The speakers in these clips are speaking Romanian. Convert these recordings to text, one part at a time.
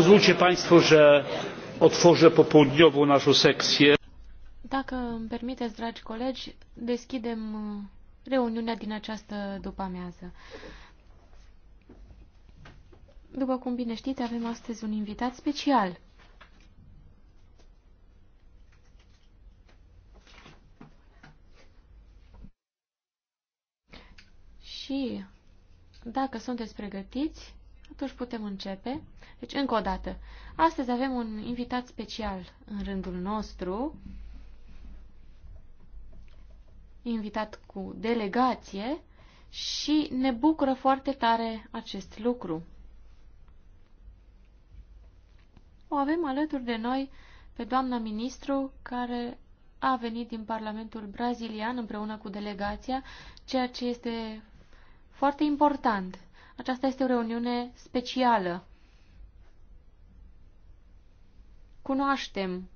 pozwólcie państwo że otworzę popołudniową naszą sekcję. Dacă îmi permiteți, dragi colegi, deschidem uh, reuniunea din această după-amiază. După cum bine știți, avem astăzi un invitat special. Și dacă sunteți pregătiți, atunci putem începe. Deci, încă o dată, astăzi avem un invitat special în rândul nostru, invitat cu delegație și ne bucură foarte tare acest lucru. O avem alături de noi pe doamna ministru care a venit din Parlamentul brazilian împreună cu delegația, ceea ce este foarte important. Aceasta este o reuniune specială. Cunoaștem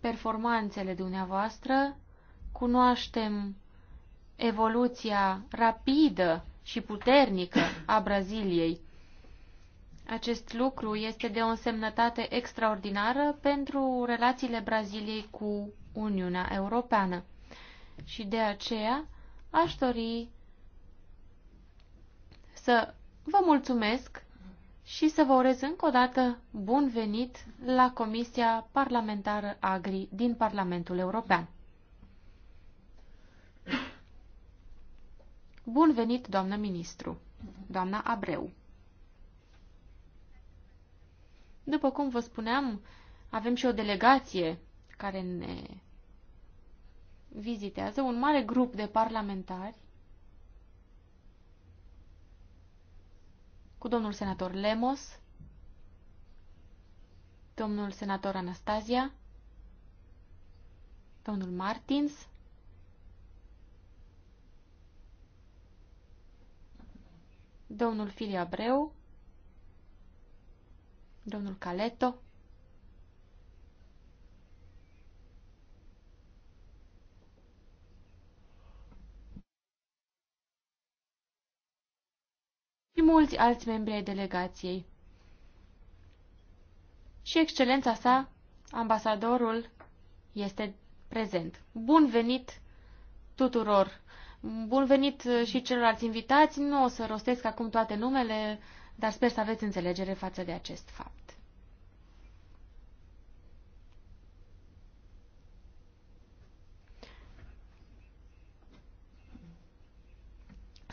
performanțele dumneavoastră, cunoaștem evoluția rapidă și puternică a Braziliei. Acest lucru este de o însemnătate extraordinară pentru relațiile Braziliei cu Uniunea Europeană. Și de aceea aș dori să vă mulțumesc și să vă urez încă o dată bun venit la Comisia Parlamentară Agri din Parlamentul European. Bun venit, doamnă ministru, doamna Abreu. După cum vă spuneam, avem și o delegație care ne vizitează, un mare grup de parlamentari cu domnul senator Lemos, domnul senator Anastasia, domnul Martins, domnul Filia Breu, domnul Caleto, și mulți alți membri ai delegației. Și excelența sa, ambasadorul, este prezent. Bun venit tuturor! Bun venit uh, și celorlalți invitați. Nu o să rostesc acum toate numele, dar sper să aveți înțelegere față de acest fapt.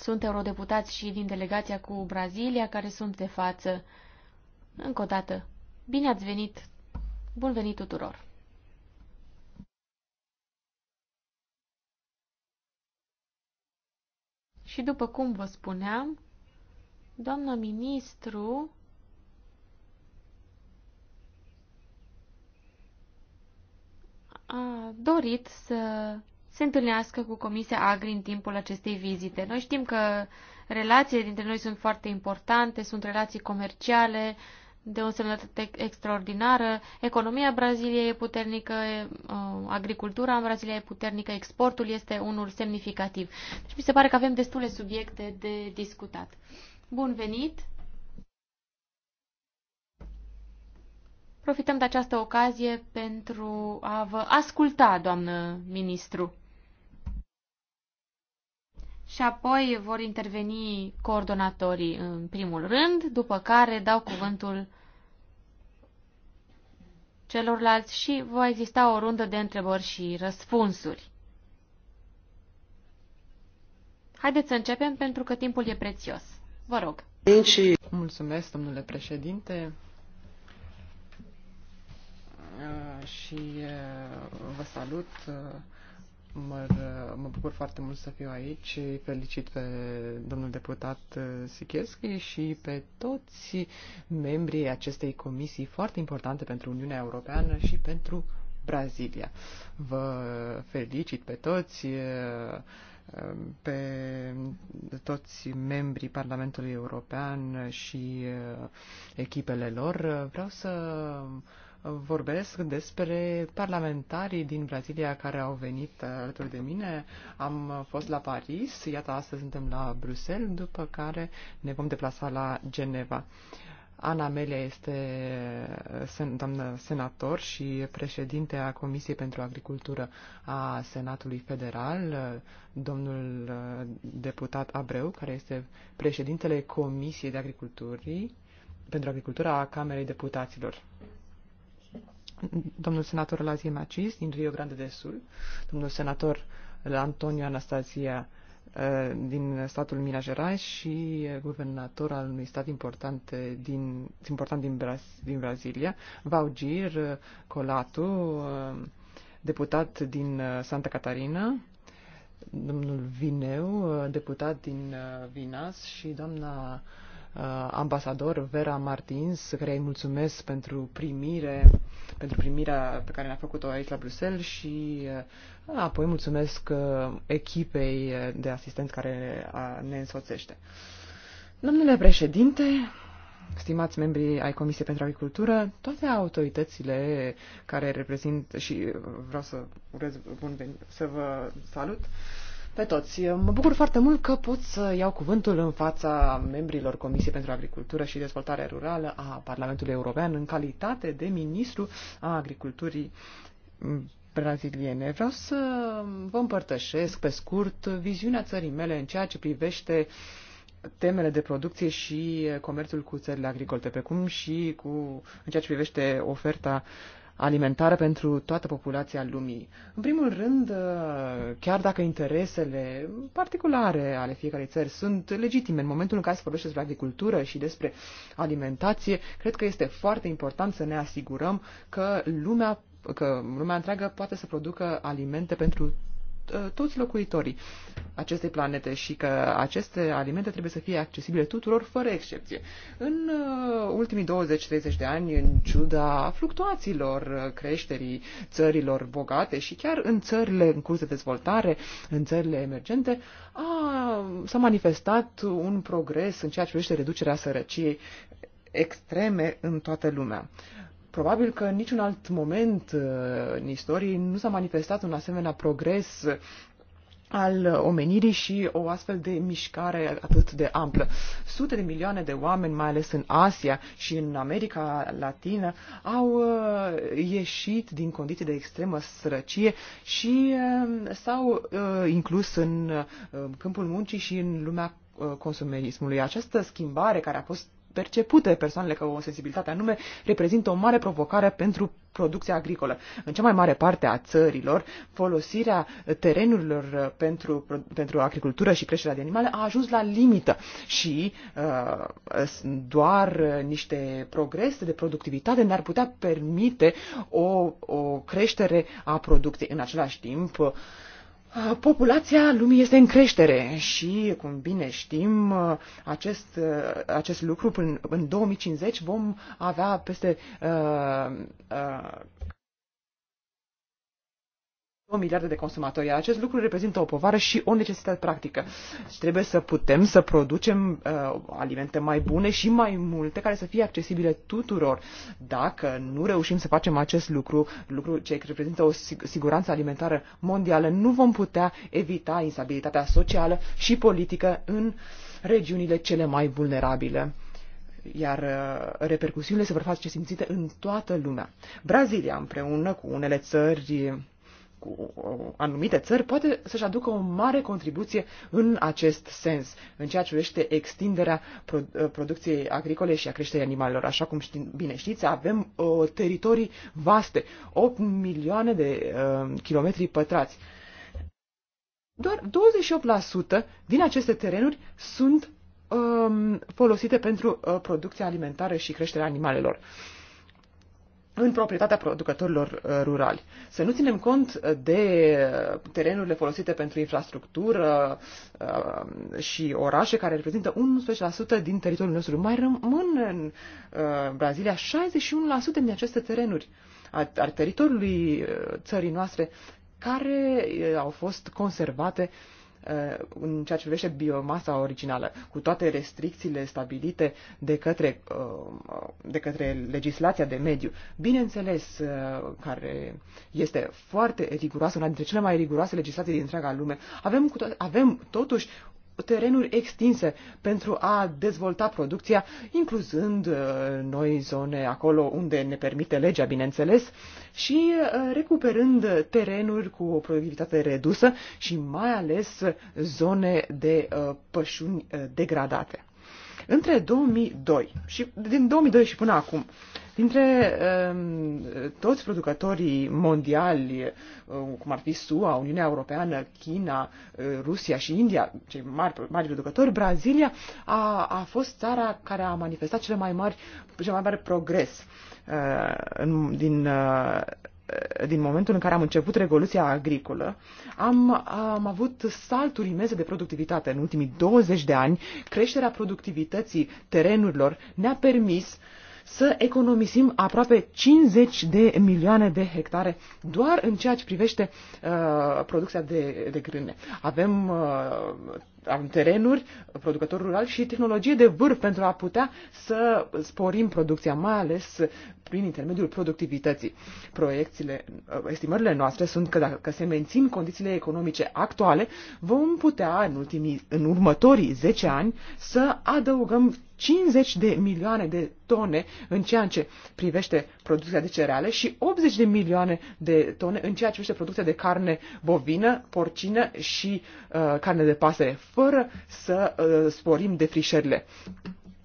Sunt eurodeputați și din delegația cu Brazilia care sunt de față. Încă o dată, bine ați venit! Bun venit tuturor! Și după cum vă spuneam, doamna ministru a dorit să se întâlnească cu Comisia Agri în timpul acestei vizite. Noi știm că relațiile dintre noi sunt foarte importante, sunt relații comerciale de o însemnătate extraordinară. Economia Braziliei e puternică, uh, agricultura în Brazilia e puternică, exportul este unul semnificativ. Deci mi se pare că avem destule subiecte de discutat. Bun venit! Profităm de această ocazie pentru a vă asculta, doamnă ministru și apoi vor interveni coordonatorii în primul rând, după care dau cuvântul celorlalți și va exista o rundă de întrebări și răspunsuri. Haideți să începem pentru că timpul e prețios. Vă rog. Mulțumesc, domnule președinte. Uh, și uh, vă salut uh, Mă, mă bucur foarte mult să fiu aici. Felicit pe domnul deputat uh, Sicheschi și pe toți membrii acestei comisii foarte importante pentru Uniunea Europeană și pentru Brazilia. Vă felicit pe toți uh, uh, pe toți membrii Parlamentului European și echipele lor. Vreau să vorbesc despre parlamentarii din Brazilia care au venit alături de mine. Am fost la Paris, iată astăzi suntem la Bruxelles, după care ne vom deplasa la Geneva. Ana Mele este doamnă senator și președinte a Comisiei pentru Agricultură a Senatului Federal, domnul uh, deputat Abreu, care este președintele Comisiei de Agriculturii pentru Agricultura a Camerei Deputaților domnul senator Lazie Macis din Rio Grande de Sul, domnul senator Antonio Anastasia eh, din statul Minas Gerais și guvernator al unui stat important eh, din, important din, Braz, din Brazilia, Vaugir eh, Colatu, deputat din Santa Catarina, domnul Vineu, deputat din Vinas și doamna ambasador Vera Martins, care îi mulțumesc pentru primire pentru primirea pe care ne-a făcut-o aici la Bruxelles și uh, apoi mulțumesc uh, echipei uh, de asistenți care ne însoțește. Domnule președinte, stimați membri ai Comisiei pentru Agricultură, toate autoritățile care reprezint și vreau să, urez bun venit, să vă salut, pe toți. Mă bucur foarte mult că pot să iau cuvântul în fața membrilor Comisiei pentru Agricultură și Dezvoltare Rurală a Parlamentului European în calitate de ministru a agriculturii braziliene. Vreau să vă împărtășesc pe scurt viziunea țării mele în ceea ce privește temele de producție și comerțul cu țările agricole, precum și cu, în ceea ce privește oferta alimentară pentru toată populația lumii. În primul rând, uh, chiar dacă interesele particulare ale fiecarei țări sunt legitime, în momentul în care se vorbește despre agricultură și despre alimentație, cred că este foarte important să ne asigurăm că lumea că lumea întreagă poate să producă alimente pentru Uh, toți locuitorii acestei planete și că aceste alimente trebuie să fie accesibile tuturor, fără excepție. În uh, ultimii 20-30 de ani, în ciuda fluctuațiilor creșterii țărilor bogate și chiar în țările în curs de dezvoltare, în țările emergente, s-a manifestat un progres în ceea ce privește reducerea sărăciei extreme în toată lumea. Probabil că în niciun alt moment uh, în istorie nu s-a manifestat un asemenea progres uh, al omenirii și o astfel de mișcare atât de amplă. Sute de milioane de oameni, mai ales în Asia și în America Latină, au uh, ieșit din condiții de extremă sărăcie și s-au inclus în câmpul muncii și în lumea consumerismului. Această schimbare care a fost percepute persoanele cu o sensibilitate anume, reprezintă o mare provocare pentru producția agricolă. În cea mai mare parte a țărilor, folosirea terenurilor uh, pentru, pentru agricultură și creșterea de animale a ajuns la limită și uh, doar uh, niște progrese de productivitate ne-ar putea permite o, o creștere a producției. În același timp, uh, Uh, populația lumii este în creștere și, cum bine știm, uh, acest, uh, acest lucru până în 2050 vom avea peste uh, uh, 9 miliarde de consumatori. Acest lucru reprezintă o povară și o necesitate practică. Și deci trebuie să putem să producem uh, alimente mai bune și mai multe care să fie accesibile tuturor. Dacă nu reușim să facem acest lucru, lucru ce reprezintă o siguranță alimentară mondială, nu vom putea evita instabilitatea socială și politică în regiunile cele mai vulnerabile iar uh, repercusiunile se vor face simțite în toată lumea. Brazilia, împreună cu unele țări cu uh, anumite țări poate să-și aducă o mare contribuție în acest sens, în ceea ce privește extinderea uh, producției agricole și a creșterii animalelor. Așa cum știm, bine știți, avem uh, teritorii vaste, 8 milioane de uh, kilometri pătrați. Doar 28% din aceste terenuri sunt um, folosite pentru uh, producția alimentară și creșterea animalelor. Uh, în proprietatea producătorilor uh, rurali. Să nu ținem cont de terenurile folosite pentru infrastructură uh, și orașe care reprezintă 11% din teritoriul nostru. Mai rămân în uh, Brazilia 61% din aceste terenuri al teritoriului țării noastre care au fost conservate uh, Uh, în ceea ce privește biomasa originală, cu toate restricțiile stabilite de către, uh, de către legislația de mediu, bineînțeles, uh, care este foarte riguroasă, una dintre cele mai riguroase legislații din întreaga lume, avem, cu avem totuși terenuri extinse pentru a dezvolta producția, incluzând uh, noi zone acolo unde ne permite legea, bineînțeles, și uh, recuperând terenuri cu o productivitate redusă și mai ales zone de uh, pășuni degradate. Între 2002 și din 2002 și până acum, dintre ehm, toți producătorii mondiali, eh, cum ar fi SUA, Uniunea Europeană, China, uh, Rusia și India, cei mari, mari producători, Brazilia a, a fost țara care a manifestat cele mai mari, cel mai mare progres uh, în, din uh, Eh, din momentul în care am început revoluția agricolă, am, am avut salturi imense de productivitate. În ultimii 20 de ani, creșterea productivității terenurilor ne-a permis să economisim aproape 50 de milioane de hectare doar în ceea ce privește uh, producția de, de grâne. Avem uh, terenuri, producător rural și tehnologie de vârf pentru a putea să sporim producția, mai ales prin intermediul productivității. Proiecțiile, estimările noastre sunt că dacă se mențin condițiile economice actuale, vom putea în, ultimii, în următorii 10 ani să adăugăm 50 de milioane de tone în ceea ce privește producția de cereale și 80 de milioane de tone în ceea ce privește producția de carne bovină, porcină și uh, carne de pasăre, fără să uh, sporim defrișările.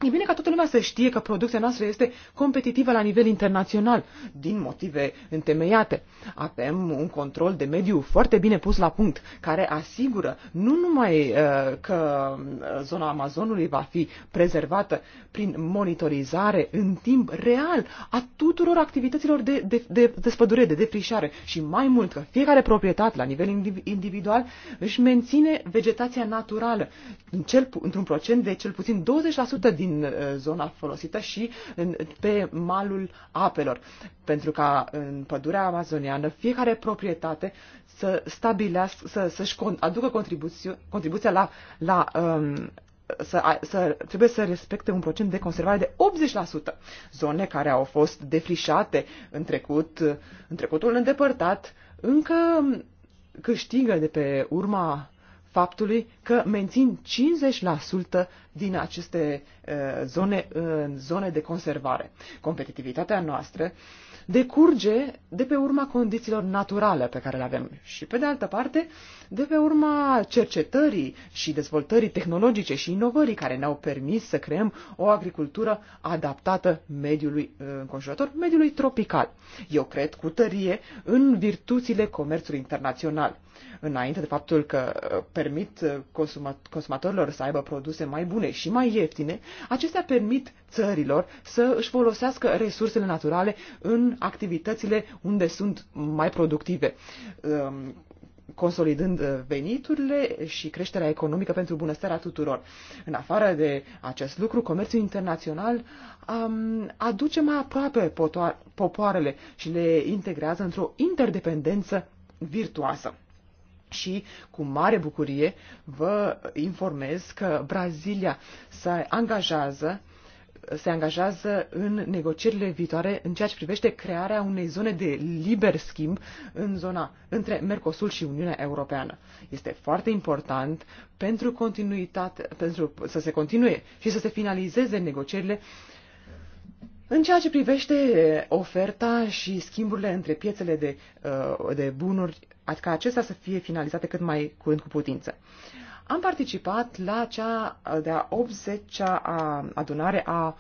E bine ca toată lumea să știe că producția noastră este competitivă la nivel internațional, din motive întemeiate. Avem un control de mediu foarte bine pus la punct, care asigură nu numai uh, că uh, zona Amazonului va fi prezervată prin monitorizare în timp real a tuturor activităților de, de, de spădure, de defrișare și mai mult că fiecare proprietate la nivel individual își menține vegetația naturală într-un procent de cel puțin 20% din din uh, zona folosită și în, pe malul apelor. Pentru ca în pădurea amazoniană fiecare proprietate să stabilească, să, să-și aducă contribuția, contribuția la, la um, să, să, trebuie să respecte un procent de conservare de 80%. Zone care au fost defrișate în trecut, în trecutul îndepărtat, încă câștigă de pe urma faptului că mențin 50% din aceste uh, zone în zone de conservare. Competitivitatea noastră uh, decurge de pe urma condițiilor naturale pe care le avem și, pe de altă parte, de pe urma cercetării și dezvoltării tehnologice și inovării care ne-au permis să creăm o agricultură adaptată mediului uh, înconjurător, mediului tropical. Eu cred cu tărie în virtuțile comerțului internațional. Înainte de faptul că uh, permit uh, consumatorilor să aibă produse mai bune și mai ieftine, acestea permit țărilor să își folosească resursele naturale în activitățile unde sunt mai productive um, consolidând veniturile și creșterea economică pentru bunăstarea tuturor. În afară de acest lucru, comerțul internațional um, aduce mai aproape popoarele și le integrează într-o interdependență virtuoasă. Și cu mare bucurie vă informez că Brazilia se angajează se angajează în negocierile viitoare în ceea ce privește crearea unei zone de liber schimb în zona între Mercosul și Uniunea Europeană. Este foarte important pentru, continuitate, pentru să se continue și să se finalizeze negocierile în ceea ce privește oferta și schimburile între piețele de, uh, de bunuri, adică acestea să fie finalizate cât mai curând cu putință. Am participat la cea de-a 80-a adunare a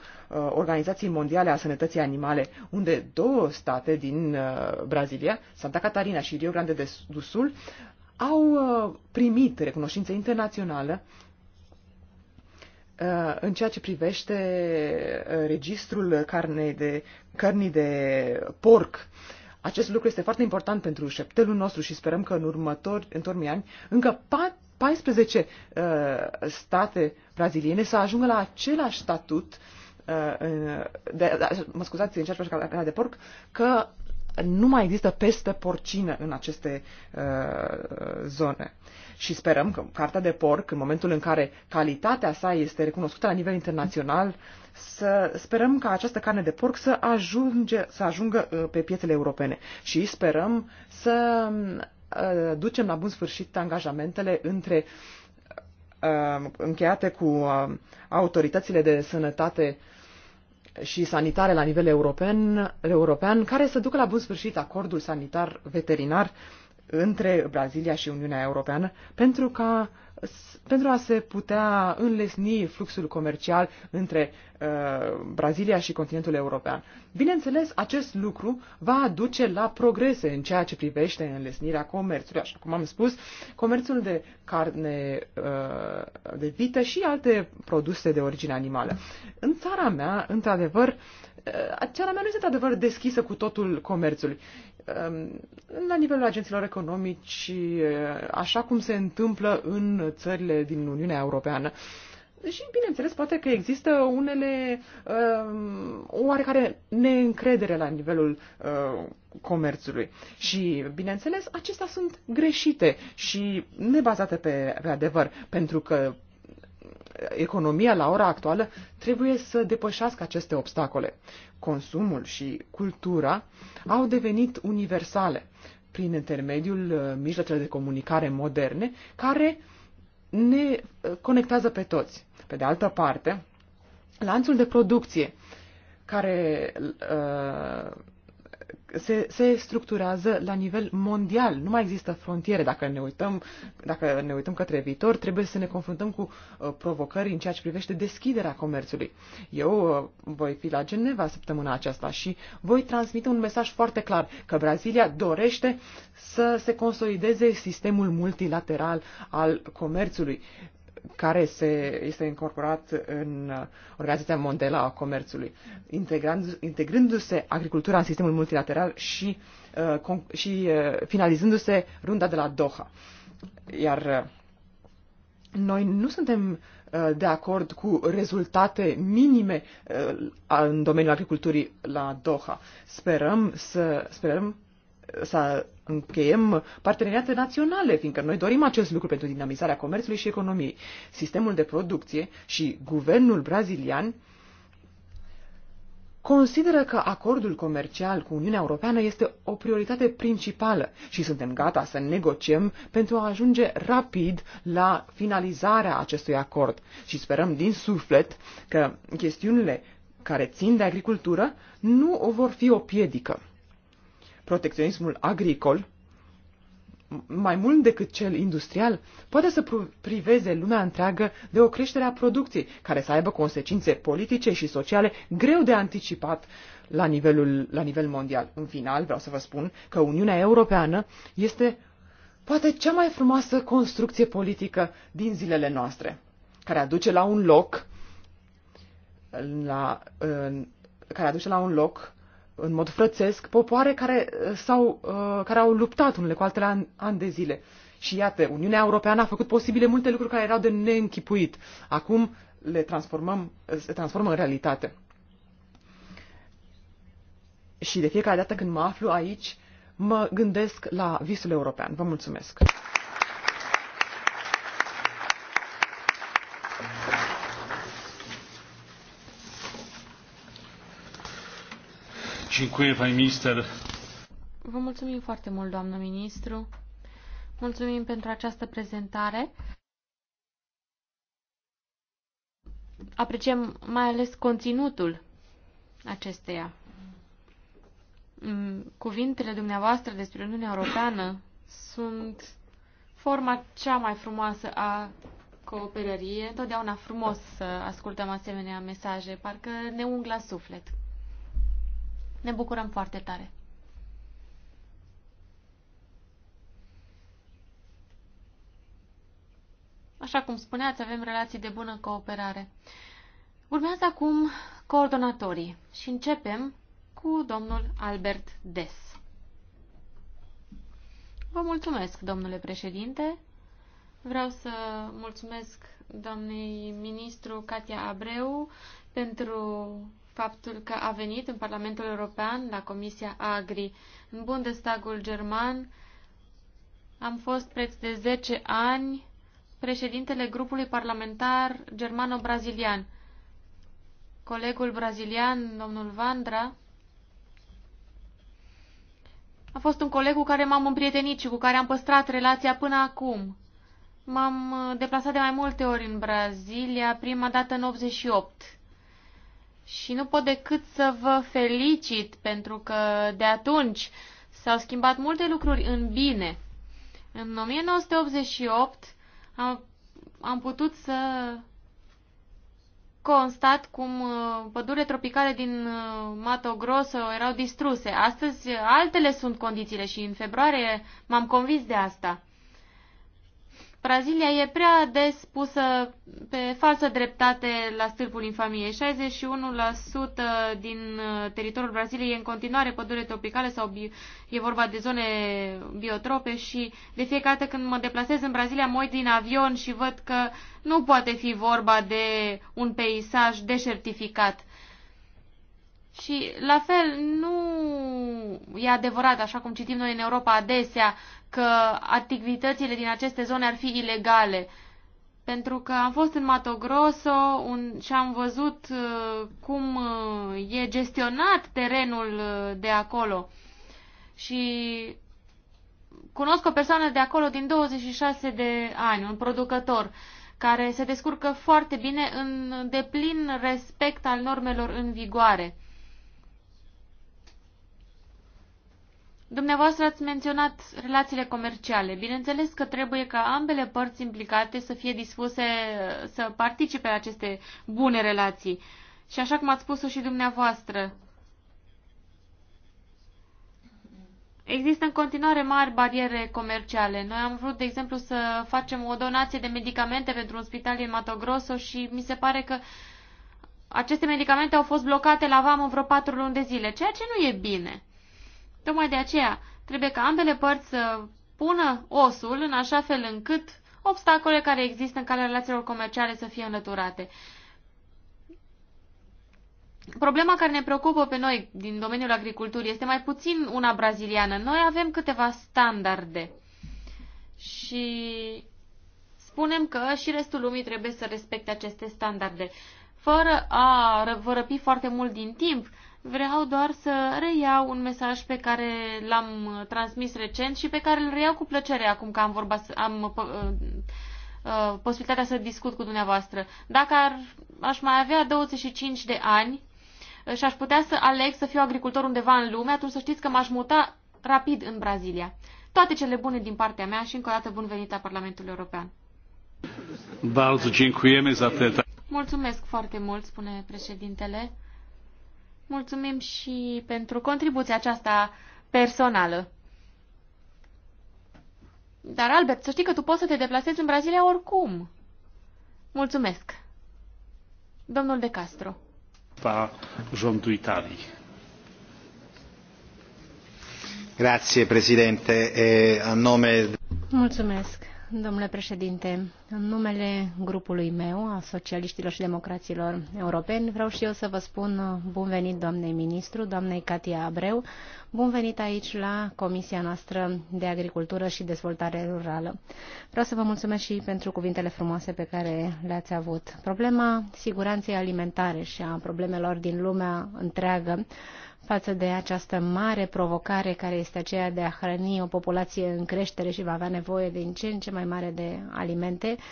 Organizației Mondiale a Sănătății Animale, unde două state din Brazilia, Santa Catarina și Rio Grande do Sul, au primit recunoștință internațională în ceea ce privește registrul carnei de, cărnii de porc. Acest lucru este foarte important pentru șeptelul nostru și sperăm că în următori, în ani, încă 14 uh, state braziliene să ajungă la același statut uh, de, de, da, mă scuzați, încerc pe ce de porc, că nu mai există peste porcină în aceste uh, zone. Și sperăm că cartea de porc, în momentul în care calitatea sa este recunoscută la nivel internațional, să sperăm ca această carne de porc să, ajunge, să ajungă uh, pe piețele europene. Și sperăm să Uh, ducem la bun sfârșit angajamentele între uh, încheiate cu uh, autoritățile de sănătate și sanitare la nivel european, european, care să ducă la bun sfârșit acordul sanitar veterinar între Brazilia și Uniunea Europeană pentru ca pentru a se putea înlesni fluxul comercial între uh, Brazilia și continentul european. Bineînțeles, acest lucru va aduce la progrese în ceea ce privește înlesnirea comerțului. Așa cum am spus, comerțul de carne uh, de vită și alte produse de origine animală. În țara mea, într-adevăr, uh, țara mea nu este într-adevăr deschisă cu totul comerțului. Um, la nivelul agenților economici, uh, așa cum se întâmplă în țările din Uniunea Europeană. Și, bineînțeles, poate că există unele um, oarecare neîncredere la nivelul uh, comerțului. Și, bineînțeles, acestea sunt greșite și nebazate pe, pe adevăr, pentru că economia la ora actuală trebuie să depășească aceste obstacole. Consumul și cultura au devenit universale prin intermediul uh, mijloacelor de comunicare moderne care ne uh, conectează pe toți. Pe de altă parte, lanțul de producție care uh, se, se structurează la nivel mondial. Nu mai există frontiere. Dacă ne uităm, dacă ne uităm către viitor, trebuie să ne confruntăm cu uh, provocări în ceea ce privește deschiderea comerțului. Eu uh, voi fi la Geneva săptămâna aceasta și voi transmite un mesaj foarte clar că Brazilia dorește să se consolideze sistemul multilateral al comerțului care se, este incorporat în Organizația Mondială a Comerțului, integrându-se agricultura în sistemul multilateral și, uh, și uh, finalizându-se runda de la Doha. Iar uh, noi nu suntem de acord cu rezultate minime în domeniul agriculturii la Doha. Sperăm să, sperăm să încheiem parteneriate naționale, fiindcă noi dorim acest lucru pentru dinamizarea comerțului și economiei. Sistemul de producție și guvernul brazilian consideră că acordul comercial cu Uniunea Europeană este o prioritate principală și suntem gata să negociem pentru a ajunge rapid la finalizarea acestui acord și sperăm din suflet că chestiunile care țin de agricultură nu o vor fi o piedică protecționismul agricol, mai mult decât cel industrial, poate să priveze lumea întreagă de o creștere a producției, care să aibă consecințe politice și sociale greu de anticipat la, nivelul, la nivel mondial. În final, vreau să vă spun că Uniunea Europeană este poate cea mai frumoasă construcție politică din zilele noastre, care aduce la un loc la, în, care aduce la un loc în mod frățesc popoare care, uh, au uh, care au luptat unele cu altele ani, an de zile. Și iată, Uniunea Europeană a făcut posibile multe lucruri care erau de neînchipuit. Acum le transformăm, se transformă în realitate. Și de fiecare dată când mă aflu aici, mă gândesc la visul european. Vă mulțumesc! Vă mulțumim foarte mult, doamnă ministru. Mulțumim pentru această prezentare. Apreciem mai ales conținutul acesteia. Mm, cuvintele dumneavoastră despre Uniunea Europeană sunt forma cea mai frumoasă a cooperării. Întotdeauna frumos să ascultăm asemenea mesaje, parcă ne ungla suflet. Ne bucurăm foarte tare. Așa cum spuneați, avem relații de bună cooperare. Urmează acum coordonatorii și începem cu domnul Albert Des. Vă mulțumesc, domnule președinte. Vreau să mulțumesc doamnei ministru Katia Abreu pentru faptul că a venit în Parlamentul European, la Comisia Agri, în Bundestagul German. Am fost preț de 10 ani președintele grupului parlamentar germano-brazilian. Colegul brazilian, domnul Vandra, a fost un coleg cu care m-am împrietenit și cu care am păstrat relația până acum. M-am uh, deplasat de mai multe ori în Brazilia, prima dată în 88 și nu pot decât să vă felicit pentru că de atunci s-au schimbat multe lucruri în bine. În 1988 am, am putut să constat cum uh, pădurile tropicale din uh, Mato Grosso erau distruse. Astăzi altele sunt condițiile și în februarie m-am convins de asta. Brazilia e prea des pusă pe falsă dreptate la stâlpul infamiei. 61% din uh, teritoriul Braziliei e în continuare pădure tropicală sau e vorba de zone biotrope și de fiecare dată când mă deplasez în Brazilia mă uit din avion și văd că nu poate fi vorba de un peisaj deșertificat. Și la fel nu e adevărat, așa cum citim noi în Europa adesea, că activitățile din aceste zone ar fi ilegale. Pentru că am fost în Mato Grosso un, și am văzut uh, cum uh, e gestionat terenul uh, de acolo. Și cunosc o persoană de acolo din 26 de ani, un producător, care se descurcă foarte bine în deplin respect al normelor în vigoare. Dumneavoastră ați menționat relațiile comerciale. Bineînțeles că trebuie ca ambele părți implicate să fie dispuse să participe la aceste bune relații. Și așa cum ați spus-o și dumneavoastră, Există în continuare mari bariere comerciale. Noi am vrut, de exemplu, să facem o donație de medicamente pentru un spital din Mato Grosso și mi se pare că aceste medicamente au fost blocate la vamă vreo patru luni de zile, ceea ce nu e bine. Tocmai de aceea trebuie ca ambele părți să pună osul în așa fel încât obstacole care există în calea relațiilor comerciale să fie înlăturate. Problema care ne preocupă pe noi din domeniul agriculturii este mai puțin una braziliană. Noi avem câteva standarde și spunem că și restul lumii trebuie să respecte aceste standarde. Fără a vă răpi foarte mult din timp, Vreau doar să reiau un mesaj pe care l-am uh, transmis recent și pe care îl reiau cu plăcere acum că am, vorba, am uh, uh, uh, posibilitatea să discut cu dumneavoastră. Dacă ar, aș mai avea 25 de ani și aș putea să aleg să fiu agricultor undeva în lume, atunci să știți că m-aș muta rapid în Brazilia. Toate cele bune din partea mea și încă o dată bun venit la Parlamentul European. Mulțumesc foarte mult, spune președintele. Mulțumim și pentru contribuția aceasta personală. Dar, Albert, să știi că tu poți să te deplasezi în Brazilia oricum. Mulțumesc. Domnul De Castro. Pa, rządu Italii. Grazie, președinte. a nome... Mulțumesc domnule președinte. În numele grupului meu, al socialiștilor și democraților europeni, vreau și eu să vă spun bun venit doamnei ministru, doamnei catia Abreu, bun venit aici la Comisia noastră de Agricultură și Dezvoltare Rurală. Vreau să vă mulțumesc și pentru cuvintele frumoase pe care le-ați avut. Problema siguranței alimentare și a problemelor din lumea întreagă față de această mare provocare care este aceea de a hrăni o populație în creștere și va avea nevoie din ce în ce mai mare de alimente. Uh,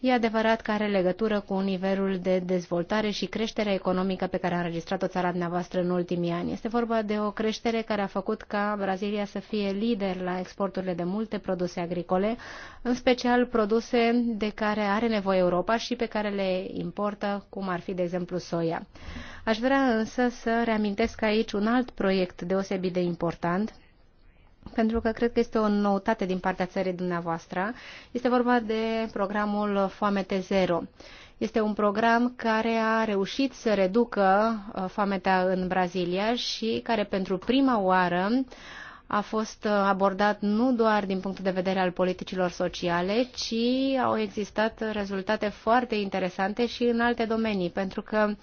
e adevărat că are legătură cu nivelul de dezvoltare și creștere economică pe care a înregistrat-o țara dumneavoastră în ultimii ani. Este vorba de o creștere care a făcut ca Brazilia să fie lider la exporturile de multe produse agricole, în special produse de care are nevoie Europa și pe care le importă, cum ar fi, de exemplu, soia. Aș vrea însă să reamintesc aici un alt proiect deosebit de important, pentru că cred că este o noutate din partea țării dumneavoastră. Este vorba de programul Foamete Zero. Este un program care a reușit să reducă uh, foametea în Brazilia și care pentru prima oară a fost uh, abordat nu doar din punct de vedere al politicilor sociale, ci au existat rezultate foarte interesante și în alte domenii, pentru că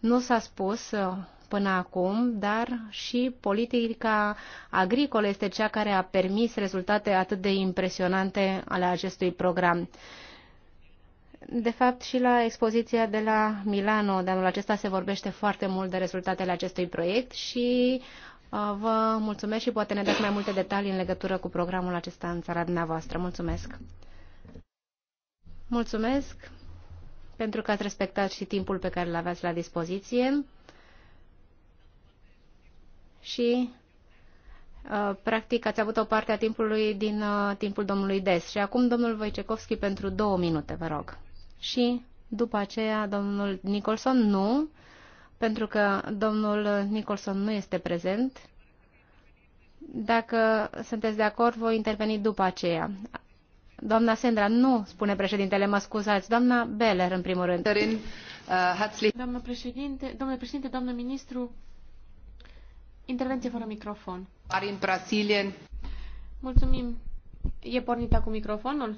nu s-a spus uh, până acum, dar și politica agricolă este cea care a permis rezultate atât de impresionante ale acestui program. De fapt, și la expoziția de la Milano de anul acesta se vorbește foarte mult de rezultatele acestui proiect și uh, vă mulțumesc și poate ne dați mai multe detalii în legătură cu programul acesta în țara dumneavoastră. Mulțumesc! Mulțumesc pentru că ați respectat și timpul pe care l aveați la dispoziție și uh, practic ați avut o parte a timpului din uh, timpul domnului Des. Și acum domnul Voicecovski pentru două minute, vă rog. Și după aceea domnul Nicholson nu, pentru că domnul Nicholson nu este prezent. Dacă sunteți de acord, voi interveni după aceea. Doamna Sandra, nu, spune președintele, mă scuzați, doamna Beller, în primul rând. Uh, doamna președinte, domnule președinte, domnul ministru, Intervenție fără microfon. Are în Mulțumim. E pornit cu microfonul?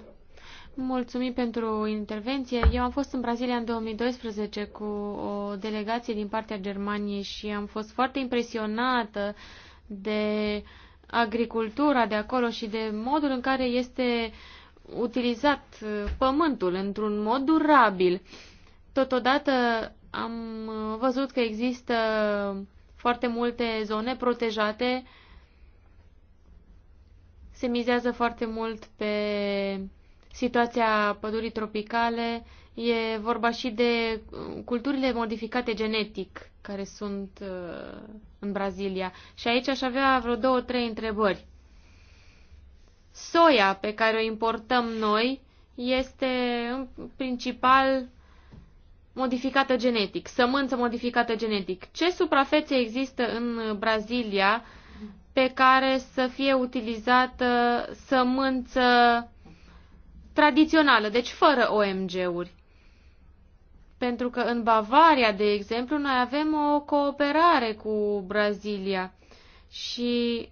Mulțumim pentru intervenție. Eu am fost în Brazilia în 2012 cu o delegație din partea Germaniei și am fost foarte impresionată de agricultura de acolo și de modul în care este utilizat pământul într-un mod durabil. Totodată am văzut că există foarte multe zone protejate. Se mizează foarte mult pe situația pădurii tropicale. E vorba și de uh, culturile modificate genetic care sunt uh, în Brazilia. Și aici aș avea vreo două, trei întrebări. Soia pe care o importăm noi este în principal modificată genetic, sămânță modificată genetic. Ce suprafețe există în Brazilia pe care să fie utilizată sămânță tradițională, deci fără OMG-uri? Pentru că în Bavaria, de exemplu, noi avem o cooperare cu Brazilia și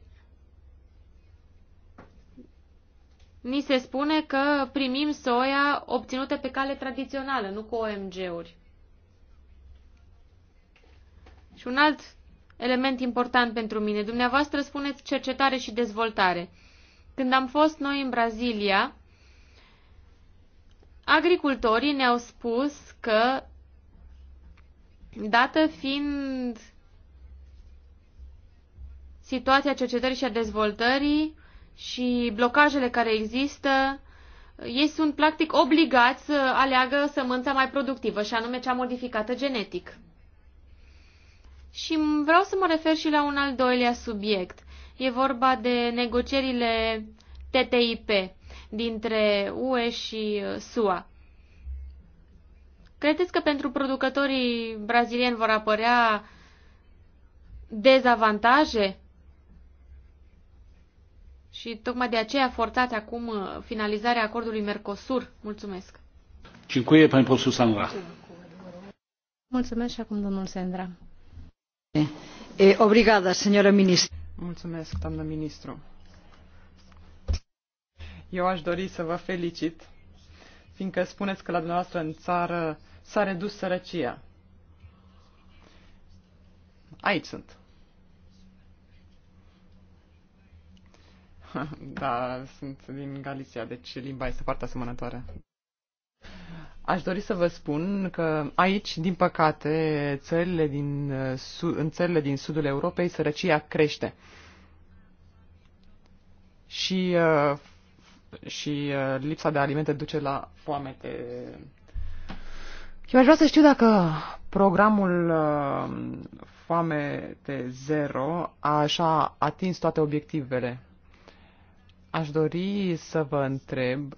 ni se spune că primim soia obținută pe cale tradițională, nu cu OMG-uri. Și un alt element important pentru mine. Dumneavoastră spuneți cercetare și dezvoltare. Când am fost noi în Brazilia, agricultorii ne-au spus că, dată fiind situația cercetării și a dezvoltării, și blocajele care există, ei sunt practic obligați să aleagă sămânța mai productivă, și anume cea modificată genetic. Și vreau să mă refer și la un al doilea subiect. E vorba de negocierile TTIP dintre UE și uh, SUA. Credeți că pentru producătorii brazilieni vor apărea dezavantaje? Și tocmai de aceea forțați acum uh, finalizarea acordului Mercosur. Mulțumesc. Cincuie, pani profesor Sandra. Mulțumesc și acum domnul Sandra. E, obrigada, señora ministru. Mulțumesc, doamnă ministru. Eu aș dori să vă felicit, fiindcă spuneți că la dumneavoastră în țară s-a redus sărăcia. Aici sunt. Da, sunt din Galicia, deci limba este foarte asemănătoare. Aș dori să vă spun că aici, din păcate, țările din, uh, în țările din sudul Europei sărăcia crește. Și, uh, și uh, lipsa de alimente duce la foamete. Eu aș vrea să știu dacă programul Foamete Zero a așa atins toate obiectivele Aș dori să vă întreb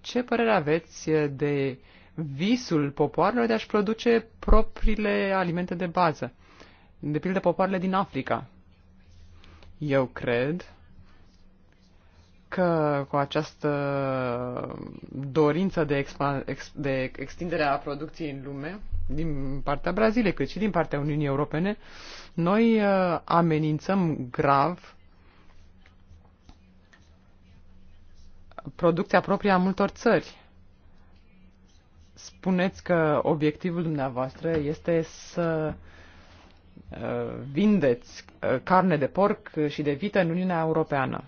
ce părere aveți de visul popoarelor de a-și produce propriile alimente de bază, de pildă popoarele din Africa. Eu cred că cu această dorință de, expa, ex, de extindere a producției în lume, din partea Braziliei, cât și din partea Uniunii Europene, noi uh, amenințăm grav producția proprie a multor țări. Spuneți că obiectivul dumneavoastră este să uh, vindeți uh, carne de porc și de vită în Uniunea Europeană.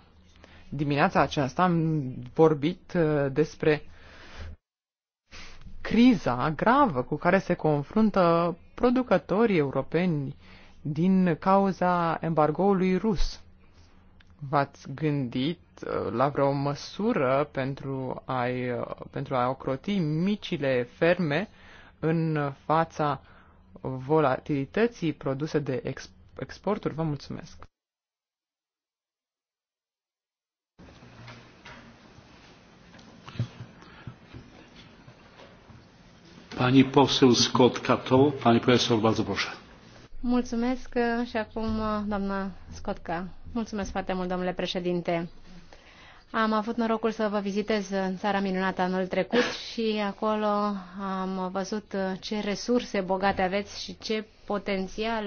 Dimineața aceasta am vorbit uh, despre criza gravă cu care se confruntă producătorii europeni din cauza embargoului rus. V-ați gândit la vreo măsură pentru a, pentru a ocroti micile ferme în fața volatilității produse de ex, exporturi? Vă mulțumesc! Pani poseł Scott Cato, pani profesor, bardzo proszę. Mulțumesc și acum doamna Scotca. Mulțumesc foarte mult, domnule președinte. Am avut norocul să vă vizitez în țara minunată anul trecut și acolo am văzut ce resurse bogate aveți și ce potențial,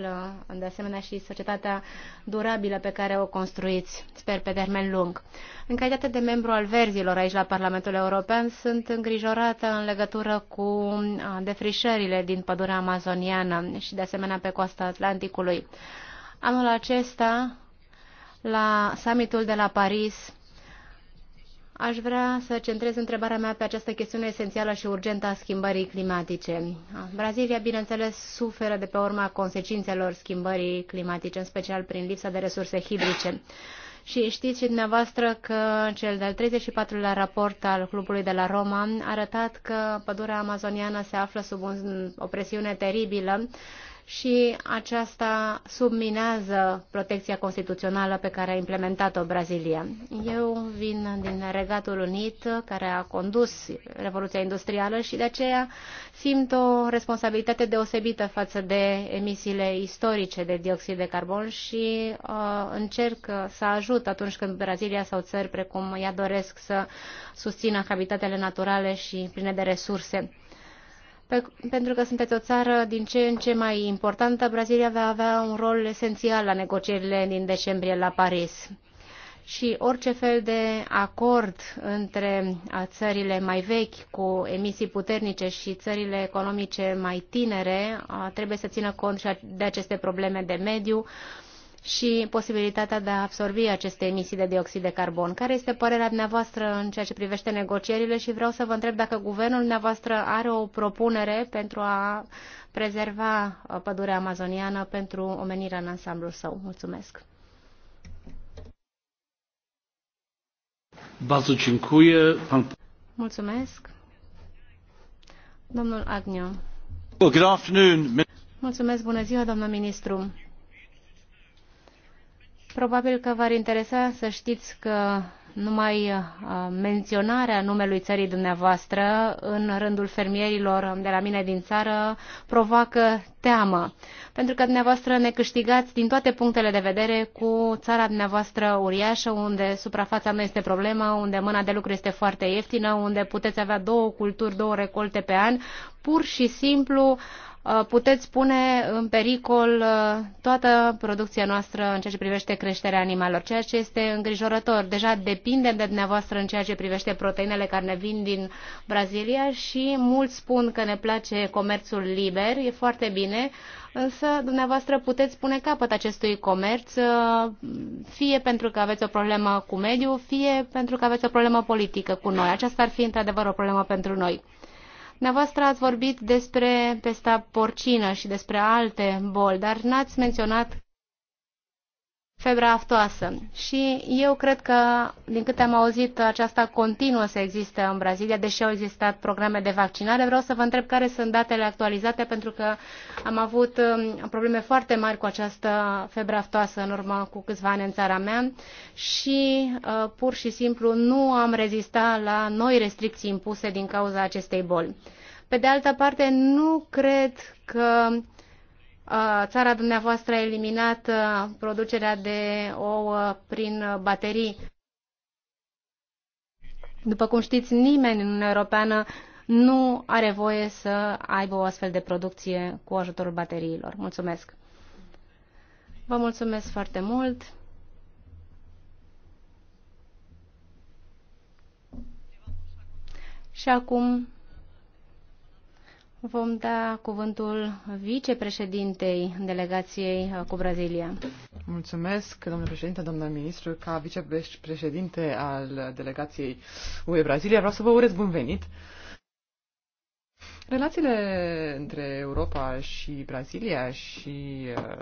de asemenea și societatea durabilă pe care o construiți, sper pe termen lung. În calitate de membru al verzilor aici la Parlamentul European, sunt îngrijorată în legătură cu defrișările din pădurea amazoniană și de asemenea pe coasta Atlanticului. Anul acesta, la summitul de la Paris, Aș vrea să centrez întrebarea mea pe această chestiune esențială și urgentă a schimbării climatice. Brazilia, bineînțeles, suferă de pe urma consecințelor schimbării climatice, în special prin lipsa de resurse hidrice. Și știți și dumneavoastră că cel de-al 34-lea raport al Clubului de la Roma a arătat că pădurea amazoniană se află sub un, o presiune teribilă și aceasta subminează protecția constituțională pe care a implementat-o Brazilia. Eu vin din Regatul Unit, care a condus Revoluția Industrială și de aceea simt o responsabilitate deosebită față de emisiile istorice de dioxid de carbon și uh, încerc să ajut atunci când Brazilia sau țări precum ea doresc să susțină habitatele naturale și pline de resurse. Pe, pentru că sunteți o țară din ce în ce mai importantă, Brazilia va avea un rol esențial la negocierile din decembrie la Paris. Și orice fel de acord între țările mai vechi cu emisii puternice și țările economice mai tinere trebuie să țină cont și de aceste probleme de mediu, uh, și posibilitatea de a absorbi aceste emisii de dioxid de carbon. Care este părerea dumneavoastră în ceea ce privește negocierile și vreau să vă întreb dacă guvernul dumneavoastră are o propunere pentru a prezerva uh, pădurea amazoniană pentru omenirea în ansamblul său. Mulțumesc! Mulțumesc. Domnul Agnew. Good afternoon. Mulțumesc, bună ziua, domnul ministru. Probabil că v-ar interesa să știți că numai uh, menționarea numelui țării dumneavoastră în rândul fermierilor de la mine din țară provoacă teamă, pentru că dumneavoastră ne câștigați din toate punctele de vedere cu țara dumneavoastră uriașă, unde suprafața nu este problemă, unde mâna de lucru este foarte ieftină, unde puteți avea două culturi, două recolte pe an, pur și simplu uh, Uh, puteți pune în pericol uh, toată producția noastră în ceea ce privește creșterea animalelor, ceea ce este îngrijorător. Deja depindem de dumneavoastră în ceea ce privește proteinele care ne vin din Brazilia și mulți spun că ne place comerțul liber, e foarte bine, însă dumneavoastră puteți pune capăt acestui comerț, uh, fie pentru că aveți o problemă cu mediul, fie pentru că aveți o problemă politică cu noi. Aceasta ar fi într-adevăr o problemă pentru noi. Dumneavoastră ați vorbit despre pesta porcină și despre alte boli, dar n-ați menționat febra aftoasă. Și eu cred că, din câte am auzit, aceasta continuă să existe în Brazilia, deși au existat programe de vaccinare. Vreau să vă întreb care sunt datele actualizate, pentru că am avut um, probleme foarte mari cu această febră aftoasă în urmă cu câțiva ani în țara mea și uh, pur și simplu nu am rezistat la noi restricții impuse din cauza acestei boli. Pe de altă parte, nu cred că țara dumneavoastră a eliminat producerea de ouă prin baterii. După cum știți, nimeni în Uniunea Europeană nu are voie să aibă o astfel de producție cu ajutorul bateriilor. Mulțumesc! Vă mulțumesc foarte mult! Și acum Vom da cuvântul vicepreședintei delegației cu Brazilia. Mulțumesc, domnule președinte, domnule ministru. Ca vicepreședinte al delegației UE Brazilia, vreau să vă urez bun venit. Relațiile între Europa și Brazilia și uh,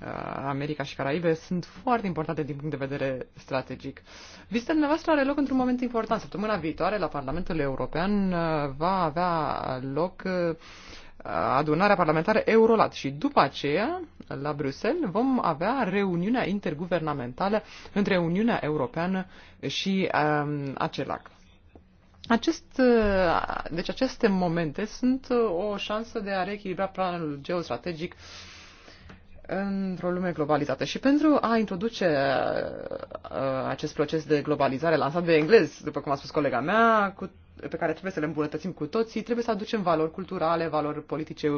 uh, America și Caraibe sunt foarte importante din punct de vedere strategic. Vizita dumneavoastră are loc într-un moment important. Săptămâna viitoare la Parlamentul European uh, va avea loc uh, adunarea parlamentară Eurolat și după aceea, la Bruxelles, vom avea reuniunea interguvernamentală între Uniunea Europeană și um, uh, ACELAC. Acest, uh, deci aceste momente sunt uh, o șansă de a reechilibra planul geostrategic într-o lume globalizată. Și pentru a introduce uh, acest proces de globalizare lansat de englez, după cum a spus colega mea, cu pe care trebuie să le îmbunătățim cu toții, trebuie să aducem valori culturale, valori politice,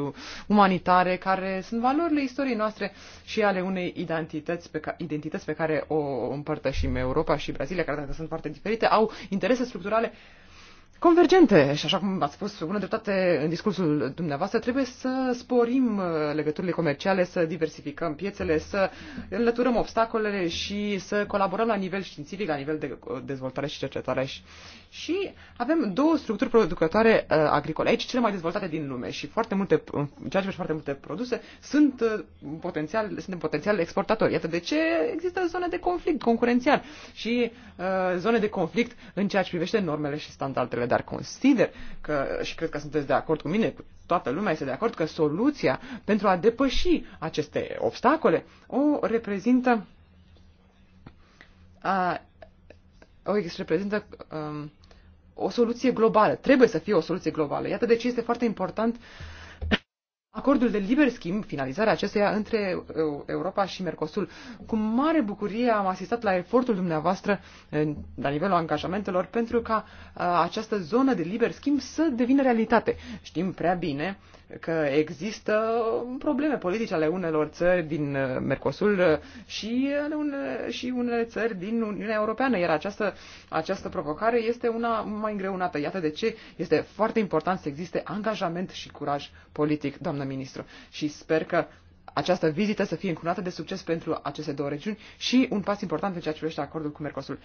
umanitare, care sunt valorile istoriei noastre și ale unei identități pe, ca, identități pe care o împărtășim. Europa și Brazilia, care dacă sunt foarte diferite, au interese structurale uh, convergente și așa cum ați spus bună dreptate în discursul dumneavoastră, trebuie să sporim uh, legăturile comerciale, să diversificăm piețele, să înlăturăm obstacolele și să colaborăm la nivel științific, la nivel de uh, dezvoltare și cercetare. Și avem două structuri producătoare uh, agricole, aici cele mai dezvoltate din lume și foarte multe, ceea ce foarte multe produse, sunt potențial, sunt potențial exportatori. Iată de ce există zone de conflict concurențial și uh, zone de conflict în ceea ce privește normele și standardele lucrurile, dar consider că, și cred că sunteți de acord cu mine, toată lumea este de acord că soluția pentru a depăși aceste obstacole o reprezintă a, o reprezintă um, o soluție globală. Trebuie să fie o soluție globală. Iată de ce este foarte important uh, Acordul de liber schimb, finalizarea acesteia între uh, Europa și Mercosul. Cu mare bucurie am asistat la efortul dumneavoastră uh, la nivelul angajamentelor pentru ca uh, această zonă de liber schimb să devină realitate. Știm prea bine că există probleme politice ale unelor țări din uh, Mercosul uh, și, ale une, uh, și unele țări din Uniunea Europeană, iar această, această provocare este una mai îngreunată. Iată de ce este foarte important să existe angajament și curaj politic, doamnă ministru. Și sper că această vizită să fie încunată de succes pentru aceste două regiuni și un pas important în ceea ce privește acordul cu Mercosul.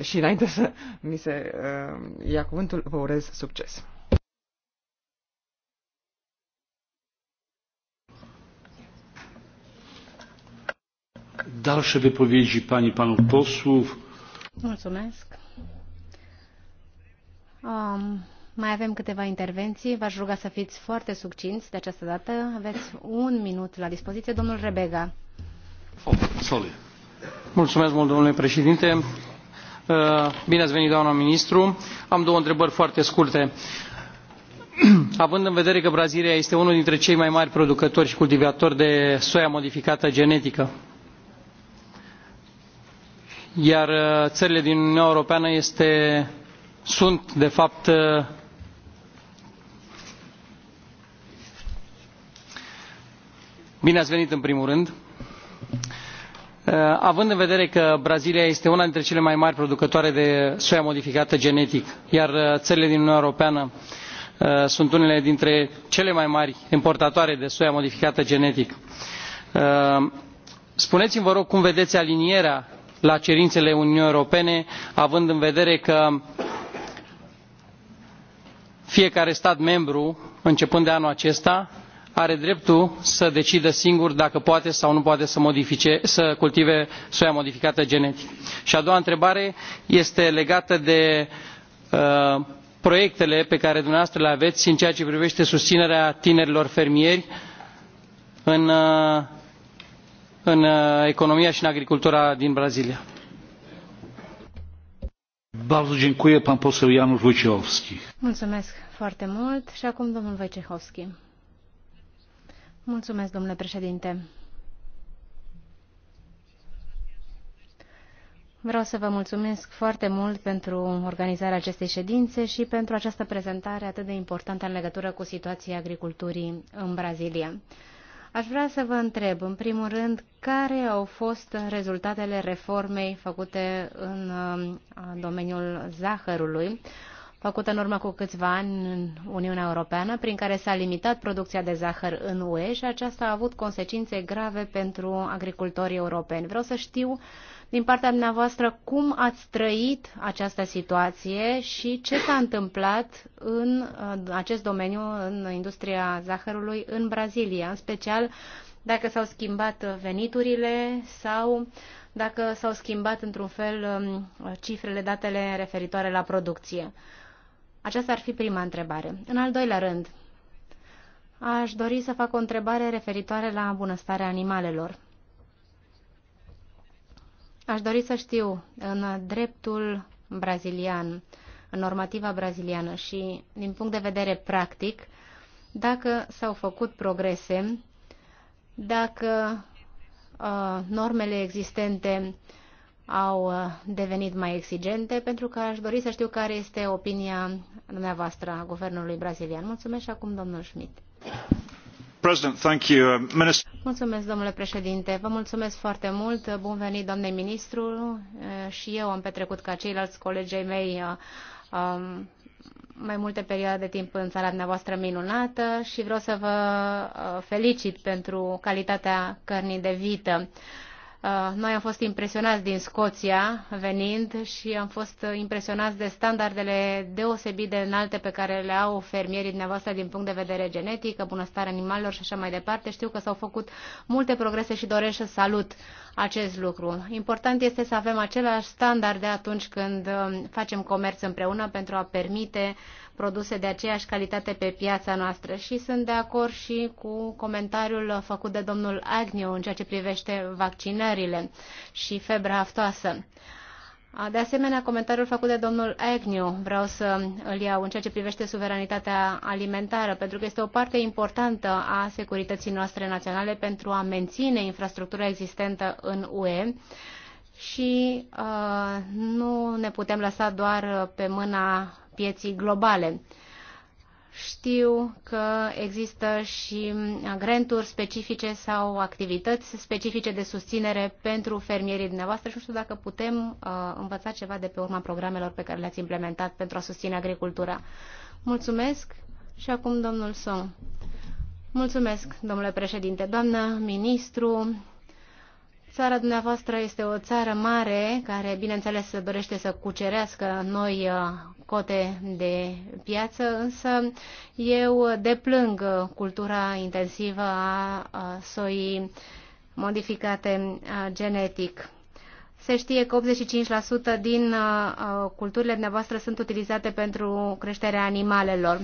Și înainte să mi se ia cuvântul, vă urez succes! Dalsze wypowiedzi pani panów posłów. Mulțumesc. Um, mai avem câteva intervenții. V-aș ruga să fiți foarte succinți de această dată. Aveți un minut la dispoziție. Domnul Rebega. Oh, sorry. Mulțumesc mult, domnule președinte. Uh, bine ați venit, doamna ministru. Am două întrebări foarte scurte. Având în vedere că Brazilia este unul dintre cei mai mari producători și cultivatori de soia modificată genetică, iar uh, țările din uniunea europeană este, sunt de fapt uh, bine ați venit în primul rând uh, având în vedere că brazilia este una dintre cele mai mari producătoare de soia modificată genetic iar țările din uniunea europeană sunt unele dintre cele mai mari importatoare de soia modificată genetic spuneți mi vă rog cum vedeți alinierea la cerințele uniunii europene având în vedere că fiecare stat membru începând de anul acesta are dreptul să decidă singur dacă poate sau nu poate să, modifice, să cultive soia modificată genetic. și a doua întrebare este legată de uh, proiectele pe care dumneavoastră le aveți în ceea ce privește susținerea tinerilor fermieri în uh, în uh, economia și în agricultura din brazilia. Mulțumesc foarte mult și acum domnul Wojciechowski. Mulțumesc, domnule președinte. Vreau să vă mulțumesc foarte mult pentru organizarea acestei ședințe și pentru această prezentare atât de importantă în legătură cu situația agriculturii în Brazilia. Aș vrea să vă întreb, în primul rând, care au fost rezultatele reformei făcute în uh, domeniul zahărului, făcută în urmă cu câțiva ani în Uniunea Europeană, prin care s-a limitat producția de zahăr în UE și aceasta a avut consecințe grave pentru agricultorii europeni. Vreau să știu uh, din partea dumneavoastră cum ați trăit această situație și ce s-a întâmplat în uh, acest domeniu, în industria zahărului în Brazilia, în special dacă s-au schimbat veniturile sau dacă s-au schimbat într-un fel um, cifrele, datele referitoare la producție. Aceasta ar fi prima întrebare. În al doilea rând, aș dori să fac o întrebare referitoare la bunăstarea animalelor. Aș dori să știu, în dreptul brazilian, în normativa braziliană și din punct de vedere practic, dacă s-au făcut progrese, dacă uh, normele existente au uh, devenit mai exigente, pentru că aș dori să știu care este opinia dumneavoastră a guvernului brazilian. Mulțumesc și acum, domnul Schmidt. Uh, mulțumesc, domnule președinte. Vă mulțumesc foarte mult. Bun venit, domnule ministru. Uh, și eu am petrecut ca ceilalți ai mei uh, um, mai multe perioade de timp în țara dumneavoastră minunată și vreau să vă felicit pentru calitatea cărnii de vită. Uh, noi am fost impresionați din Scoția venind și am fost impresionați de standardele deosebit de înalte pe care le au fermierii dumneavoastră din punct de vedere genetic, bunăstare animalelor și așa mai departe. Știu că s-au făcut multe progrese și doresc să salut acest lucru. Important este să avem același standard de atunci când uh, facem comerț împreună pentru a permite uh, produse de aceeași calitate pe piața noastră și sunt de acord și cu comentariul făcut de domnul Agnew în ceea ce privește vaccinările și febra aftoasă. De asemenea, comentariul făcut de domnul Agnew, vreau să îl iau în ceea ce privește suveranitatea alimentară, pentru că este o parte importantă a securității noastre naționale pentru a menține infrastructura existentă în UE și uh, nu ne putem lăsa doar pe mâna pieții globale. Știu că există și granturi specifice sau activități specifice de susținere pentru fermierii dumneavoastră și nu știu dacă putem uh, învăța ceva de pe urma programelor pe care le-ați implementat pentru a susține agricultura. Mulțumesc și acum domnul Som. Mulțumesc, domnule președinte, doamnă ministru. Țara dumneavoastră este o țară mare care, bineînțeles, dorește să cucerească noi uh, cote de piață, însă eu deplâng cultura intensivă a soii modificate genetic. Se știe că 85% din culturile dumneavoastră sunt utilizate pentru creșterea animalelor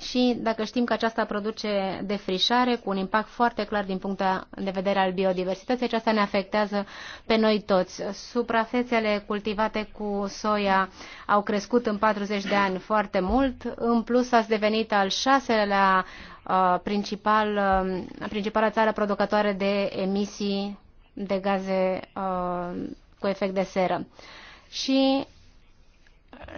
și dacă știm că aceasta produce defrișare cu un impact foarte clar din punct de vedere al biodiversității, aceasta ne afectează pe noi toți. Suprafețele cultivate cu soia au crescut în 40 de ani foarte mult, în plus ați devenit al șaselea uh, principal, uh, principala țară producătoare de emisii de gaze uh, cu efect de seră. Și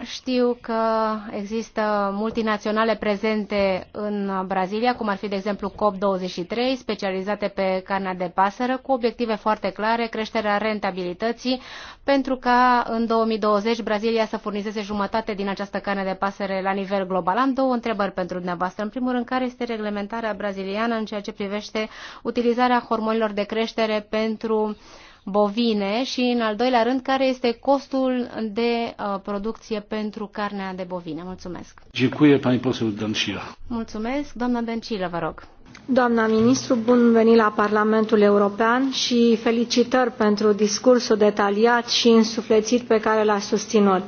știu că există multinaționale prezente în Brazilia, cum ar fi, de exemplu, COP23, specializate pe carnea de pasăre, cu obiective foarte clare, creșterea rentabilității, pentru ca în 2020 Brazilia să furnizeze jumătate din această carne de pasăre la nivel global. Am două întrebări pentru dumneavoastră. În primul rând, care este reglementarea braziliană în ceea ce privește utilizarea hormonilor de creștere pentru uh, bovine și, în al doilea rând, care este costul de uh, producție pentru carnea de bovine. Mulțumesc. Dziękuję, pani poseł Dancila. Mulțumesc. Doamna Dancila, vă rog. Doamna ministru, bun venit la Parlamentul European și felicitări pentru discursul detaliat și însuflețit pe care l-a susținut.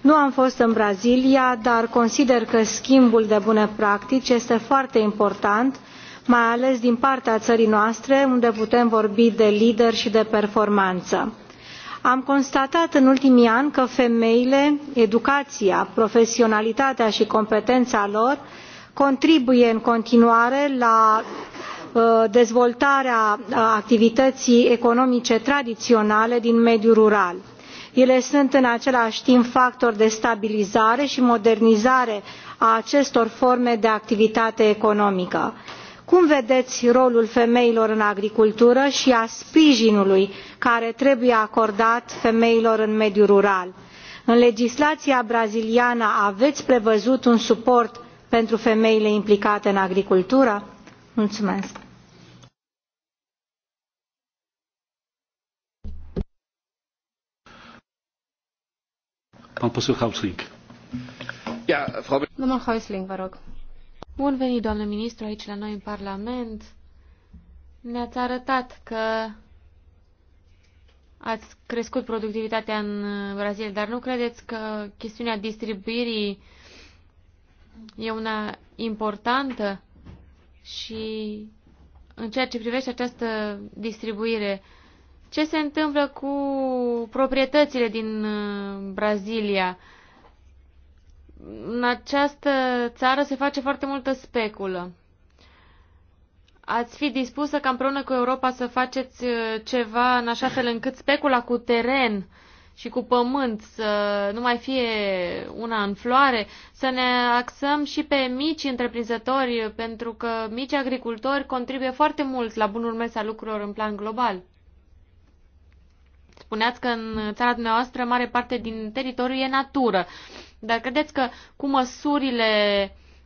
Nu am fost în Brazilia, dar consider că schimbul de bune practici este foarte important mai ales din partea țării noastre unde putem vorbi de lider și de performanță. am constatat în ultimii ani că femeile educația profesionalitatea și competența lor contribuie în continuare la uh, dezvoltarea uh, activității economice tradiționale din mediul rural. ele sunt în același timp factori de stabilizare și modernizare a acestor forme de activitate economică cum vedeți rolul femeilor în agricultură și al sprijinului care trebuie acordat femeilor în mediul rural? în legislația braziliană aveți prevăzut un suport pentru femeile implicate în agricultură? mulțumesc. Domnul Häusling, vă rog. Bun venit, doamnă ministru, aici la noi în Parlament. Ne-ați arătat că ați crescut productivitatea în Brazilia, dar nu credeți că chestiunea distribuirii e una importantă? Și în ceea ce privește această distribuire, ce se întâmplă cu proprietățile din uh, Brazilia? în această țară se face foarte multă speculă. Ați fi dispusă ca împreună cu Europa să faceți uh, ceva în așa fel încât specula cu teren și cu pământ să nu mai fie una în floare, să ne axăm și pe mici întreprinzători, pentru că mici agricultori contribuie foarte mult la bunul mers al lucrurilor în plan global. Spuneați că în țara dumneavoastră mare parte din teritoriu e natură. Dar credeți că cu măsurile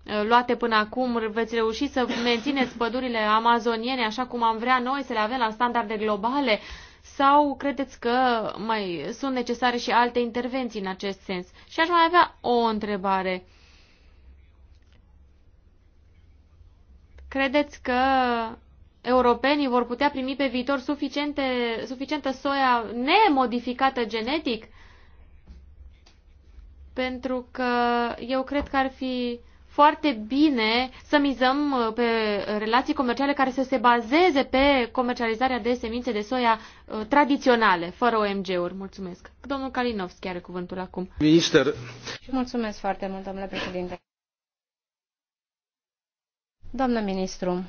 uh, luate până acum veți reuși să mențineți pădurile amazoniene așa cum am vrea noi să le avem la standarde globale? Sau credeți că mai sunt necesare și alte intervenții în acest sens? Și aș mai avea o întrebare. Credeți că europenii vor putea primi pe viitor suficiente, suficientă soia nemodificată genetic? pentru că eu cred că ar fi foarte bine să mizăm uh, pe relații comerciale care să se bazeze pe comercializarea de semințe de soia uh, tradiționale, fără OMG-uri. Mulțumesc. Domnul Kalinovski are cuvântul acum. Minister. Mulțumesc foarte mult, domnule președinte. Doamnă ministru,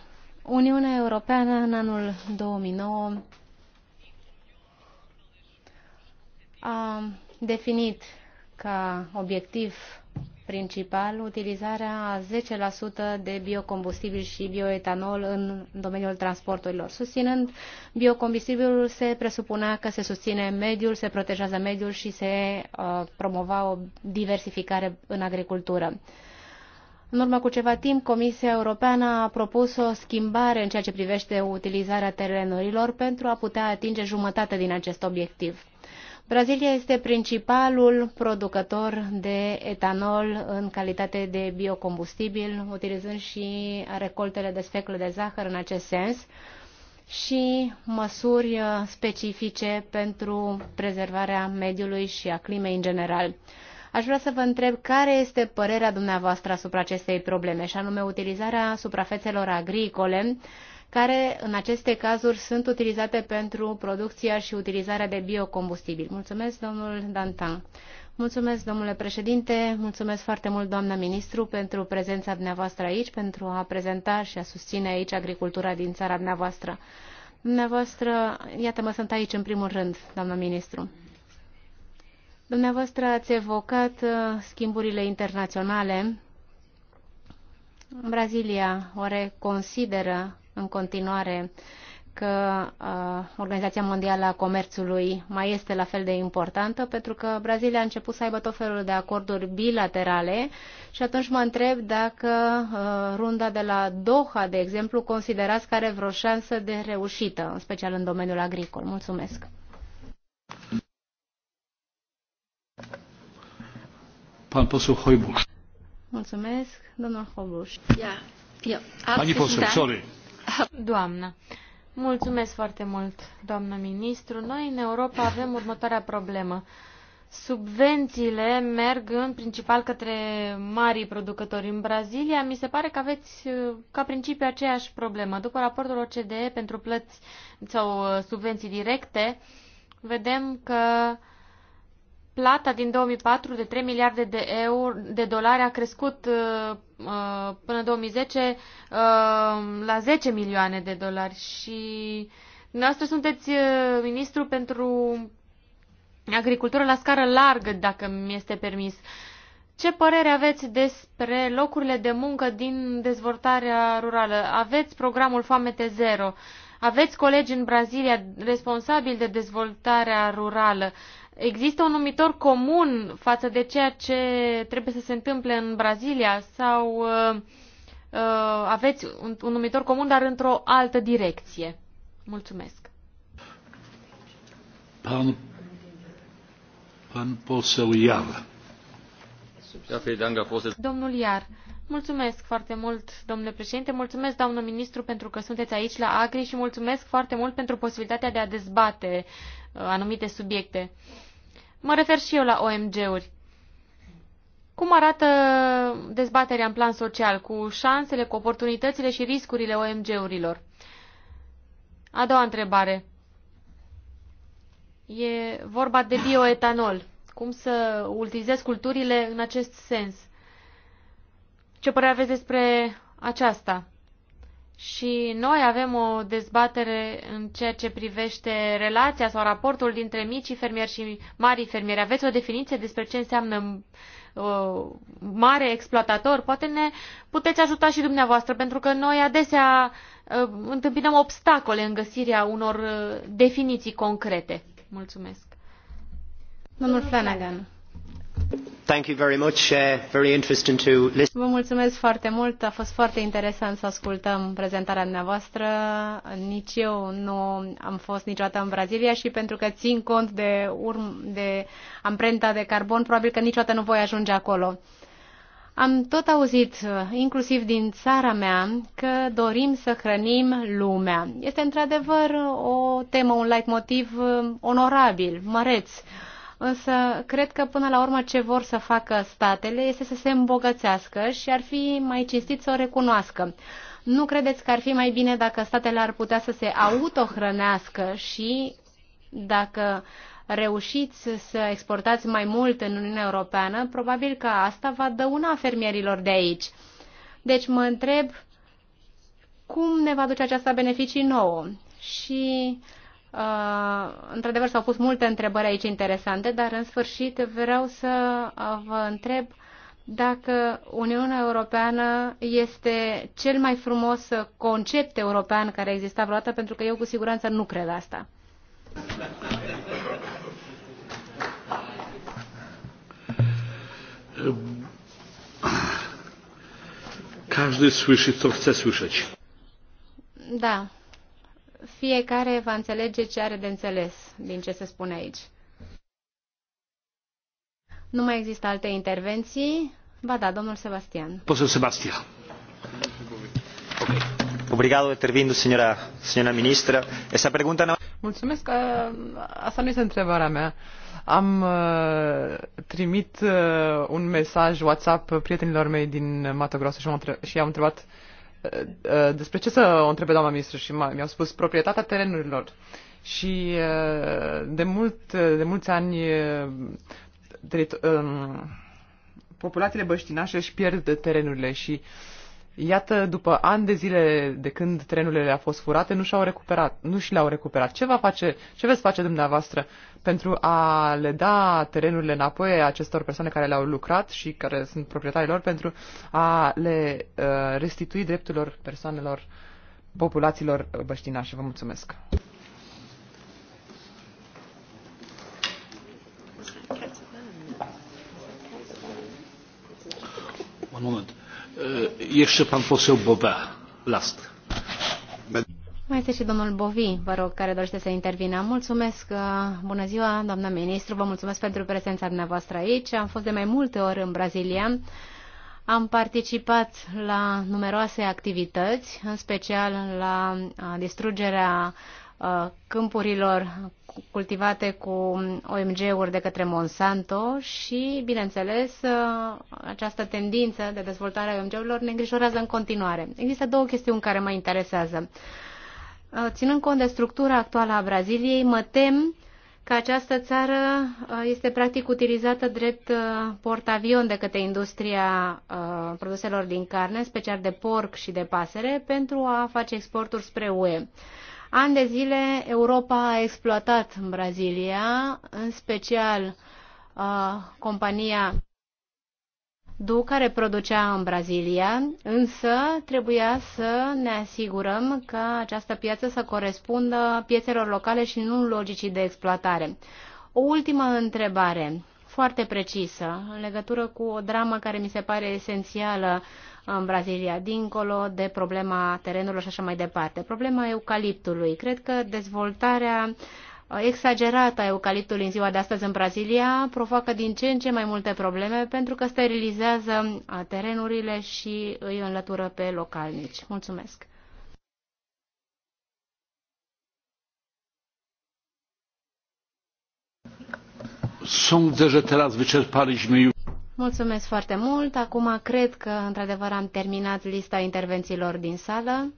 Uniunea Europeană în anul 2009 a definit ca obiectiv principal utilizarea a 10% de biocombustibil și bioetanol în domeniul transporturilor. Susținând biocombustibilul, se presupunea că se susține mediul, se protejează mediul și se uh, promova o diversificare în agricultură. În urmă cu ceva timp, Comisia Europeană a propus o schimbare în ceea ce privește utilizarea terenurilor pentru a putea atinge jumătate din acest obiectiv. Brazilia este principalul producător de etanol în calitate de biocombustibil, utilizând și recoltele de sfeclă de zahăr în acest sens și măsuri uh, specifice pentru prezervarea mediului și a climei în general. Aș vrea să vă întreb care este părerea dumneavoastră asupra acestei probleme, și anume utilizarea suprafețelor agricole care în aceste cazuri sunt utilizate pentru producția și utilizarea de biocombustibil. Mulțumesc, domnul Dantan. Mulțumesc, domnule președinte, mulțumesc foarte mult, doamna ministru, pentru prezența dumneavoastră aici, pentru a prezenta și a susține aici agricultura din țara dumneavoastră. Dumneavoastră, iată-mă, sunt aici în primul rând, doamna ministru. Dumneavoastră ați evocat uh, schimburile internaționale. Brazilia oare consideră în continuare că uh, Organizația Mondială a Comerțului mai este la fel de importantă, pentru că Brazilia a început să aibă tot felul de acorduri bilaterale și atunci mă întreb dacă uh, runda de la Doha, de exemplu, considerați că are vreo șansă de reușită, în special în domeniul agricol. Mulțumesc! Mulțumesc, domnul Hobuș. Yeah. Yeah. Pani poseł, sorry. Doamnă, mulțumesc foarte mult, doamnă ministru. Noi în Europa avem următoarea problemă. Subvențiile merg în principal către marii producători. În Brazilia mi se pare că aveți uh, ca principiu aceeași problemă. După raportul OCDE pentru plăți sau uh, subvenții directe, vedem că uh, plata din 2004 de 3 miliarde de euro de dolari a crescut uh, uh până 2010 uh, la 10 milioane de dolari și dumneavoastră sunteți uh, ministru pentru agricultură la scară largă, dacă mi este permis. Ce părere aveți despre locurile de muncă din dezvoltarea rurală? Aveți programul Foamete Zero. Aveți colegi în Brazilia responsabili de dezvoltarea rurală. Există un numitor comun față de ceea ce trebuie să se întâmple în Brazilia sau uh, uh aveți un, un numitor comun, dar într-o altă direcție? Mulțumesc. Pan, pan poseł Iar. Domnul Iar, Mulțumesc foarte mult, domnule președinte, mulțumesc, doamnă ministru, pentru că sunteți aici la Agri și mulțumesc foarte mult pentru posibilitatea de a dezbate uh, anumite subiecte. Mă refer și eu la OMG-uri. Cum arată dezbaterea în plan social, cu șansele, cu oportunitățile și riscurile OMG-urilor? A doua întrebare. E vorba de bioetanol. Cum să utilizez culturile în acest sens? Ce părere aveți despre aceasta? Și noi avem o dezbatere în ceea ce privește relația sau raportul dintre micii fermieri și marii fermieri. Aveți o definiție despre ce înseamnă uh, mare exploatator? Poate ne puteți ajuta și dumneavoastră, pentru că noi adesea uh, întâmpinăm obstacole în găsirea unor uh, definiții concrete. Mulțumesc. Domnul Flanagan. Uh, Vă mulțumesc foarte mult. A fost foarte interesant să ascultăm prezentarea dumneavoastră. Nici eu nu am fost niciodată în Brazilia și pentru că țin cont de, urm, de amprenta de carbon, probabil că niciodată nu voi ajunge acolo. Am tot auzit, uh, inclusiv din țara mea, că dorim să hrănim lumea. Este într-adevăr o temă, un leitmotiv uh, onorabil, măreț. Însă cred că până la urmă ce vor să facă statele este să se îmbogățească și ar fi mai cinstit să o recunoască. Nu credeți că ar fi mai bine dacă statele ar putea să se autohrănească și dacă reușiți să exportați mai mult în Uniunea Europeană, probabil că asta va dăuna fermierilor de aici. Deci mă întreb cum ne va duce aceasta beneficii nouă și Uh, într-adevăr s-au pus multe întrebări aici interesante, dar în sfârșit vreau să uh, vă întreb dacă Uniunea Europeană este cel mai frumos concept european care exista vreodată, pentru că eu cu siguranță nu cred asta. Każdy słyszy, co chce słyszeć. Da, fiecare va înțelege ce are de înțeles din ce se spune aici. Nu mai există alte intervenții. Ba da, domnul Sebastian. Poți Sebastian. Obrigado, intervindu, señora, señora ministra. Esa pregunta no... Mulțumesc că asta nu este întrebarea mea. Am uh, trimit uh, un mesaj WhatsApp prietenilor mei din Mato Grosso și, am am întrebat uh, Eh, despre ce să o întrebe doamna ministru și mi-au spus proprietatea terenurilor. Și eh, de, mult, de mulți ani eh, ehm, populațiile băștinașe își pierd terenurile și uh, Iată, după ani de zile de când trenurile le-au fost furate, nu și-au recuperat, nu și le-au recuperat. Ce, va face, ce veți face dumneavoastră pentru a le da terenurile înapoi acestor persoane care le-au lucrat și care sunt proprietarii lor pentru a le uh, restitui drepturilor persoanelor, populațiilor băștinașe? Vă mulțumesc! One moment. Jeszcze pan poseł Boba, last. Mai este și domnul Bovi, vă rog, care dorește să intervină. Mulțumesc, uh, bună ziua, doamna ministru, vă mulțumesc pentru prezența dumneavoastră aici. Am fost de mai multe ori în Brazilia. Am participat la numeroase activități, în special la uh, distrugerea Uh, câmpurilor cultivate cu OMG-uri de către Monsanto și, bineînțeles, uh, această tendință de dezvoltare a OMG-urilor ne îngrijorează în continuare. Există două chestiuni care mă interesează. Uh, ținând cont de structura actuală a Braziliei, mă tem că această țară este practic utilizată drept portavion de către industria produselor din carne, special de porc și de pasăre, pentru a face exporturi spre UE. Ani de zile Europa a exploatat în Brazilia, în special uh, compania Du care producea în Brazilia, însă trebuia să ne asigurăm că această piață să corespundă piețelor locale și nu logicii de exploatare. O ultimă întrebare, foarte precisă, în legătură cu o dramă care mi se pare esențială în Brazilia, dincolo de problema terenurilor și așa mai departe. Problema eucaliptului. Cred că dezvoltarea uh, exagerată a eucaliptului în ziua de astăzi în Brazilia provoacă din ce în ce mai multe probleme pentru că sterilizează uh, terenurile și îi înlătură pe localnici. Mulțumesc! Sądzę, że teraz wyczerpaliśmy już. Mulțumesc foarte mult. Acum cred că, într-adevăr, am terminat lista intervențiilor din sală.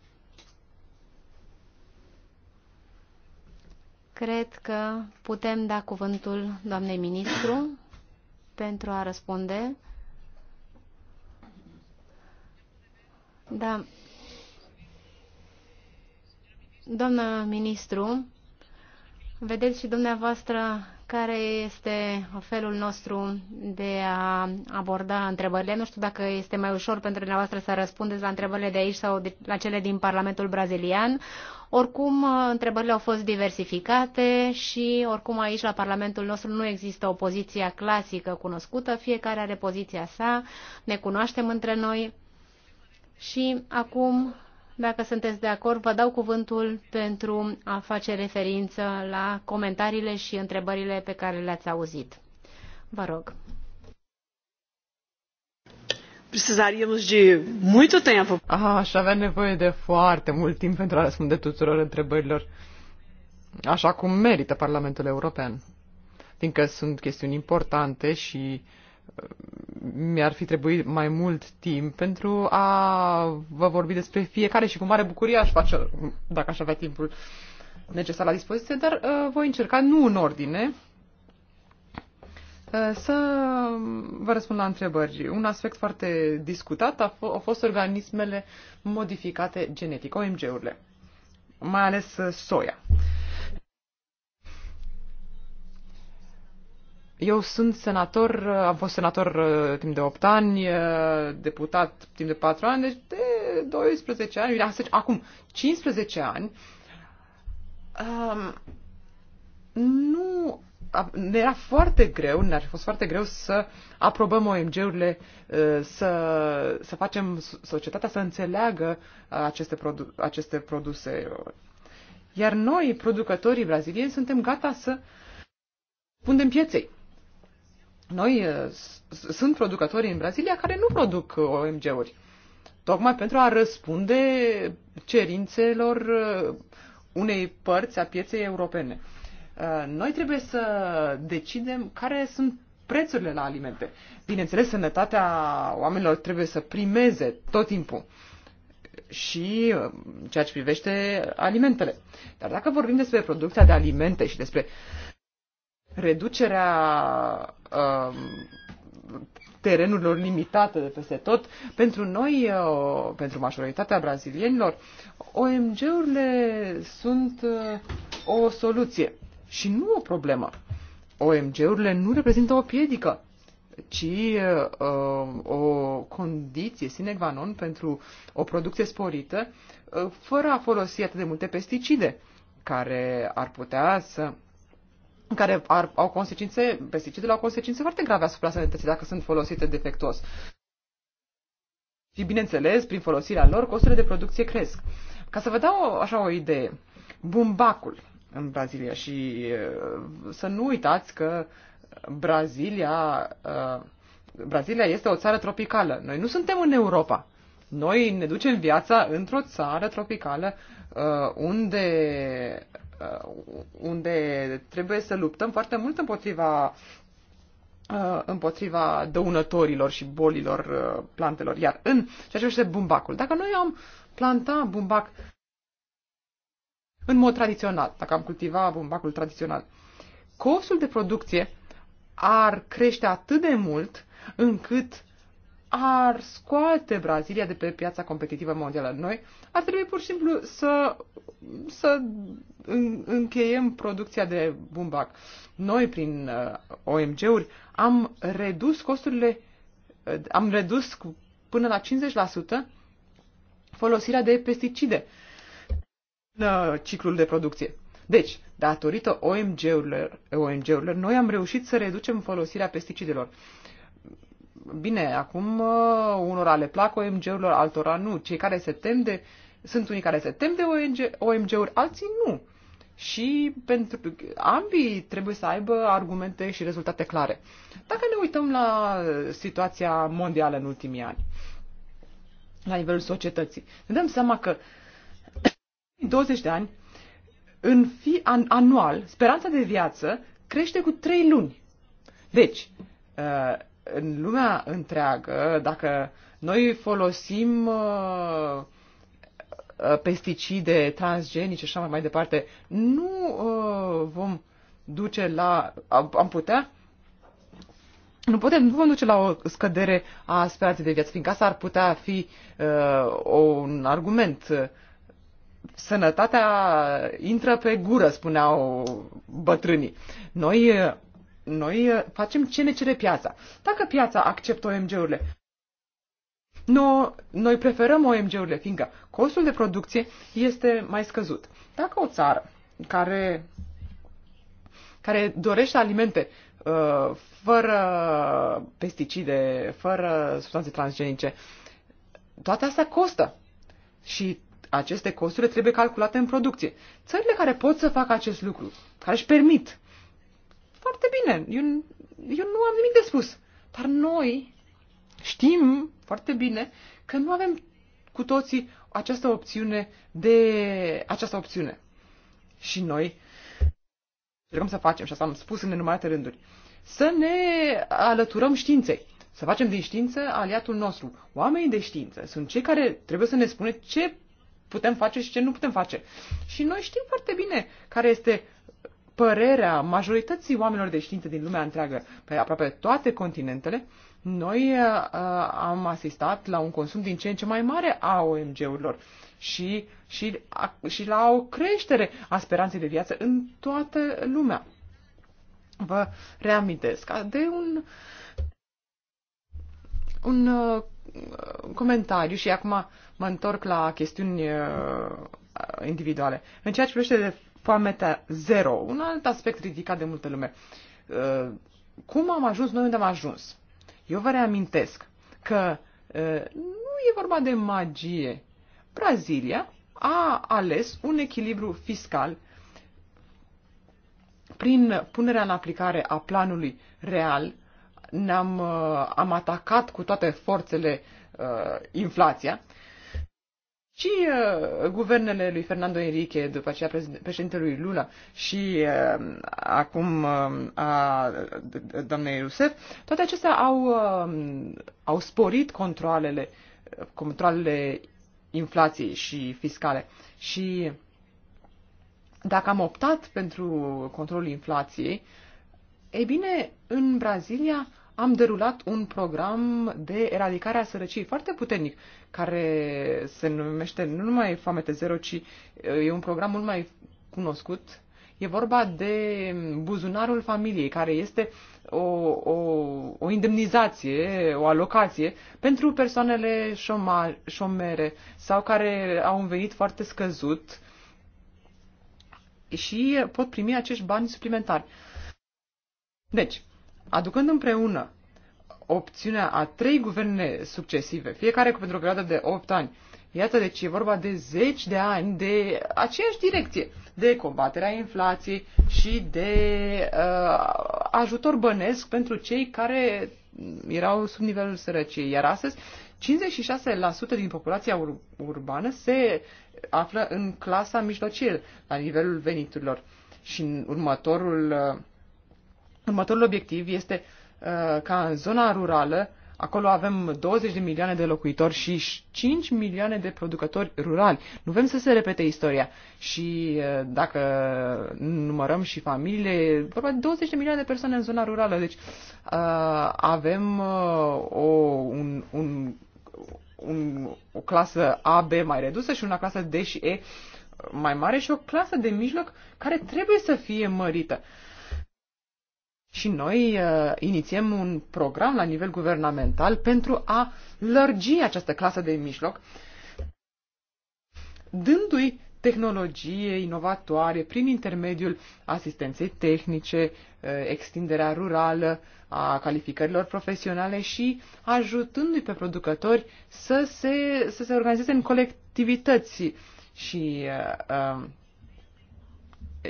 Cred că putem da cuvântul doamnei ministru pentru a răspunde. Da. Doamnă ministru, vedeți și dumneavoastră care este felul nostru de a aborda întrebările. Nu știu dacă este mai ușor pentru dumneavoastră să răspundeți la întrebările de aici sau de, la cele din Parlamentul brazilian. Oricum, întrebările au fost diversificate și oricum aici la Parlamentul nostru nu există o poziție clasică cunoscută, fiecare are poziția sa, ne cunoaștem între noi și acum dacă sunteți de acord, vă dau cuvântul pentru a face referință la comentariile și întrebările pe care le-ați auzit. Vă rog. Precisaríamos de muito tempo. Ah, aș avea nevoie de foarte mult timp pentru a răspunde tuturor întrebărilor, așa cum merită Parlamentul European, fiindcă sunt chestiuni importante și uh, mi-ar fi trebuit mai mult timp pentru a vă vorbi despre fiecare și cu mare bucurie aș face, dacă aș avea timpul necesar la dispoziție, dar uh, voi încerca, nu în ordine, uh, să vă răspund la întrebări. Un aspect foarte discutat a au fost organismele modificate genetic, OMG-urile, mai ales uh, soia. Eu sunt senator, am fost senator uh, timp de 8 ani, uh, deputat timp de 4 ani, deci de 12 ani, acum 15 ani, um, nu ne era foarte greu, ne-ar fi fost foarte greu să aprobăm OMG-urile, uh, să, să facem societatea să înțeleagă aceste, produ- aceste produse. Iar noi, producătorii brazilieni, suntem gata să punem pieței. Noi uh, sunt producători în Brazilia care nu produc uh, OMG-uri, tocmai pentru a răspunde cerințelor uh, unei părți a pieței europene. Noi trebuie să decidem care sunt prețurile la alimente. Bineînțeles, sănătatea oamenilor trebuie să primeze tot timpul și ceea ce privește alimentele. Dar dacă vorbim despre producția de alimente și despre reducerea uh, terenurilor limitate de peste tot, pentru noi, uh, pentru majoritatea brazilienilor, OMG-urile sunt uh, o soluție și nu o problemă. OMG-urile nu reprezintă o piedică, ci uh, o condiție sine qua non pentru o producție sporită, uh, fără a folosi atât de multe pesticide, care ar putea să care ar, au consecințe, pesticidele au consecințe foarte grave asupra sănătății dacă sunt folosite defectuos. Și bineînțeles, prin folosirea lor, costurile de producție cresc. Ca să vă dau așa o idee, bumbacul în Brazilia și uh, să nu uitați că Brazilia, uh, Brazilia este o țară tropicală. Noi nu suntem în Europa. Noi ne ducem viața într-o țară tropicală uh, unde Uh, unde trebuie să luptăm foarte mult împotriva uh, împotriva dăunătorilor și bolilor uh, plantelor. Iar în ceea ce este bumbacul, dacă noi am planta bumbac în mod tradițional, dacă am cultiva bumbacul tradițional, costul de producție ar crește atât de mult încât ar scoate Brazilia de pe piața competitivă mondială. Noi ar trebui pur și simplu să, să încheiem producția de bumbac. Noi, prin uh, OMG-uri, am redus costurile, uh, am redus până la 50% folosirea de pesticide în uh, ciclul de producție. Deci, datorită OMG-urilor, OMG-urilor, noi am reușit să reducem folosirea pesticidelor. Bine, acum uh, unora le plac OMG-urilor, altora nu. Cei care se tem de, sunt unii care se tem de OMG-uri, alții nu. Și pentru ambii trebuie să aibă argumente și rezultate clare. Dacă ne uităm la situația mondială în ultimii ani, la nivelul societății, ne dăm seama că în 20 de ani, în fi an, anual, speranța de viață crește cu 3 luni. Deci, uh, în lumea întreagă, dacă noi folosim uh, pesticide transgenice și așa mai, mai departe, nu uh, vom duce la... Am, putea? Nu putem, nu vom duce la o scădere a speranței de viață, fiindcă asta ar putea fi uh, un argument. Sănătatea intră pe gură, spuneau bătrânii. Noi uh, noi uh, facem ce ne cere piața. Dacă piața acceptă OMG-urile, no, noi preferăm OMG-urile, fiindcă costul de producție este mai scăzut. Dacă o țară care, care dorește alimente uh, fără pesticide, fără substanțe transgenice, toate astea costă. Și aceste costuri trebuie calculate în producție. Țările care pot să facă acest lucru, care își permit foarte bine, eu, eu nu am nimic de spus. Dar noi știm foarte bine că nu avem cu toții această opțiune de această opțiune. Și noi încercăm să facem, și asta am spus în nenumărate rânduri, să ne alăturăm științei. Să facem din știință aliatul nostru. Oamenii de știință sunt cei care trebuie să ne spună ce putem face și ce nu putem face. Și noi știm foarte bine care este părerea majorității oamenilor de știință din lumea întreagă, pe aproape toate continentele, noi uh, am asistat la un consum din ce în ce mai mare a OMG-urilor și, și, a, și la o creștere a speranței de viață în toată lumea. Vă reamintesc de un, un uh, comentariu și acum mă întorc la chestiuni uh, individuale. În ceea ce privește foamea zero, un alt aspect ridicat de multă lume. Uh, cum am ajuns noi unde am ajuns? Eu vă reamintesc că uh, nu e vorba de magie. Brazilia a ales un echilibru fiscal prin punerea în aplicare a planului real ne-am uh, am atacat cu toate forțele uh, inflația și uh, guvernele lui Fernando Enrique, după aceea președintelui Lula și uh, acum uh, a doamnei Rousseff, toate acestea au, uh, au sporit controlele, controlele inflației și fiscale. Și dacă am optat pentru controlul inflației, e bine, în Brazilia am derulat un program de eradicare a sărăciei foarte puternic, care se numește nu numai Foamete Zero, ci uh, e un program mult mai cunoscut. E vorba de buzunarul familiei, care este o, o, o indemnizație, o alocație pentru persoanele șoma, șomere sau care au un venit foarte scăzut și pot primi acești bani suplimentari. Deci, Aducând împreună opțiunea a trei guverne succesive, fiecare cu pentru o perioadă de 8 ani, Iată, deci e vorba de zeci de ani de aceeași direcție, de combaterea inflației și de uh, ajutor bănesc pentru cei care erau sub nivelul sărăciei. Iar astăzi, 56% din populația ur- urbană se află în clasa mijlocie la nivelul veniturilor. Și în următorul uh, Următorul obiectiv este uh, ca în zona rurală, acolo avem 20 de milioane de locuitori și 5 milioane de producători rurali. Nu vrem să se repete istoria. Și uh, dacă numărăm și familiile, vorba de 20 de milioane de persoane în zona rurală. Deci uh, avem o, un, un, un, o clasă A, B mai redusă și una clasă D și E mai mare și o clasă de mijloc care trebuie să fie mărită. Uh, și noi uh, inițiem un program la nivel guvernamental pentru a lărgi această clasă de mijloc, dându-i tehnologie inovatoare prin intermediul asistenței tehnice, uh, extinderea rurală a calificărilor profesionale și ajutându-i pe producători să se, să se organizeze în colectivități și uh, um,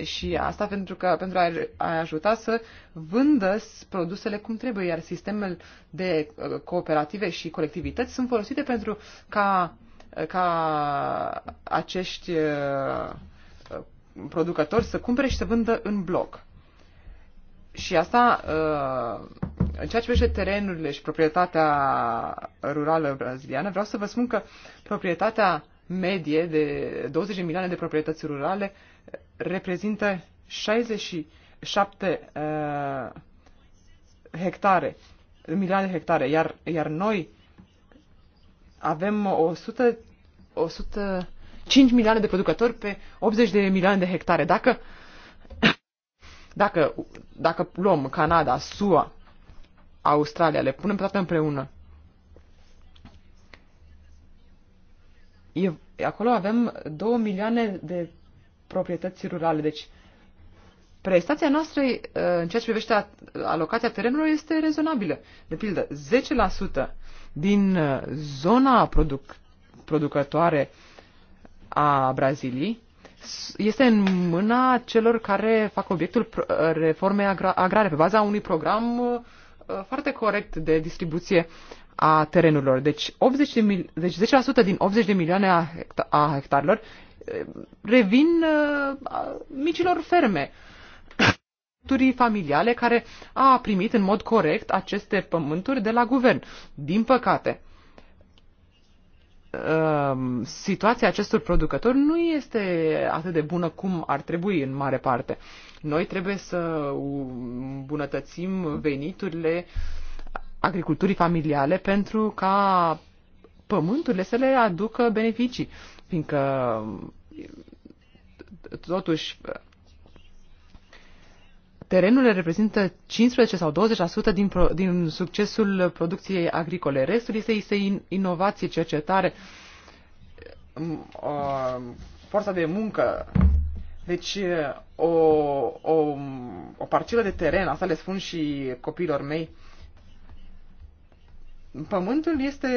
și asta pentru, că, pentru a, a ajuta să vândă produsele cum trebuie, iar sistemele de uh, cooperative și colectivități sunt folosite pentru ca, ca acești uh, uh, producători să cumpere și să vândă în bloc. Și asta, în ceea ce privește terenurile și proprietatea rurală braziliană, vreau să vă spun că proprietatea medie de 20 de milioane de proprietăți rurale uh, reprezintă 67 uh, hectare, milioane de hectare, iar, iar noi avem 100, 105 milioane de producători pe 80 de milioane de hectare. Dacă, dacă, dacă luăm Canada, SUA, Australia, le punem toate împreună, e, acolo avem 2 milioane de proprietăți rurale. Deci, prestația noastră uh, în ceea ce privește alocația terenurilor este rezonabilă. De pildă, 10% din uh, zona produc- producătoare a Braziliei este în mâna celor care fac obiectul uh, reformei agrare pe baza unui program foarte corect de distribuție a terenurilor. Deci, 80 de mil- deci 10% din 80 de milioane a, hecta- a hectarelor revin uh, micilor ferme structurii familiale care a primit în mod corect aceste pământuri de la guvern. Din păcate, um, situația acestor producători nu este atât de bună cum ar trebui în mare parte. Noi trebuie să îmbunătățim veniturile agriculturii familiale pentru ca pământurile să le aducă beneficii, fiindcă totuși terenurile reprezintă 15 sau 20% din, pro, din succesul producției agricole. Restul este, este inovație, cercetare, forța de muncă. Deci o, o, o parcelă de teren, asta le spun și copiilor mei, pământul este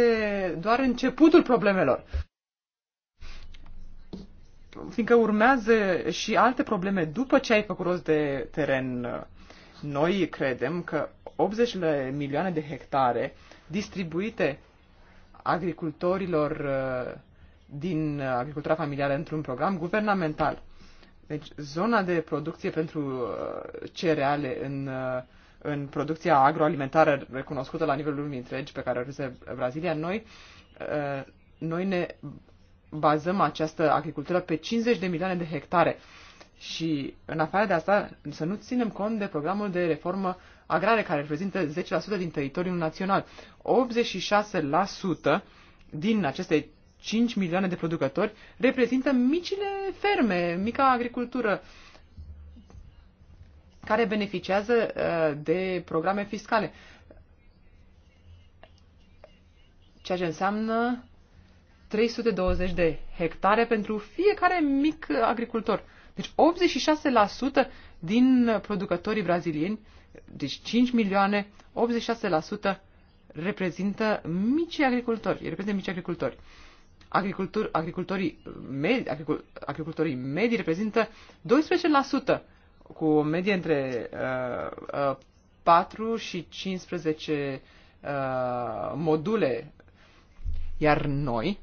doar începutul problemelor fiindcă urmează și alte probleme după ce ai făcut rost de teren. Noi credem că 80 de milioane de hectare distribuite agricultorilor uh, din agricultura familială într-un program guvernamental. Deci zona de producție pentru uh, cereale în, uh, în producția agroalimentară recunoscută la nivelul lumii întregi pe care o Brazilia, noi, noi ne bazăm această agricultură pe 50 de milioane de hectare. Și în afară de asta, să nu ținem cont de programul de reformă agrare, care reprezintă 10% din teritoriul național. 86% din aceste 5 milioane de producători reprezintă micile ferme, mica agricultură, care beneficiază uh, de programe fiscale. Ceea ce înseamnă 320 de hectare pentru fiecare mic agricultor. Deci 86% din producătorii brazilieni, deci 5 milioane, 86% reprezintă mici agricultori. Reprezintă mici agricultori. Agricultor, agricultorii, medi, agricul, agricultorii medii reprezintă 12% cu o medie între uh, uh, 4 și 15 uh, module. Iar noi,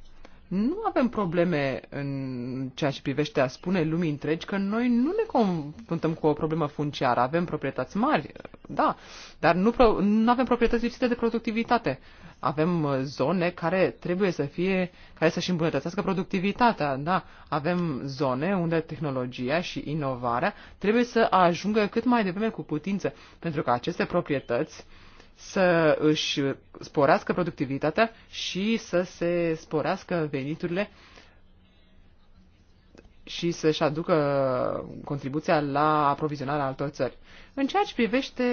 nu avem probleme în ceea ce privește a spune lumii întregi că noi nu ne confruntăm cu o problemă funciară. Avem proprietăți mari, da, dar nu, pro- nu avem proprietăți lipsite de productivitate. Avem uh, zone care trebuie să fie, care să-și îmbunătățească productivitatea, da. Avem zone unde tehnologia și inovarea trebuie să ajungă cât mai devreme cu putință, pentru că aceste proprietăți uh, să își sporească productivitatea și să se sporească veniturile și să-și aducă contribuția la aprovizionarea altor țări. În ceea ce privește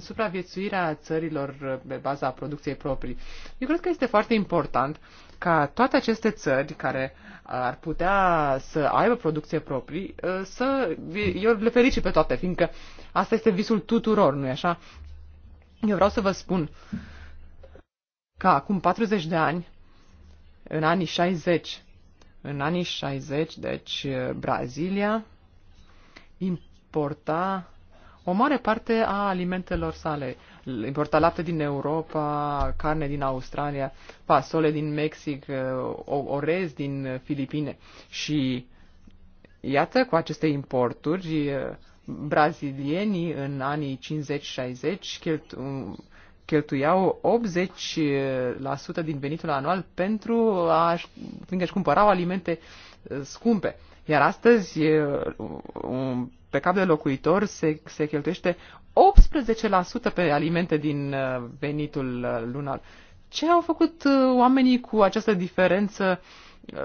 supraviețuirea țărilor pe baza producției proprii, eu cred că este foarte important ca toate aceste țări care ar putea să aibă producție proprii, să, eu le felicit pe toate, fiindcă asta este visul tuturor, nu-i așa? Eu vreau să vă spun că acum 40 de ani, în anii 60, în anii 60, deci Brazilia importa o mare parte a alimentelor sale. Importa lapte din Europa, carne din Australia, fasole din Mexic, orez din Filipine. Și iată, cu aceste importuri, brazilienii în anii 50-60 cheltu, cheltuiau 80% din venitul anual pentru a, și își cumpărau alimente uh, scumpe. Iar astăzi, uh, pe cap de locuitor, se, se cheltuiește 18% pe alimente din uh, venitul lunar. Ce au făcut oamenii cu această diferență uh,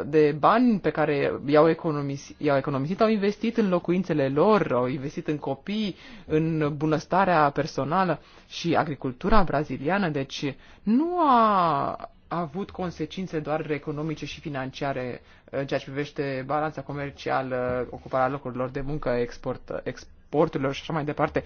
de bani pe care i-au economisit, i-au economisit, au investit în locuințele lor, au investit în copii, în bunăstarea personală și agricultura braziliană, deci nu a avut consecințe doar economice și financiare în ceea ce privește balanța comercială, ocuparea locurilor de muncă, export, exporturilor și așa mai departe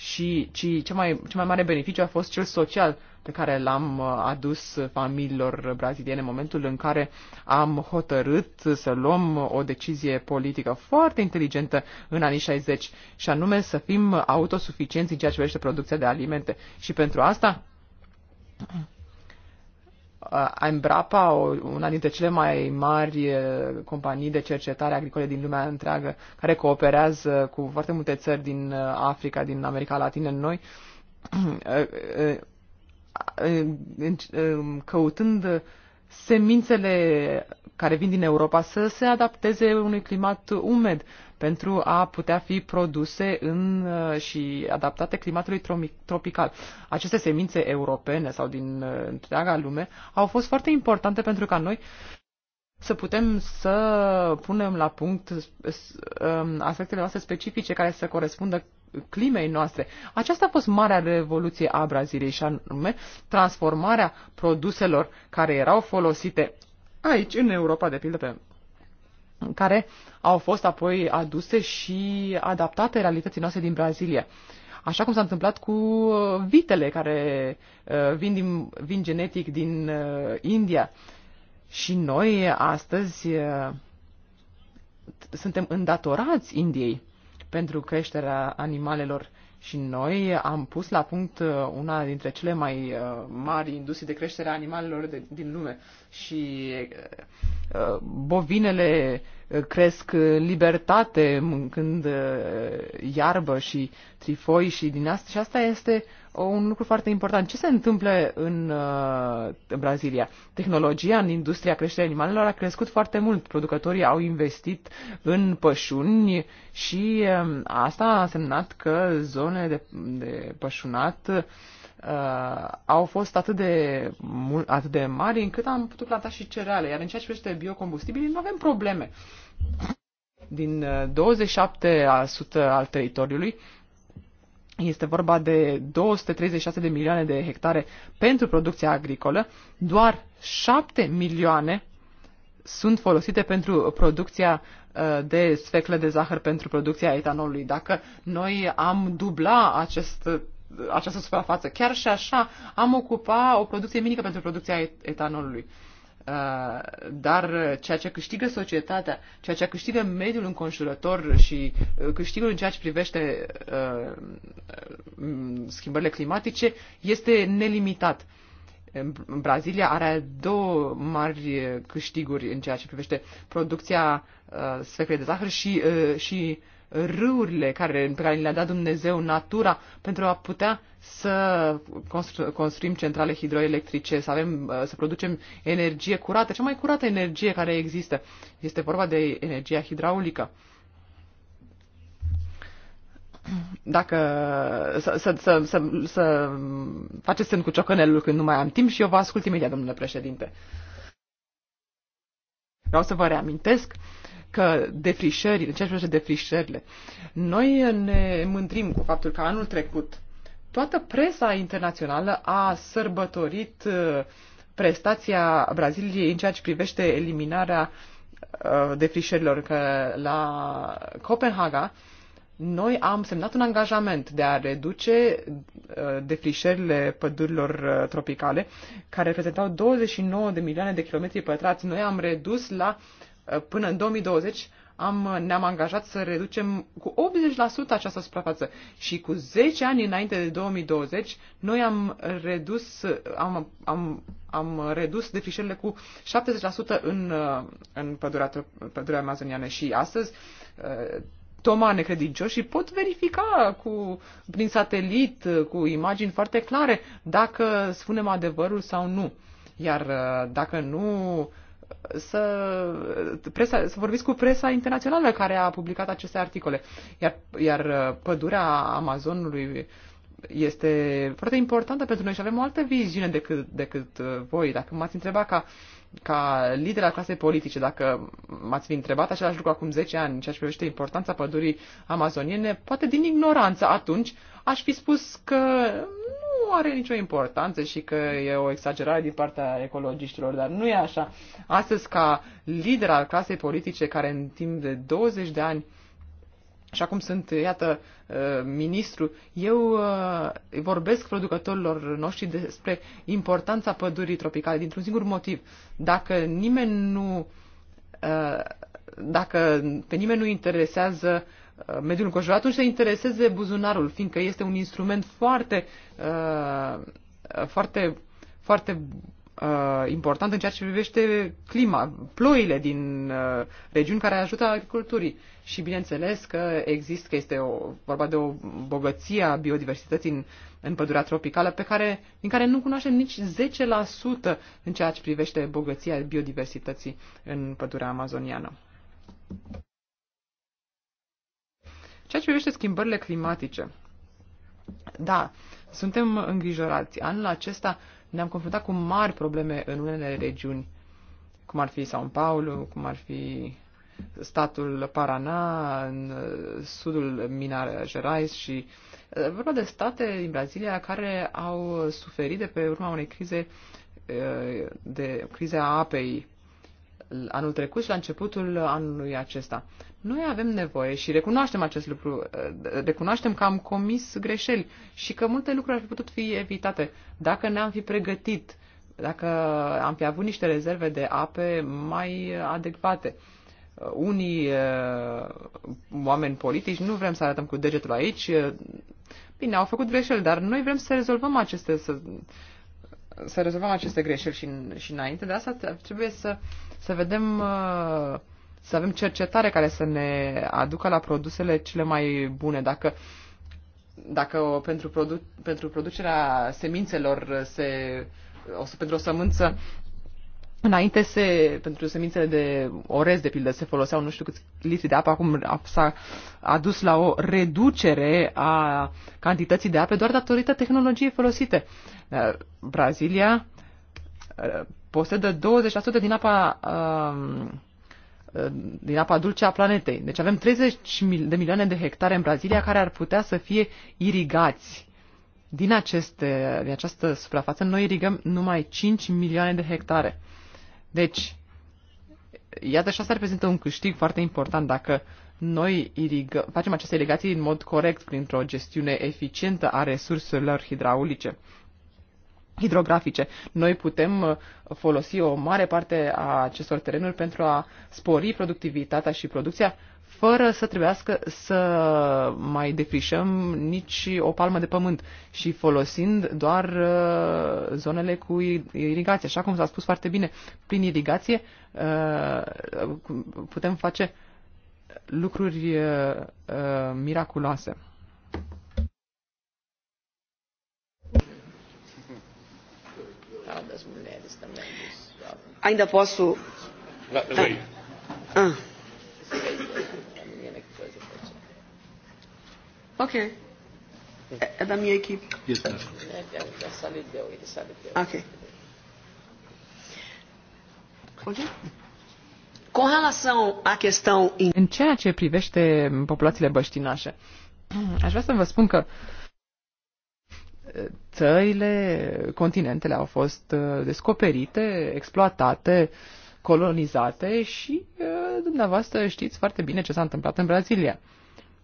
și ci, cel, mai, cel mai mare beneficiu a fost cel social pe care l-am uh, adus familiilor braziliene în momentul în care am hotărât să luăm o decizie politică foarte inteligentă în anii 60 și anume să fim autosuficienți în ceea ce privește producția de alimente. Și pentru asta Uh, o, una dintre cele mai mari uh, companii de cercetare agricole din lumea întreagă, care cooperează cu foarte multe țări din uh, Africa, din America Latină, noi, căutând semințele care vin din Europa să se adapteze unui climat umed pentru a putea fi produse în, uh, și adaptate climatului tropical. Aceste semințe europene sau din uh, întreaga lume au fost foarte importante pentru ca noi să putem să punem la punct uh, um, aspectele noastre specifice care să corespundă climei noastre. Aceasta a fost marea revoluție a Braziliei și anume transformarea produselor care erau folosite aici, în Europa, de pildă, pe care au fost apoi aduse și adaptate realității noastre din Brazilia. Așa cum s-a întâmplat cu uh, vitele care uh, vin, din, vin genetic din uh, India. Și noi astăzi suntem îndatorați Indiei pentru creșterea animalelor și noi am pus la punct uh, una dintre cele mai uh, mari industrie de creștere a animalelor de, din lume și uh, bovinele cresc în libertate mâncând iarbă și trifoi și din asta și asta este un lucru foarte important. Ce se întâmplă în, uh, în Brazilia? Tehnologia în industria creșterii animalelor a crescut foarte mult. Producătorii au investit în pășuni și um, asta a însemnat că zonele de, de pășunat uh, au fost atât de, mult, atât de mari încât am putut planta și cereale. Iar în ceea ce privește biocombustibilii, nu avem probleme. Din 27% uh, al teritoriului, este vorba de 236 de milioane de hectare pentru producția agricolă, doar 7 milioane sunt folosite pentru producția uh, de sfeclă de zahăr pentru producția etanolului. Dacă noi am dubla acest, uh, această suprafață, chiar și așa am ocupa o producție mică pentru producția etanolului. Uh, dar uh, ceea ce câștigă societatea, ceea ce câștigă mediul înconjurător și uh, câștigul în ceea ce privește schimbările climatice este nelimitat. Brazilia are două mari câștiguri în ceea ce privește producția sfeclei de zahăr și, și râurile care, pe care le-a dat Dumnezeu, natura, pentru a putea să constru- construim centrale hidroelectrice, să, avem, uh, să producem energie curată, cea mai curată energie care există. Este vorba de energia hidraulică dacă să, să, să, să, să faceți semn cu ciocănelul când nu mai am timp și eu vă ascult imediat, domnule președinte. Vreau să vă reamintesc că defrișări, în ceea ce privește defrișările, noi ne mândrim cu faptul că anul trecut toată presa internațională a sărbătorit uh, prestația Braziliei în ceea ce privește eliminarea uh, defrișărilor, că la Copenhaga noi am semnat un angajament de a reduce uh, defrișările pădurilor tropicale, care reprezentau 29 de milioane de kilometri pătrați. Noi am redus la până în 2020 am, ne-am angajat să reducem cu 80% această suprafață și cu 10 ani înainte de 2020 noi am redus, am, am, am redus defrișările cu 70% în, în pădurea, pădurea amazoniană și astăzi Toma și pot verifica cu, prin satelit, cu imagini foarte clare, dacă spunem adevărul sau nu. Iar dacă nu să, presa, să vorbiți cu presa internațională care a publicat aceste articole. Iar, iar uh, pădurea Amazonului este foarte importantă pentru noi și avem o altă viziune decât, decât uh, voi. Dacă m-ați întrebat ca ca lider al clasei politice, dacă m-ați fi întrebat același lucru acum 10 ani în ceea ce privește importanța pădurii amazoniene, poate din ignoranță atunci aș fi spus că nu are nicio importanță și că e o exagerare din partea ecologiștilor, dar nu e așa. Astăzi, ca lider al clasei politice care în timp de 20 de ani și acum sunt, iată, uh, ministru, eu uh, vorbesc producătorilor noștri despre importanța pădurii tropicale dintr-un singur motiv. Dacă nimeni nu, uh, dacă pe nimeni nu interesează mediul înconjurat, atunci se intereseze buzunarul, fiindcă este un instrument foarte, foarte, foarte uh, important în ceea ce privește clima, ploile din uh, regiuni care ajută agriculturii. Și bineînțeles că există, că este o, vorba de o bogăție a biodiversității în, în pădurea tropicală, pe care, din care nu cunoaștem nici 10% în ceea ce privește bogăția biodiversității în pădurea amazoniană. Ceea ce privește schimbările climatice. Da, suntem îngrijorați. Anul acesta uh, ne-am confruntat cu mari probleme în unele regiuni, cum ar fi São Paulo, cum ar fi statul Paraná, în uh, sudul Minas Gerais și uh, vorba de state din Brazilia care au suferit de pe urma unei crize uh, de crize a apei anul trecut și la începutul anului acesta. Noi avem nevoie și recunoaștem acest lucru, recunoaștem că am comis greșeli și că multe lucruri ar fi putut fi evitate dacă ne-am fi pregătit, dacă am fi avut niște rezerve de ape mai adecvate. Unii eh, oameni politici, nu vrem să arătăm cu degetul aici, eh, bine, au făcut greșeli, dar noi vrem să rezolvăm aceste, să, să rezolvăm aceste greșeli și, și înainte de asta trebuie să să vedem, uh, să avem cercetare care să ne aducă la produsele cele mai bune. Dacă dacă pentru, produ- pentru producerea semințelor se, o să, pentru o sămânță Înainte se, pentru semințele de orez, de pildă, se foloseau nu știu câți litri de apă, acum s-a adus la o reducere a cantității de apă doar datorită tehnologiei folosite. Brazilia posedă 20% din apa um, uh, din apa dulce a planetei. Deci avem 30 de milioane de hectare în Brazilia care ar putea să fie irigați. Din, aceste, din această suprafață noi irigăm numai 5 milioane de hectare. Deci, iată și asta reprezintă un câștig foarte important dacă noi irigă, facem aceste irigații în mod corect printr-o gestiune eficientă a resurselor hidraulice hidrografice. Noi putem uh, folosi o mare parte a acestor terenuri pentru a spori productivitatea și producția fără să trebuiască să mai defrișăm nici o palmă de pământ și folosind doar uh, zonele cu irigație. Așa cum s-a spus foarte bine, prin irigație uh, putem face lucruri miraculoase. Da. Ainda posso. Da, da. Ah. Ok. É da minha equipe. Ok. Ok. Cu relação à questão... În ceea ce privește populațiile băștinașe, aș vrea să vă spun că țările, continentele au fost uh, descoperite, exploatate, colonizate și uh, dumneavoastră știți foarte bine ce s-a întâmplat în Brazilia.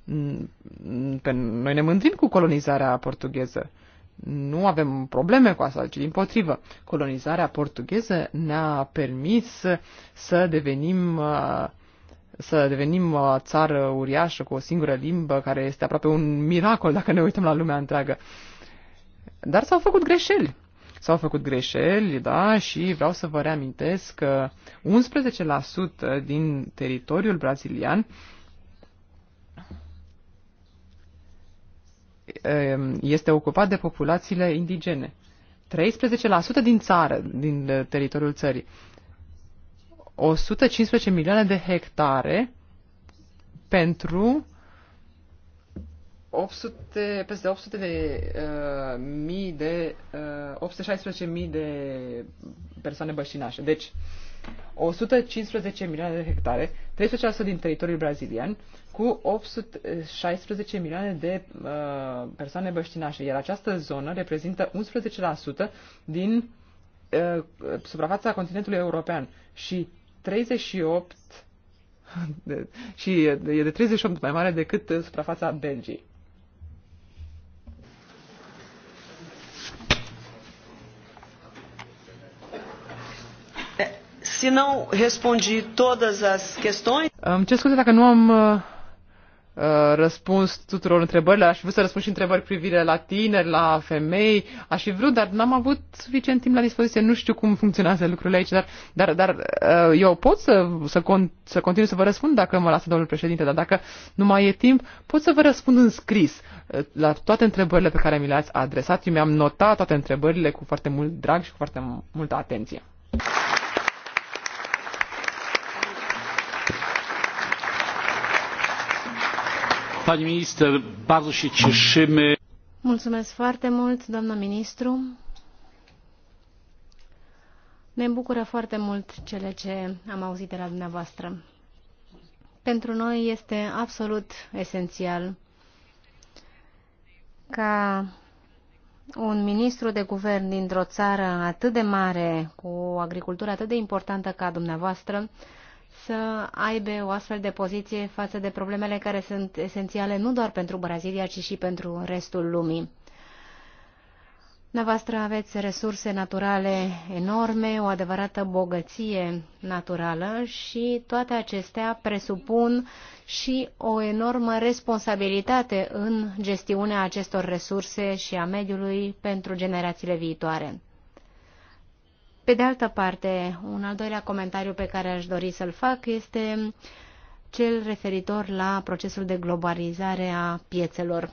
Mm, pe noi ne mândrim cu colonizarea portugheză. Nu avem probleme cu asta, ci din potrivă. Colonizarea portugheză ne-a permis să devenim să devenim o uh, țară uriașă cu o singură limbă, care este aproape un miracol dacă ne uităm la lumea întreagă. Uh, dar s-au făcut greșeli. S-au făcut greșeli, da, și vreau să vă reamintesc că 11% din teritoriul brazilian ehm, este ocupat de populațiile indigene. 13% din țară, din teritoriul țării. 115 milioane de hectare pentru 800, peste 800 de uh, mii de uh, 816 mii de persoane băștinașe. Deci 115 milioane de hectare, 13% din teritoriul brazilian, cu 816 milioane de uh, persoane băștinașe, iar această zonă reprezintă 11% din uh, suprafața continentului european și 38 de, și e de 38 mai mare decât suprafața Belgiei. Se não respondi todas as questões... Um, ce scuze dacă nu am uh, uh răspuns tuturor întrebărilor. Aș fi vrut să răspund și întrebări privire la tineri, la femei. Aș fi vrut, dar n-am avut suficient timp la dispoziție. Nu știu cum funcționează lucrurile aici, dar, dar, dar uh, eu pot să, să, con- să continui să vă răspund dacă mă lasă domnul președinte, dar dacă nu mai e timp, pot să vă răspund în scris uh, la toate întrebările pe care mi le-ați adresat. Eu mi-am notat toate întrebările cu foarte mult drag și cu foarte multă atenție. Pani minister, bardzo się cieszymy. Mulțumesc foarte mult, doamnă ministru. Ne bucură foarte mult cele ce am auzit de la dumneavoastră. Pentru noi este absolut esențial ca un ministru de guvern dintr-o țară atât de mare, cu o agricultură atât de importantă ca dumneavoastră, să aibă o astfel de poziție față de problemele care sunt esențiale nu doar pentru Brazilia, ci și pentru restul lumii. Dumneavoastră aveți resurse naturale enorme, o adevărată bogăție naturală și toate acestea presupun și o enormă responsabilitate în gestiunea acestor resurse și a mediului pentru generațiile viitoare. Pe de altă parte, un al doilea comentariu pe care aș dori să-l fac este cel referitor la procesul de globalizare a piețelor.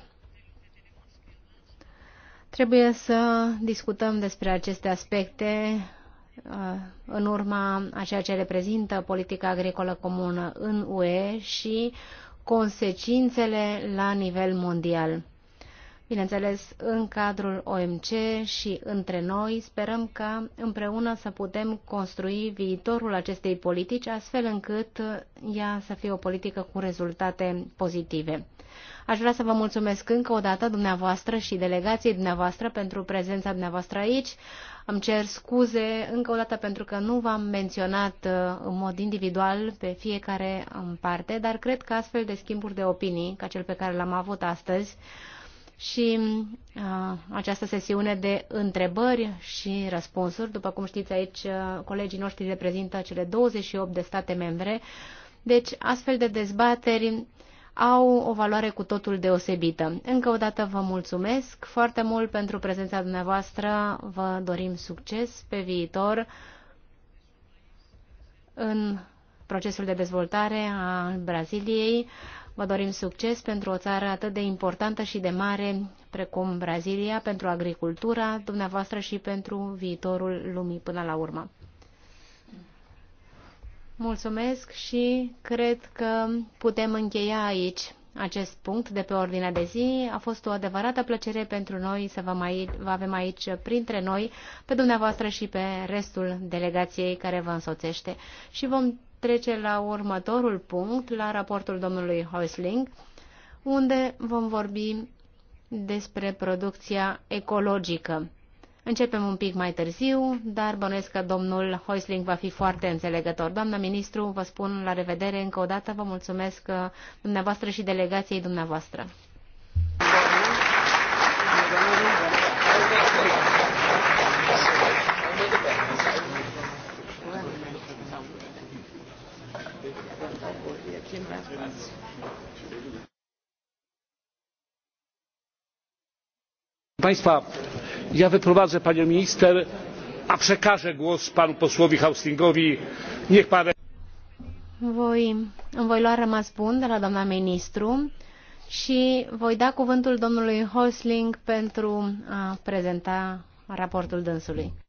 Trebuie să discutăm despre aceste aspecte uh, în urma a ceea ce reprezintă politica agricolă comună în UE și consecințele la nivel mondial bineînțeles, în cadrul OMC și între noi. Sperăm ca împreună să putem construi viitorul acestei politici, astfel încât ea să fie o politică cu rezultate pozitive. Aș vrea să vă mulțumesc încă o dată dumneavoastră și delegației dumneavoastră pentru prezența dumneavoastră aici. Îmi cer scuze încă o dată pentru că nu v-am menționat uh, în mod individual pe fiecare în parte, dar cred că astfel de schimburi de opinii, ca cel pe care l-am avut astăzi, și uh, această sesiune de întrebări și răspunsuri. După cum știți, aici uh, colegii noștri reprezintă cele 28 de state membre. Deci, astfel de dezbateri au o valoare cu totul deosebită. Încă o dată vă mulțumesc foarte mult pentru prezența dumneavoastră. Vă dorim succes pe viitor în procesul de dezvoltare a Braziliei. Vă dorim succes pentru o țară atât de importantă și de mare precum Brazilia, pentru agricultura dumneavoastră și pentru viitorul lumii până la urmă. Mulțumesc și cred că putem încheia aici acest punct de pe ordinea de zi. A fost o adevărată plăcere pentru noi să vă, mai, vă avem aici printre noi, pe dumneavoastră și pe restul delegației care vă însoțește. Și vom trece la următorul punct, la raportul domnului Häusling, unde vom vorbi despre producția ecologică. Începem un pic mai târziu, dar bănuiesc că domnul Hoisling va fi foarte înțelegător. Doamna ministru, vă spun la revedere încă o dată, vă mulțumesc uh, dumneavoastră și delegației dumneavoastră. Mulțumesc. Hinweis Państwa, ja wyprowadzę panią minister, a przekażę głos panu posłowi Haustingowi. Niech pan... Voi, îmi voi lua rămas bun de la doamna ministru și voi da cuvântul domnului Hosling pentru a prezenta raportul dânsului.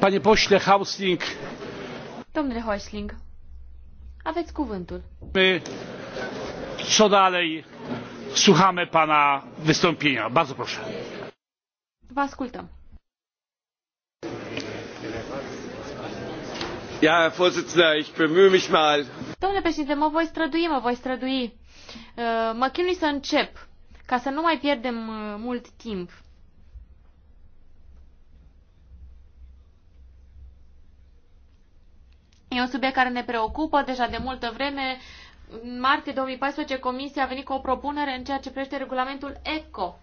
Panie pośle Hausling. Domnule Hausling, aveți cuvântul. My, co dalej, słuchamy pana wystąpienia. Bardzo proszę. Vă ascultăm. Ja, Herr Vorsitzender, ich bemühe mich mal. Domnule președinte, mă voi strădui, mă voi strădui. Uh, mă chinui să încep, ca să nu mai pierdem uh, mult timp. E un subiect care ne preocupă deja de multă vreme. În martie 2014 Comisia a venit cu o propunere în ceea ce privește regulamentul ECO.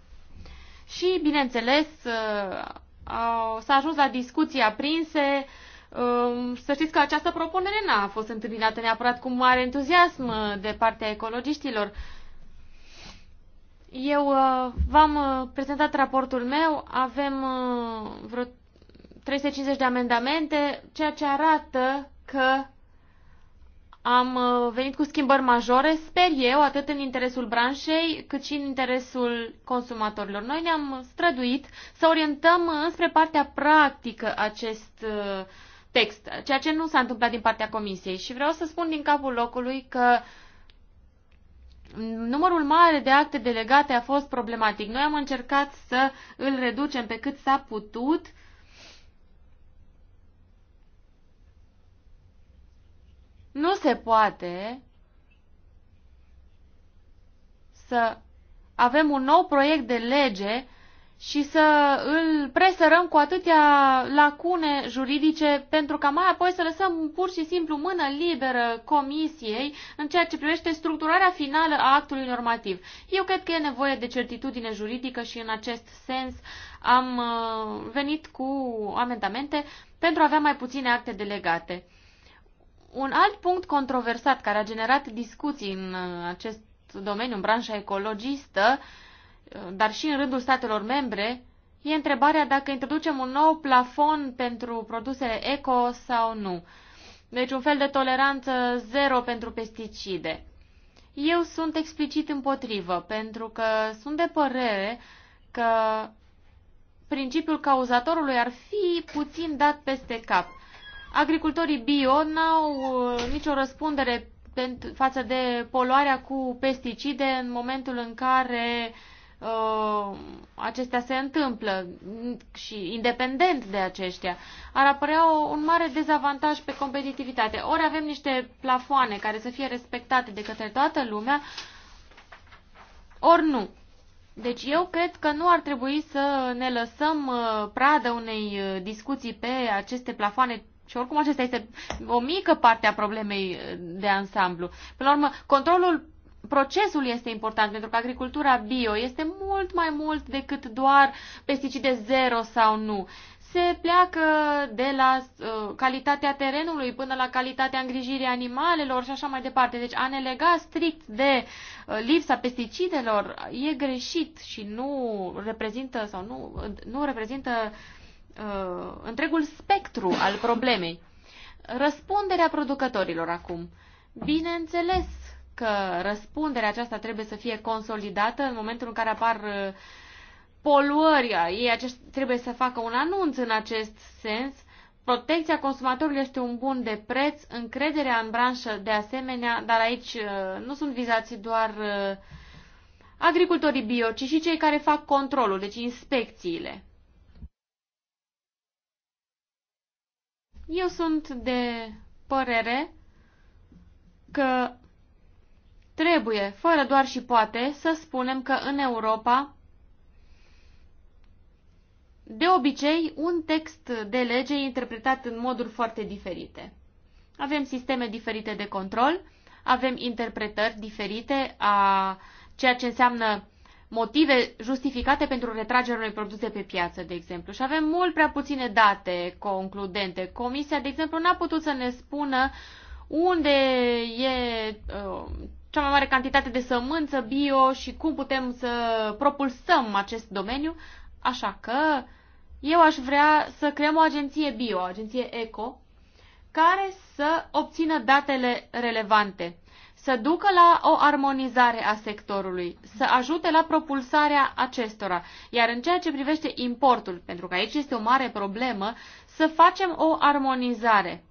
Și, bineînțeles, uh, s-a ajuns la discuții aprinse. Uh, să știți că această propunere n-a fost întâmpinată neapărat cu mare entuziasm de partea ecologiștilor. Eu uh, v-am prezentat raportul meu, avem vreo 350 de amendamente, ceea ce arată că am uh, venit cu schimbări majore, sper eu, atât în interesul branșei, cât și în interesul consumatorilor. Noi ne-am străduit să orientăm înspre partea practică acest uh, text, ceea ce nu s-a întâmplat din partea comisiei. Și vreau să spun din capul locului că numărul mare de acte delegate a fost problematic. Noi am încercat să îl reducem pe cât s-a putut, uh, Nu se poate să avem un nou proiect de lege și să îl presărăm cu atâtea lacune juridice pentru ca mai apoi să lăsăm pur și simplu mână liberă comisiei în ceea ce privește structurarea finală a actului normativ. Eu cred că e nevoie de certitudine juridică și în acest sens am uh, venit cu amendamente pentru a avea mai puține acte delegate. Un alt punct controversat care a generat discuții în uh, acest domeniu, în branșa ecologistă, uh, dar și în rândul statelor membre, e întrebarea dacă introducem un nou plafon pentru produsele eco sau nu. Deci un fel de toleranță zero pentru pesticide. Eu sunt explicit împotrivă, pentru că sunt de părere că principiul cauzatorului ar fi puțin dat peste cap. Agricultorii bio n-au uh, nicio răspundere față de poluarea cu pesticide în momentul în care uh, acestea se întâmplă și independent de aceștia, ar apărea o, un mare dezavantaj pe competitivitate. Ori avem niște plafoane care să fie respectate de către toată lumea, ori nu. Deci eu cred că nu ar trebui să ne lăsăm uh, pradă unei uh, discuții pe aceste plafoane și oricum acesta este o mică parte a problemei de ansamblu. Până la urmă, controlul procesul este important, pentru că agricultura bio este mult mai mult decât doar pesticide zero sau nu. Se pleacă de la uh, calitatea terenului până la calitatea îngrijirii animalelor și așa mai departe. Deci a ne lega strict de uh, lipsa pesticidelor e greșit și nu reprezintă sau nu, nu reprezintă uh, întregul spectru al problemei. Răspunderea producătorilor acum. Bineînțeles că răspunderea aceasta trebuie să fie consolidată în momentul în care apar uh, poluări. Ei acest trebuie să facă un anunț în acest sens. Protecția consumatorului este un bun de preț, încrederea în branșă de asemenea, dar aici uh, nu sunt vizați doar uh, agricultorii bio, ci și cei care fac controlul, deci inspecțiile. Eu sunt de părere că trebuie, fără doar și poate, să spunem că în Europa, de obicei, un text de lege e interpretat în moduri foarte diferite. Avem sisteme diferite de control, avem interpretări diferite a ceea ce înseamnă motive justificate pentru retragerea unei produse pe piață, de exemplu. Și avem mult prea puține date concludente. Comisia, de exemplu, n-a putut să ne spună unde e uh, cea mai mare cantitate de sămânță bio și cum putem să propulsăm acest domeniu. Așa că eu aș vrea să creăm o agenție bio, o agenție eco, care să obțină datele relevante să ducă la o armonizare a sectorului, să ajute la propulsarea acestora. Iar în ceea ce privește importul, pentru că aici este o mare problemă, să facem o armonizare.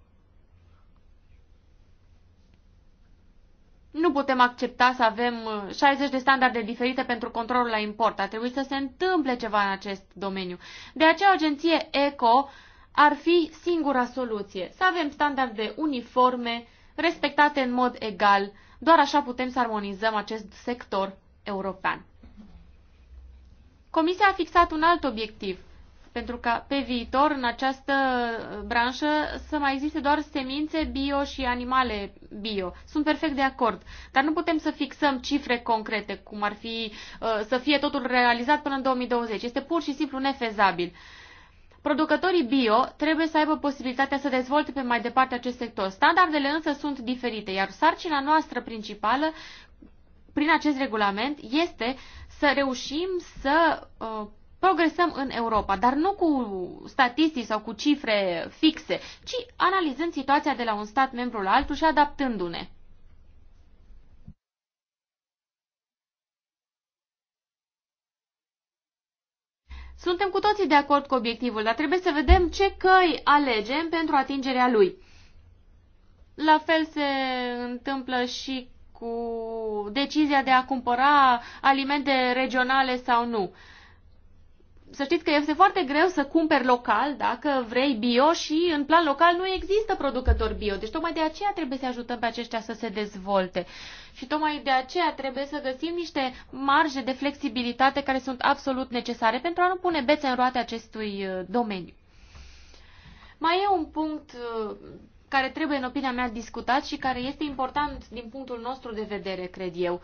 Nu putem accepta să avem 60 uh, de standarde diferite pentru controlul la import. Ar trebui să se întâmple ceva în acest domeniu. De aceea, o agenție ECO ar fi singura soluție. Să avem standarde uniforme, respectate în mod egal doar așa putem să armonizăm acest sector european. Comisia a fixat un alt obiectiv, pentru ca pe viitor în această branșă să mai existe doar semințe bio și animale bio. Sunt perfect de acord, dar nu putem să fixăm cifre concrete, cum ar fi uh, să fie totul realizat până în 2020. Este pur și simplu nefezabil. Uh, Producătorii bio trebuie să aibă posibilitatea să dezvolte pe mai departe acest sector. Standardele însă sunt diferite, iar sarcina noastră principală prin acest regulament este să reușim să uh, progresăm în Europa, dar nu cu statistici sau cu cifre fixe, ci analizând situația de la un stat membru la altul și adaptându-ne. Suntem cu toții de acord cu obiectivul, dar trebuie să vedem ce căi alegem pentru atingerea lui. La fel se întâmplă și cu decizia de a cumpăra alimente regionale sau nu să știți că este foarte greu să cumperi local dacă vrei bio și în plan local nu există producători bio. Deci tocmai de aceea trebuie să ajutăm pe aceștia să se dezvolte. Și tocmai de aceea trebuie să găsim niște marje de flexibilitate care sunt absolut necesare pentru a nu pune bețe în roate acestui uh, domeniu. Mai e un punct uh, care trebuie, în opinia mea, discutat și care este important din punctul nostru de vedere, cred eu. Uh,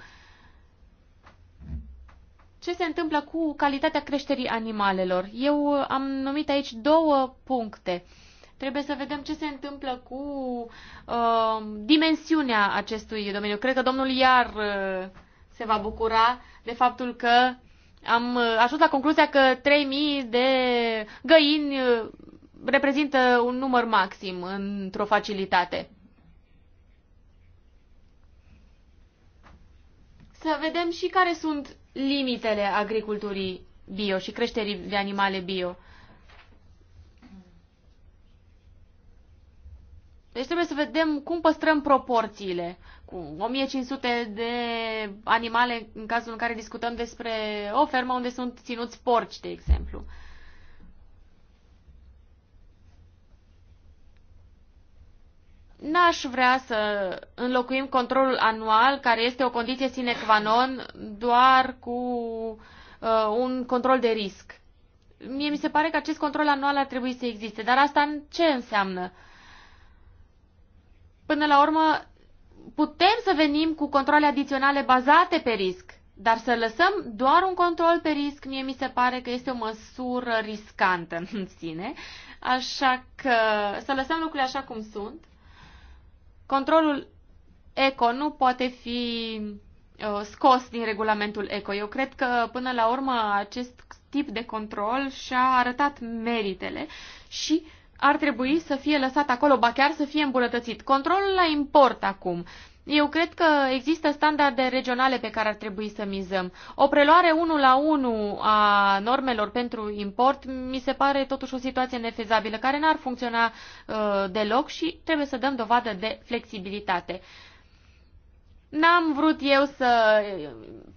ce se întâmplă cu calitatea creșterii animalelor. Eu am numit aici două puncte. Trebuie să vedem ce se întâmplă cu uh, dimensiunea acestui domeniu. Cred că domnul Iar uh, se va bucura de faptul că am uh, ajuns la concluzia că 3000 de găini uh, reprezintă un număr maxim într-o facilitate. Să vedem și care sunt limitele agriculturii bio și creșterii de animale bio. Deci trebuie să vedem cum păstrăm proporțiile cu 1500 de animale în cazul în care discutăm despre o fermă unde sunt ținuți porci, de exemplu. Uh, N-aș vrea să înlocuim controlul anual, care este o condiție sine qua non, doar cu uh, un control de risc. Mie mi se pare că acest control anual ar trebui să existe, dar asta ce înseamnă? Până la urmă, putem să venim cu controle adiționale bazate pe risc, dar să lăsăm doar un control pe risc, mie mi se pare că este o măsură riscantă în sine. Așa că să lăsăm lucrurile așa cum sunt Controlul ECO nu poate fi uh, scos din regulamentul ECO. Eu cred că, până la urmă, acest tip de control și-a arătat meritele și ar trebui să fie lăsat acolo, ba chiar să fie îmbunătățit. Controlul la import acum. Eu cred că există standarde regionale pe care ar trebui să mizăm. O preluare 1 la 1 a normelor pentru import mi se pare totuși o situație nefezabilă, care n-ar funcționa uh, deloc și trebuie să dăm dovadă de flexibilitate. N-am vrut eu să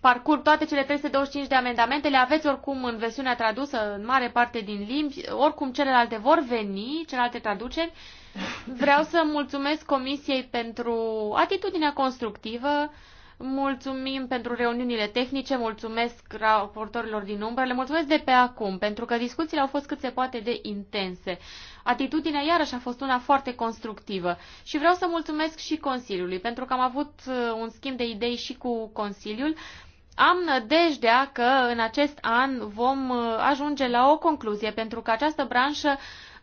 parcurg toate cele 325 de amendamente, le aveți oricum în versiunea tradusă, în mare parte din limbi, oricum celelalte vor veni, celelalte traduceri. Vreau să mulțumesc Comisiei pentru atitudinea constructivă, Mulțumim pentru reuniunile tehnice, mulțumesc raportorilor din umbră, le mulțumesc de pe acum, pentru că discuțiile au fost cât se poate de intense. Atitudinea iarăși a fost una foarte constructivă și vreau să mulțumesc și Consiliului, pentru că am avut uh, un schimb de idei și cu Consiliul. Am nădejdea că în acest an vom uh, ajunge la o concluzie, pentru că această branșă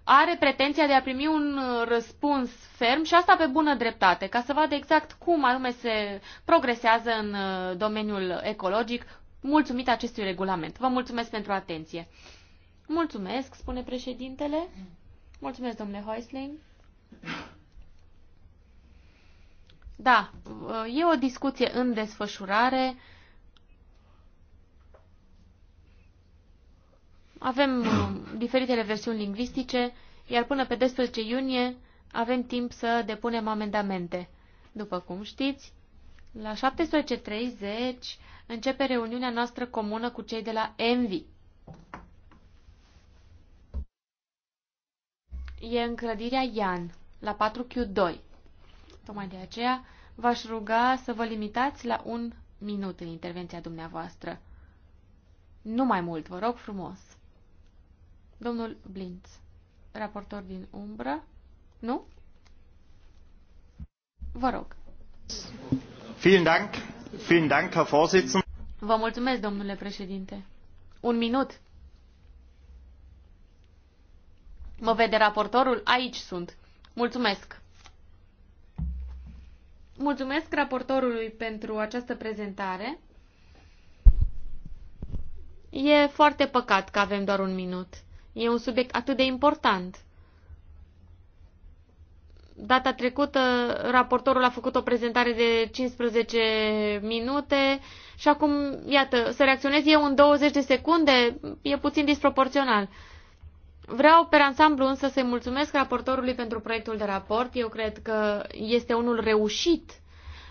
are pretenția de a primi un uh, răspuns ferm și asta pe bună dreptate, ca să vadă exact cum anume se progresează în uh, domeniul ecologic, mulțumit acestui regulament. Vă mulțumesc pentru atenție. Mulțumesc, spune președintele. Mulțumesc, domnule Heusling. Da, uh, e o discuție în desfășurare. Avem uh, diferitele versiuni lingvistice, iar până pe 12 iunie avem timp să depunem amendamente. După cum știți, la 17.30 începe reuniunea noastră comună cu cei de la Envi. E în clădirea Ian, la 4Q2. Tocmai de aceea v-aș ruga să vă limitați la un minut în intervenția dumneavoastră. Nu mai mult, vă rog frumos. Domnul Blinț, raportor din umbră, nu? Vă rog. Vielen Dank. Vielen Dank, Herr Vorsitzender. Vă mulțumesc, domnule președinte. Un minut. Mă vede raportorul? Aici sunt. Mulțumesc. Mulțumesc raportorului pentru această prezentare. E foarte păcat că avem doar un minut. E un subiect atât de important. Data trecută, raportorul a făcut o prezentare de 15 minute și acum, iată, să reacționez eu în 20 de secunde e puțin disproporțional. Vreau pe ansamblu însă să-i mulțumesc raportorului pentru proiectul de raport. Eu cred că este unul reușit,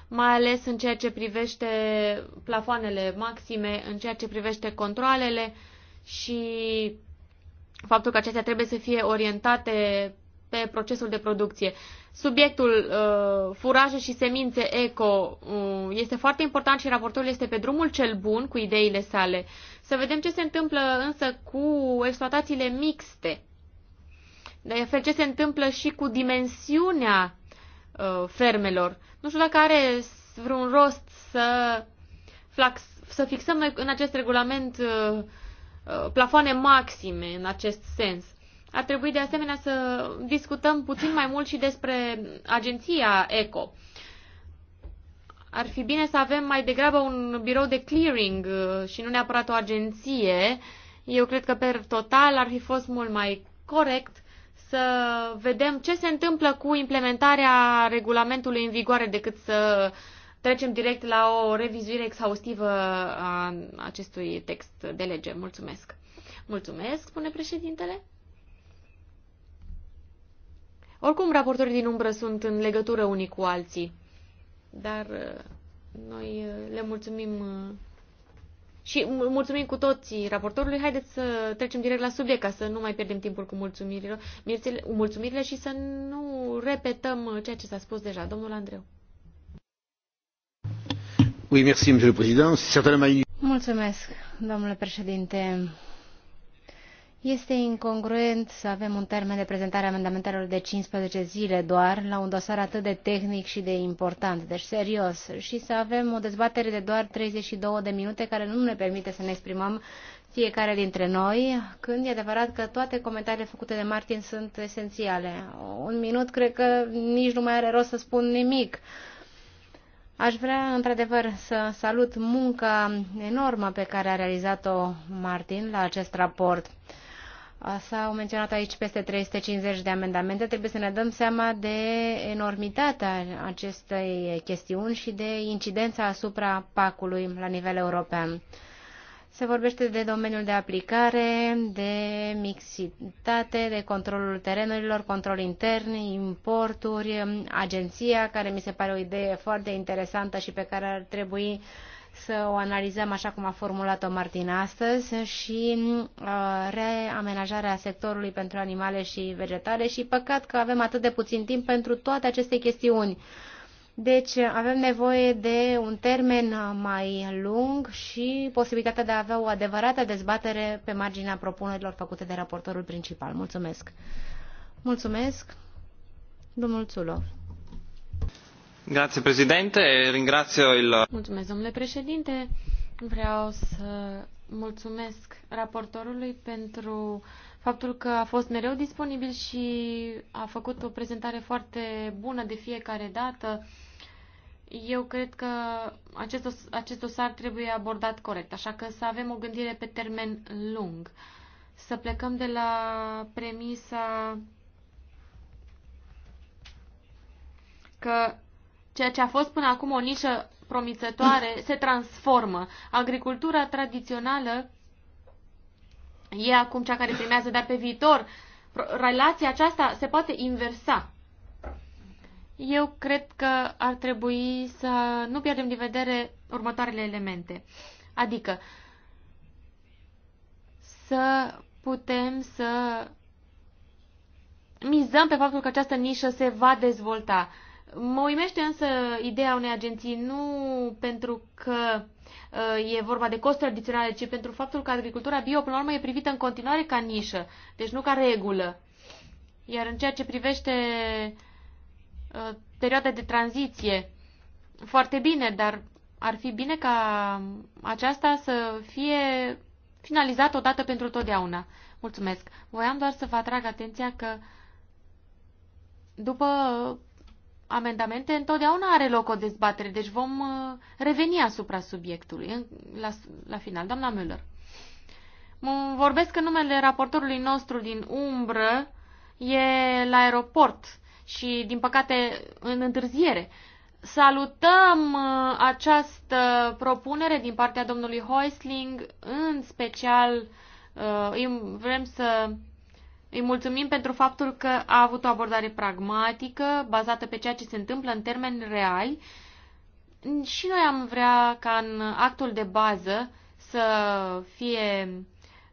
mai ales în ceea ce privește plafoanele maxime, în ceea ce privește controlele și faptul că acestea trebuie să fie orientate pe procesul de producție. Subiectul uh, furaje și semințe eco uh, este foarte important și raportul este pe drumul cel bun cu ideile sale. Să vedem ce se întâmplă însă cu exploatațiile mixte. De fel, ce se întâmplă și cu dimensiunea uh, fermelor. Nu știu dacă are vreun rost să, flax, să fixăm noi în acest regulament uh, Uh, plafoane maxime în acest sens. Ar trebui de asemenea să discutăm puțin mai mult și despre agenția ECO. Ar fi bine să avem mai degrabă un birou de clearing uh, și nu neapărat o agenție. Eu cred că, per total, ar fi fost mult mai corect să vedem ce se întâmplă cu implementarea regulamentului în vigoare decât să uh, trecem direct la o revizuire exhaustivă a acestui text de lege. Mulțumesc. Mulțumesc, spune președintele. Oricum, raportorii din umbră sunt în legătură unii cu alții, dar uh, noi uh, le mulțumim uh, și mulțumim cu toții raportorului. Haideți să trecem direct la subiect ca să nu mai pierdem timpul cu mulțumirile, mulțumirile și să nu repetăm ceea ce s-a spus deja. Domnul Andreu. Mulțumesc, domnule președinte. Este incongruent să avem un termen de prezentare a amendamentelor de 15 zile doar la un dosar atât de tehnic și de important, deci serios, și să avem o dezbatere de doar 32 de minute care nu ne permite să ne exprimăm fiecare dintre noi, când e adevărat că toate comentariile făcute de Martin sunt esențiale. Un minut cred că nici nu mai are rost să spun nimic. Aș vrea, într-adevăr, să salut munca enormă pe care a realizat-o Martin la acest raport. S-au menționat aici peste 350 de amendamente. Trebuie să ne dăm seama de enormitatea acestei chestiuni și de incidența asupra pacului la nivel european. Se vorbește de domeniul de aplicare, de mixitate, de controlul terenurilor, control intern, importuri, agenția, care mi se pare o idee foarte interesantă și pe care ar trebui să o analizăm așa cum a formulat-o Martina astăzi și uh, reamenajarea sectorului pentru animale și vegetale și păcat că avem atât de puțin timp pentru toate aceste chestiuni. Deci avem nevoie de un termen uh, mai lung și posibilitatea de a avea o adevărată dezbatere pe marginea propunerilor făcute de raportorul principal. Mulțumesc. Mulțumesc. Domnul Țulov. Grazie, președinte. Ringrazio il... Mulțumesc, domnule președinte. Vreau să mulțumesc raportorului pentru faptul că a fost mereu disponibil și a făcut o prezentare foarte bună de fiecare dată eu cred că acest, acest dosar trebuie abordat corect, așa că să avem o gândire pe termen lung. Să plecăm de la premisa că ceea ce a fost până acum o nișă promițătoare se transformă. Agricultura tradițională e acum cea care primează, dar pe viitor relația aceasta se poate inversa eu cred că ar trebui să nu pierdem din vedere următoarele elemente. Adică să putem să mizăm pe faptul că această nișă se va dezvolta. Mă uimește însă ideea unei agenții nu pentru că uh, e vorba de costuri adiționale, ci pentru faptul că agricultura bio, până la urmă, e privită în continuare ca nișă, deci nu ca regulă. Iar în ceea ce privește uh, Uh, perioada perioade de tranziție. Foarte bine, dar ar fi bine ca aceasta să fie finalizată odată pentru totdeauna. Mulțumesc. Voiam doar să vă atrag atenția că după amendamente întotdeauna are loc o dezbatere, deci vom uh, reveni asupra subiectului la, la final. Doamna Müller. Vorbesc în numele raportorului nostru din umbră, e la aeroport și, din păcate, în întârziere. Salutăm uh, această propunere din partea domnului Hoisling, în special uh, îi vrem să îi mulțumim pentru faptul că a avut o abordare pragmatică, bazată pe ceea ce se întâmplă în termeni reali. Și noi am vrea ca în actul de bază să fie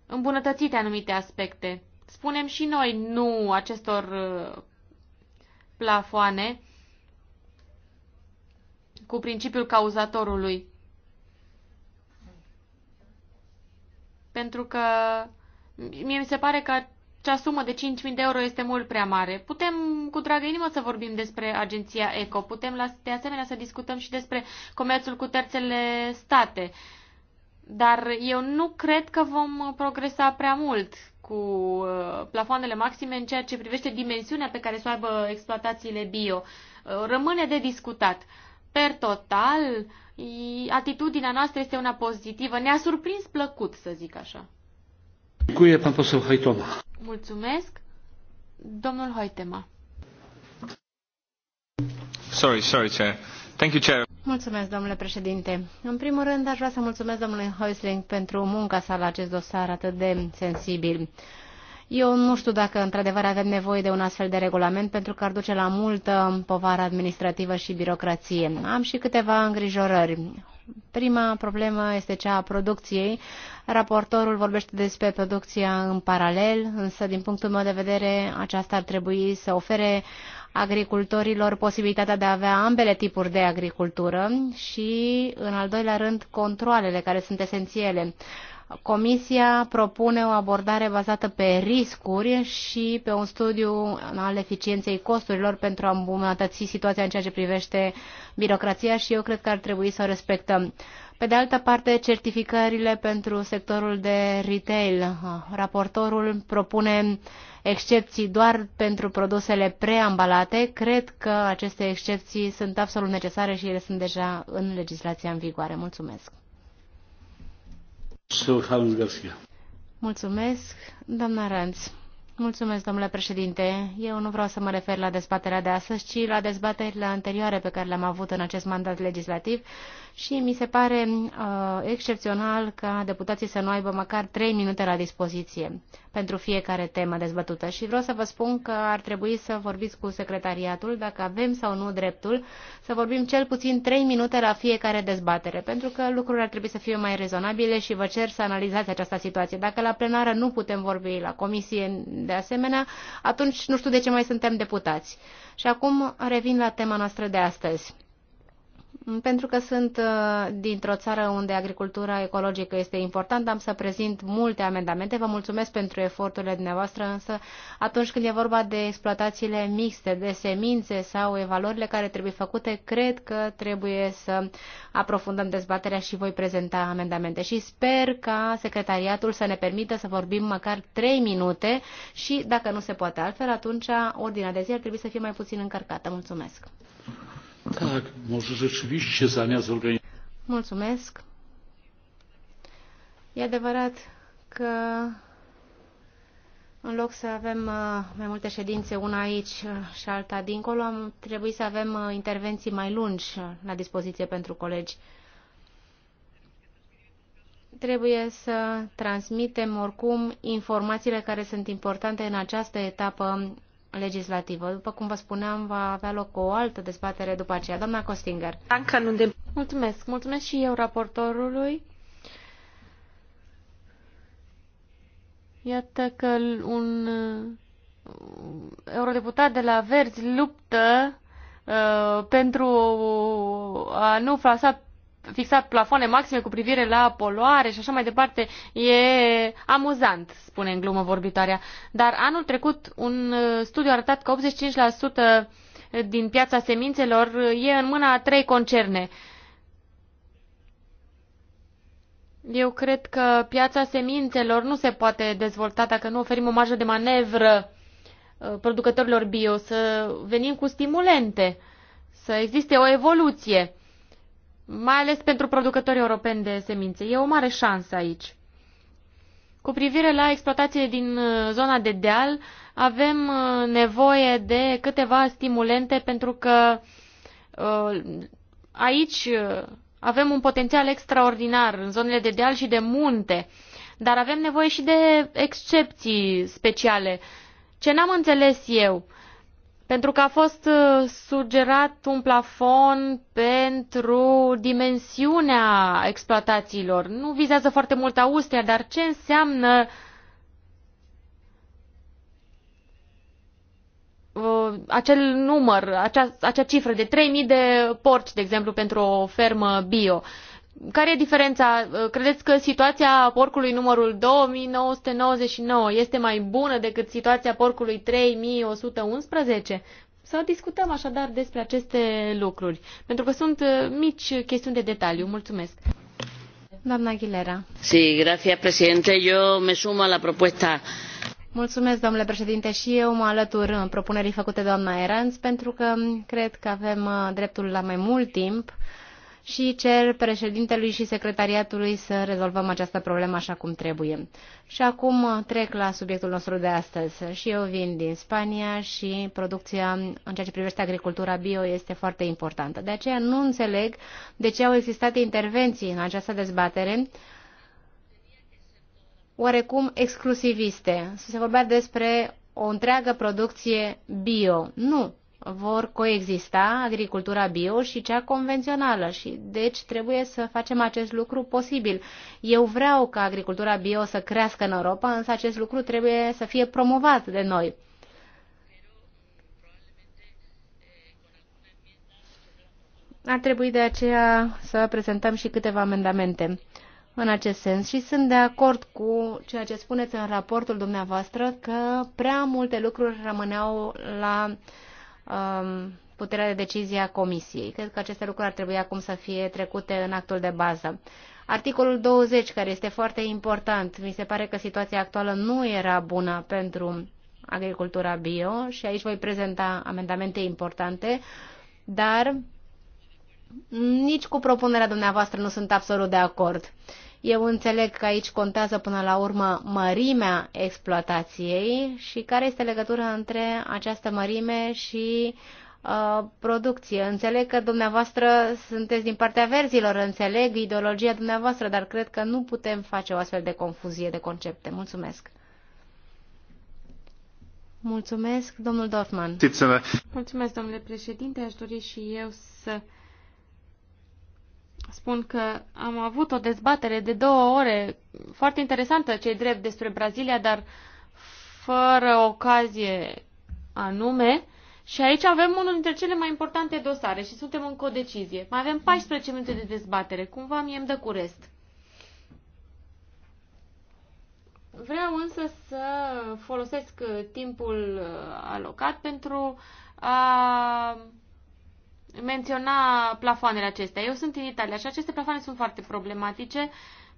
îmbunătățite anumite aspecte. Spunem și noi nu acestor uh, plafoane cu principiul cauzatorului. Pentru că mie mi se pare că acea sumă de 5.000 de euro este mult prea mare. Putem cu dragă inimă să vorbim despre agenția ECO, putem la, de asemenea să discutăm și despre comerțul cu terțele state. Dar eu nu cred că vom progresa prea mult cu uh, plafoanele maxime în ceea ce privește dimensiunea pe care să o aibă exploatațiile bio. Uh, rămâne de discutat. Per total, atitudinea noastră este una pozitivă. Ne-a surprins plăcut, să zic așa. Mulțumesc. Domnul Hoitema. Sorry, sorry, Chair. Mulțumesc, domnule președinte. În primul rând, aș vrea să mulțumesc domnului Heusling pentru munca sa la acest dosar atât de sensibil. Eu nu știu dacă într-adevăr avem nevoie de un astfel de regulament pentru că ar duce la multă povară administrativă și birocrație. Am și câteva îngrijorări. Prima problemă este cea a producției. Raportorul vorbește despre producția în paralel, însă din punctul meu de vedere aceasta ar trebui să ofere agricultorilor posibilitatea de a avea ambele tipuri de agricultură și, în al doilea rând, controlele care sunt esențiale. Comisia propune o abordare bazată pe riscuri și pe un studiu al eficienței costurilor pentru a îmbunătăți situația în ceea ce privește birocrația și eu cred că ar trebui să o respectăm. Pe de altă parte, certificările pentru sectorul de retail. Raportorul propune excepții doar pentru produsele preambalate. Cred că aceste excepții sunt absolut necesare și ele sunt deja în legislația în vigoare. Mulțumesc. Mulțumesc, doamna Ranț. Mulțumesc, domnule președinte. Eu nu vreau să mă refer la dezbaterea de astăzi, ci la dezbaterile anterioare pe care le-am avut în acest mandat legislativ și mi se pare uh, excepțional ca deputații să nu aibă măcar 3 minute la dispoziție pentru fiecare temă dezbătută. Și vreau să vă spun că ar trebui să vorbiți cu secretariatul, dacă avem sau nu dreptul, să vorbim cel puțin 3 minute la fiecare dezbatere, pentru că lucrurile ar trebui să fie mai rezonabile și vă cer să analizați această situație. Dacă la plenară nu putem vorbi, la comisie de asemenea, atunci nu știu de ce mai suntem deputați. Și acum revin la tema noastră de astăzi. Pentru că sunt uh, dintr-o țară unde agricultura ecologică este importantă, am să prezint multe amendamente. Vă mulțumesc pentru eforturile dumneavoastră, însă atunci când e vorba de exploatațiile mixte, de semințe sau evaluările care trebuie făcute, cred că trebuie să aprofundăm dezbaterea și voi prezenta amendamente. Și sper ca secretariatul să ne permită să vorbim măcar 3 minute și, dacă nu se poate altfel, atunci ordinea de zi ar trebui să fie mai puțin încărcată. Mulțumesc! Tak, może rzeczywiście zamiast organizować... Mulțumesc. E adevărat că în loc să avem uh, mai multe ședințe, una aici uh, și alta dincolo, am trebuit să avem uh, intervenții mai lungi la dispoziție pentru colegi. Trebuie să transmitem oricum informațiile care sunt importante în această etapă legislativă. După cum vă spuneam, va avea loc o altă dezbatere după aceea. Doamna Costinger. Mulțumesc. Mulțumesc și eu raportorului. Iată că un uh, eurodeputat de la Verzi luptă uh, pentru a nu frasa fixat plafoane maxime cu privire la poluare și așa mai departe. E amuzant, spune în glumă vorbitoarea. Dar anul trecut un uh, studiu a arătat că 85% din piața semințelor uh, e în mâna a trei concerne. Eu cred că piața semințelor nu se poate dezvolta dacă nu oferim o marjă de manevră uh, producătorilor bio, să venim cu stimulente, să existe o evoluție mai ales pentru producătorii europeni de semințe. E o mare șansă aici. Cu privire la exploatație din uh, zona de deal, avem uh, nevoie de câteva stimulente pentru că uh, aici avem un potențial extraordinar în zonele de deal și de munte, dar avem nevoie și de excepții speciale. Ce n-am înțeles eu pentru că a fost uh, sugerat un plafon pentru dimensiunea exploatațiilor. Nu vizează foarte mult Austria, dar ce înseamnă uh, acel număr, acea, acea cifră de 3.000 de porci, de exemplu, pentru o fermă bio. Care e diferența? Uh, credeți că situația porcului numărul 2999 este mai bună decât situația porcului 3111? Să discutăm așadar despre aceste lucruri, pentru că sunt uh, mici chestiuni de detaliu. Mulțumesc. Doamna Aguilera. Sí, gracias, presidente. Eu me sumo la propuesta. Mulțumesc, domnule președinte, și eu mă alătur propunerii făcute doamna Eranz, pentru că cred că avem uh, dreptul la mai mult timp și cer președintelui și secretariatului să rezolvăm această problemă așa cum trebuie. Și acum trec la subiectul nostru de astăzi. Și eu vin din Spania și producția în ceea ce privește agricultura bio este foarte importantă. De aceea nu înțeleg de ce au existat intervenții în această dezbatere oarecum exclusiviste. Se vorbea despre o întreagă producție bio. Nu, vor coexista agricultura bio și cea convențională și deci trebuie să facem acest lucru posibil. Eu vreau ca agricultura bio să crească în Europa, însă acest lucru trebuie să fie promovat de noi. Ar trebui de aceea să prezentăm și câteva amendamente în acest sens și sunt de acord cu ceea ce spuneți în raportul dumneavoastră că prea multe lucruri rămâneau la uh, um, puterea de decizie a Comisiei. Cred că aceste lucruri ar trebui acum să fie trecute în actul de bază. Articolul 20, care este foarte important, mi se pare că situația actuală nu era bună pentru agricultura bio și aici voi prezenta amendamente importante, dar nici cu propunerea dumneavoastră nu sunt absolut de acord. Uh, eu înțeleg că aici contează până la urmă mărimea exploatației și care este legătura între această mărime și uh, producție. Înțeleg că dumneavoastră sunteți din partea verzilor, înțeleg ideologia dumneavoastră, dar cred că nu putem face o astfel de confuzie de concepte. Mulțumesc! Mulțumesc, domnul Dorfman. Mulțumesc, domnule președinte. Aș dori și eu să spun că am avut o dezbatere de două ore foarte interesantă, cei drept, despre Brazilia, dar fără ocazie anume. Și aici avem unul dintre cele mai importante dosare și suntem în codecizie. Mai avem 14 minute de dezbatere. Cumva mi-e îmi dă cu rest. Vreau însă să folosesc uh, timpul uh, alocat pentru a menționa plafoanele acestea. Eu sunt în Italia și aceste plafoane sunt foarte problematice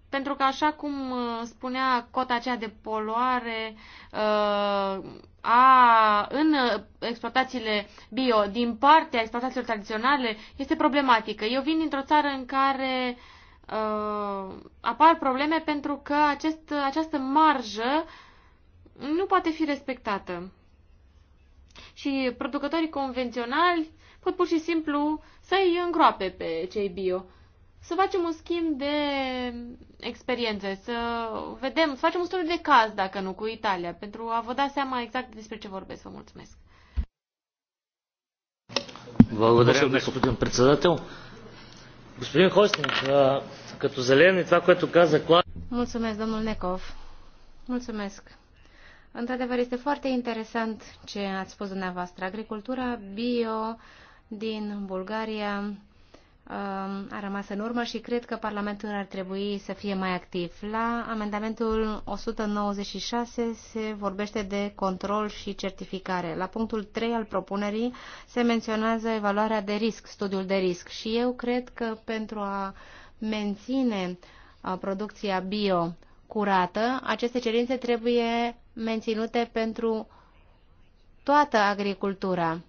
pentru că, așa cum uh, spunea cota aceea de poluare uh, a, în exploatațiile bio din partea exploatațiilor tradiționale, este problematică. Eu vin dintr-o țară în care a, uh, apar probleme pentru că acest, această marjă nu poate fi respectată. Și producătorii convenționali pot pur și simplu să-i îngroape pe cei bio. Să facem un schimb de experiențe, să vedem, să facem un studiu de caz, dacă nu, cu Italia, pentru a vă da seama exact despre ce vorbesc. Vă mulțumesc. Благодаря, господин председател. Господин Хостник, като зелен и това, което каза Клад... Mulțumesc, domnul Necov. Mulțumesc. Într-adevăr, este foarte interesant ce ați spus dumneavoastră. Agricultura bio din Bulgaria um, a rămas în urmă și cred că Parlamentul ar trebui să fie mai activ. La amendamentul 196 se vorbește de control și certificare. La punctul 3 al propunerii se menționează evaluarea de risc, studiul de risc și eu cred că pentru a menține uh, producția bio curată, aceste cerințe trebuie menținute pentru toată agricultura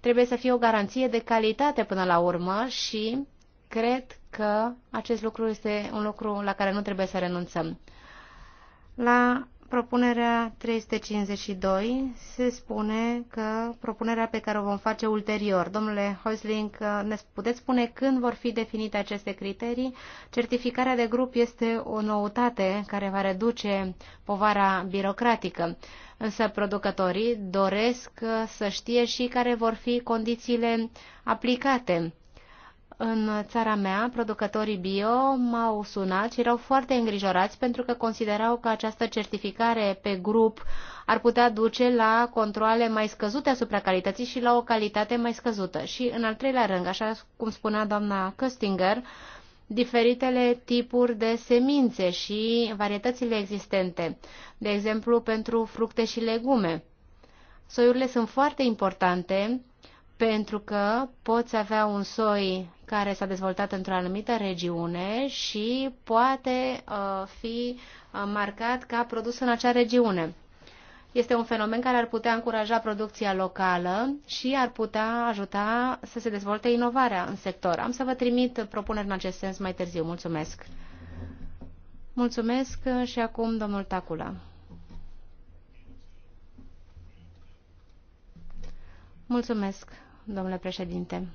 Trebuie să fie o garanție de calitate până la urmă și cred că acest lucru este un lucru la care nu trebuie să renunțăm. La propunerea 352 se spune că propunerea pe care o vom face ulterior. Domnule Hoisling, ne puteți spune când vor fi definite aceste criterii? Certificarea de grup este o noutate care va reduce povara birocratică însă producătorii doresc să știe și care vor fi condițiile aplicate. În țara mea, producătorii bio m-au sunat și erau foarte îngrijorați pentru că considerau că această certificare pe grup ar putea duce la controle mai scăzute asupra calității și la o calitate mai scăzută. Și în al treilea rând, așa cum spunea doamna Köstinger, diferitele tipuri de semințe și varietățile existente, de exemplu pentru fructe și legume. Soiurile sunt foarte importante pentru că poți avea un soi care s-a dezvoltat într-o anumită regiune și poate uh, fi uh, marcat ca produs în acea regiune. Este un fenomen care ar putea încuraja producția locală și ar putea ajuta să se dezvolte inovarea în sector. Am să vă trimit propuneri în acest sens mai târziu. Mulțumesc! Mulțumesc și acum domnul Tacula. Mulțumesc, domnule președinte.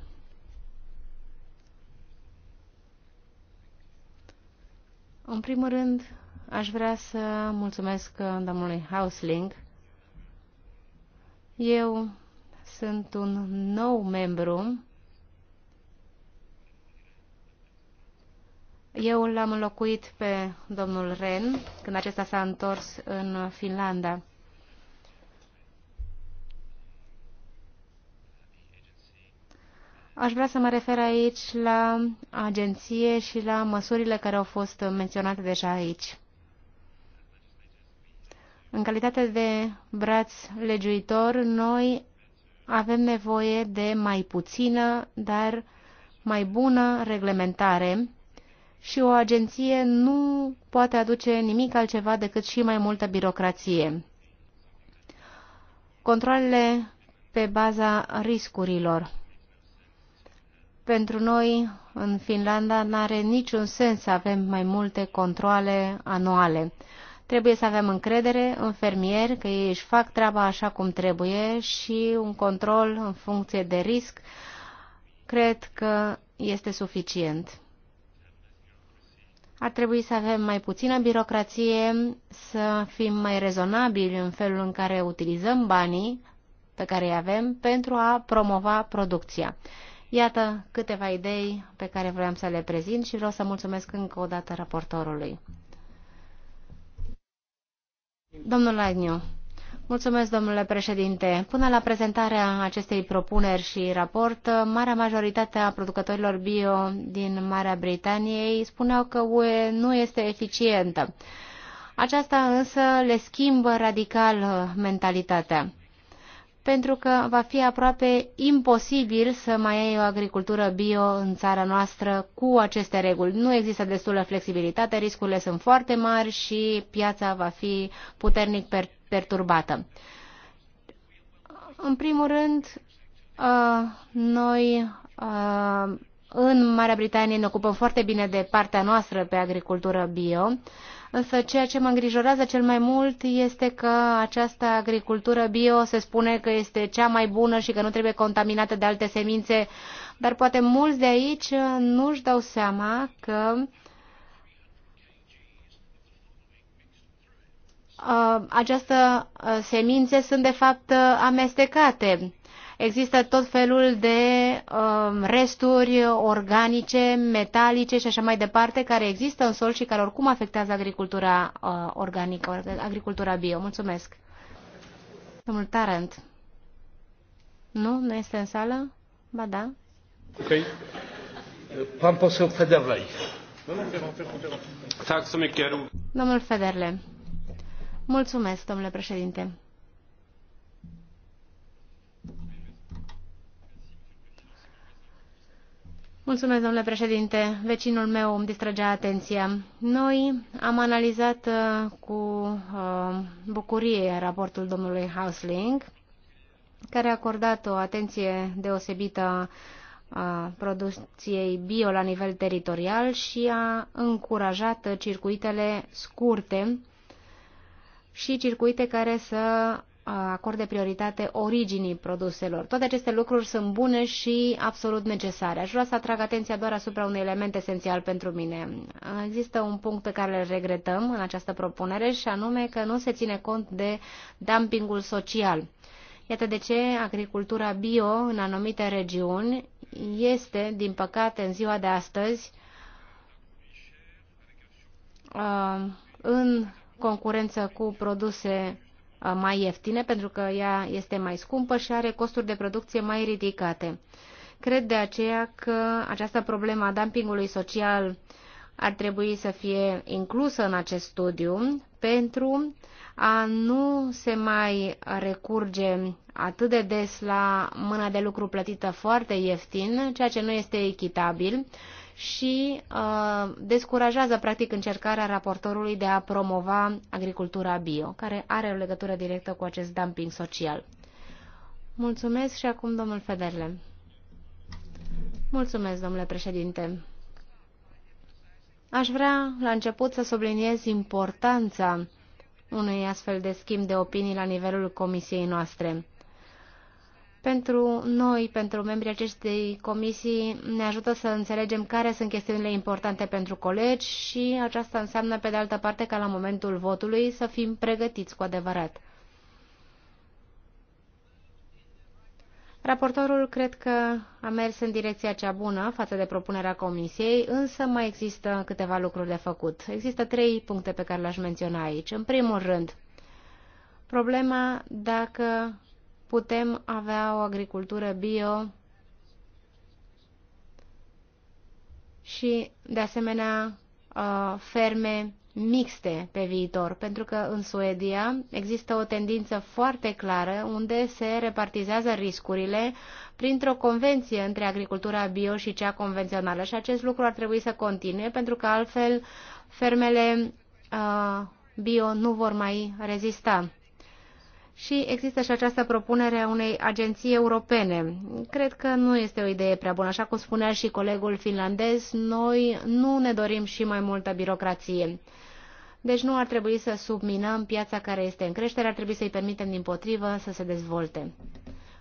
În primul rând, aș vrea să mulțumesc domnului Hausling eu sunt un nou membru. Eu l-am înlocuit pe domnul Ren când acesta s-a întors în Finlanda. Aș vrea să mă refer aici la agenție și la măsurile care au fost menționate deja aici. În calitate de braț legiuitor, noi avem nevoie de mai puțină, dar mai bună reglementare și o agenție nu poate aduce nimic altceva decât și mai multă birocrație. Controlele pe baza riscurilor. Pentru noi, în Finlanda, nu are niciun sens să avem mai multe controle anuale. Trebuie să avem încredere în fermieri că ei își fac treaba așa cum trebuie și un control în funcție de risc cred că este suficient. Ar trebui să avem mai puțină birocrație, să fim mai rezonabili în felul în care utilizăm banii pe care îi avem pentru a promova producția. Iată câteva idei pe care vreau să le prezint și vreau să mulțumesc încă o dată raportorului domnule președinte. Până la prezentarea acestei propuneri și raport, marea majoritate a producătorilor bio din Marea Britanie spuneau că UE nu este eficientă. Aceasta însă le schimbă radical mentalitatea pentru că va fi aproape imposibil să mai ai o agricultură bio în țara noastră cu aceste reguli. Nu există destulă flexibilitate, riscurile sunt foarte mari și piața va fi puternic per- perturbată. În primul rând, uh, noi uh, în Marea Britanie ne ocupăm foarte bine de partea noastră pe agricultură bio, însă ceea ce mă îngrijorează cel mai mult este că această agricultură bio se spune că este cea mai bună și că nu trebuie contaminată de alte semințe, dar poate mulți de aici nu-și dau seama că uh, această uh, semințe sunt de fapt uh, amestecate Există tot felul de uh, resturi organice, metalice și așa mai departe care există în sol și care oricum afectează agricultura uh, organică, agricultura bio. Mulțumesc. Domnul Tarant. Nu? Nu este în sală? Ba da. Ok. Pan poseł Federle. Domnul Federle. Mulțumesc, domnule președinte. Mulțumesc, domnule președinte. Vecinul meu îmi distrăgea atenția. Noi am analizat uh, cu uh, bucurie raportul domnului Hausling, care a acordat o atenție deosebită a uh, producției bio la nivel teritorial și a încurajat circuitele scurte și circuite care să acorde prioritate originii produselor. Toate aceste lucruri sunt bune și absolut necesare. Aș vrea să atrag atenția doar asupra unui element esențial pentru mine. Există un punct pe care îl regretăm în această propunere și anume că nu se ține cont de dumpingul social. Iată de ce agricultura bio în anumite regiuni este, din păcate, în ziua de astăzi, uh, în concurență cu produse Uh, mai ieftine, pentru că ea este mai scumpă și are costuri de producție mai ridicate. Cred de aceea că această problemă a dumpingului social ar trebui să fie inclusă în acest studiu pentru a nu se mai recurge atât de des la mâna de lucru plătită foarte ieftin, ceea ce nu este echitabil și uh, descurajează practic încercarea raportorului de a promova agricultura bio, care are o legătură directă cu acest dumping social. Mulțumesc și acum domnul Federle. Mulțumesc, domnule președinte. Aș vrea la început să subliniez importanța unui astfel de schimb de opinii la nivelul comisiei noastre pentru noi, pentru membrii acestei comisii, ne ajută să înțelegem care sunt chestiunile importante pentru colegi și aceasta înseamnă, pe de altă parte, ca la momentul votului să fim pregătiți cu adevărat. Raportorul cred că a mers în direcția cea bună față de propunerea comisiei, însă mai există câteva lucruri de făcut. Există trei puncte pe care le-aș menționa aici. În primul rând, problema dacă putem avea o agricultură bio și, de asemenea, uh, ferme mixte pe viitor, pentru că în Suedia există o tendință foarte clară unde se repartizează riscurile printr-o convenție între agricultura bio și cea convențională și acest lucru ar trebui să continue pentru că altfel fermele uh, bio nu vor mai rezista. Și există și această propunere a unei agenții europene. Cred că nu este o idee prea bună. Așa cum spunea și colegul finlandez, noi nu ne dorim și mai multă birocrație. Deci nu ar trebui să subminăm piața care este în creștere, ar trebui să-i permitem din potrivă să se dezvolte.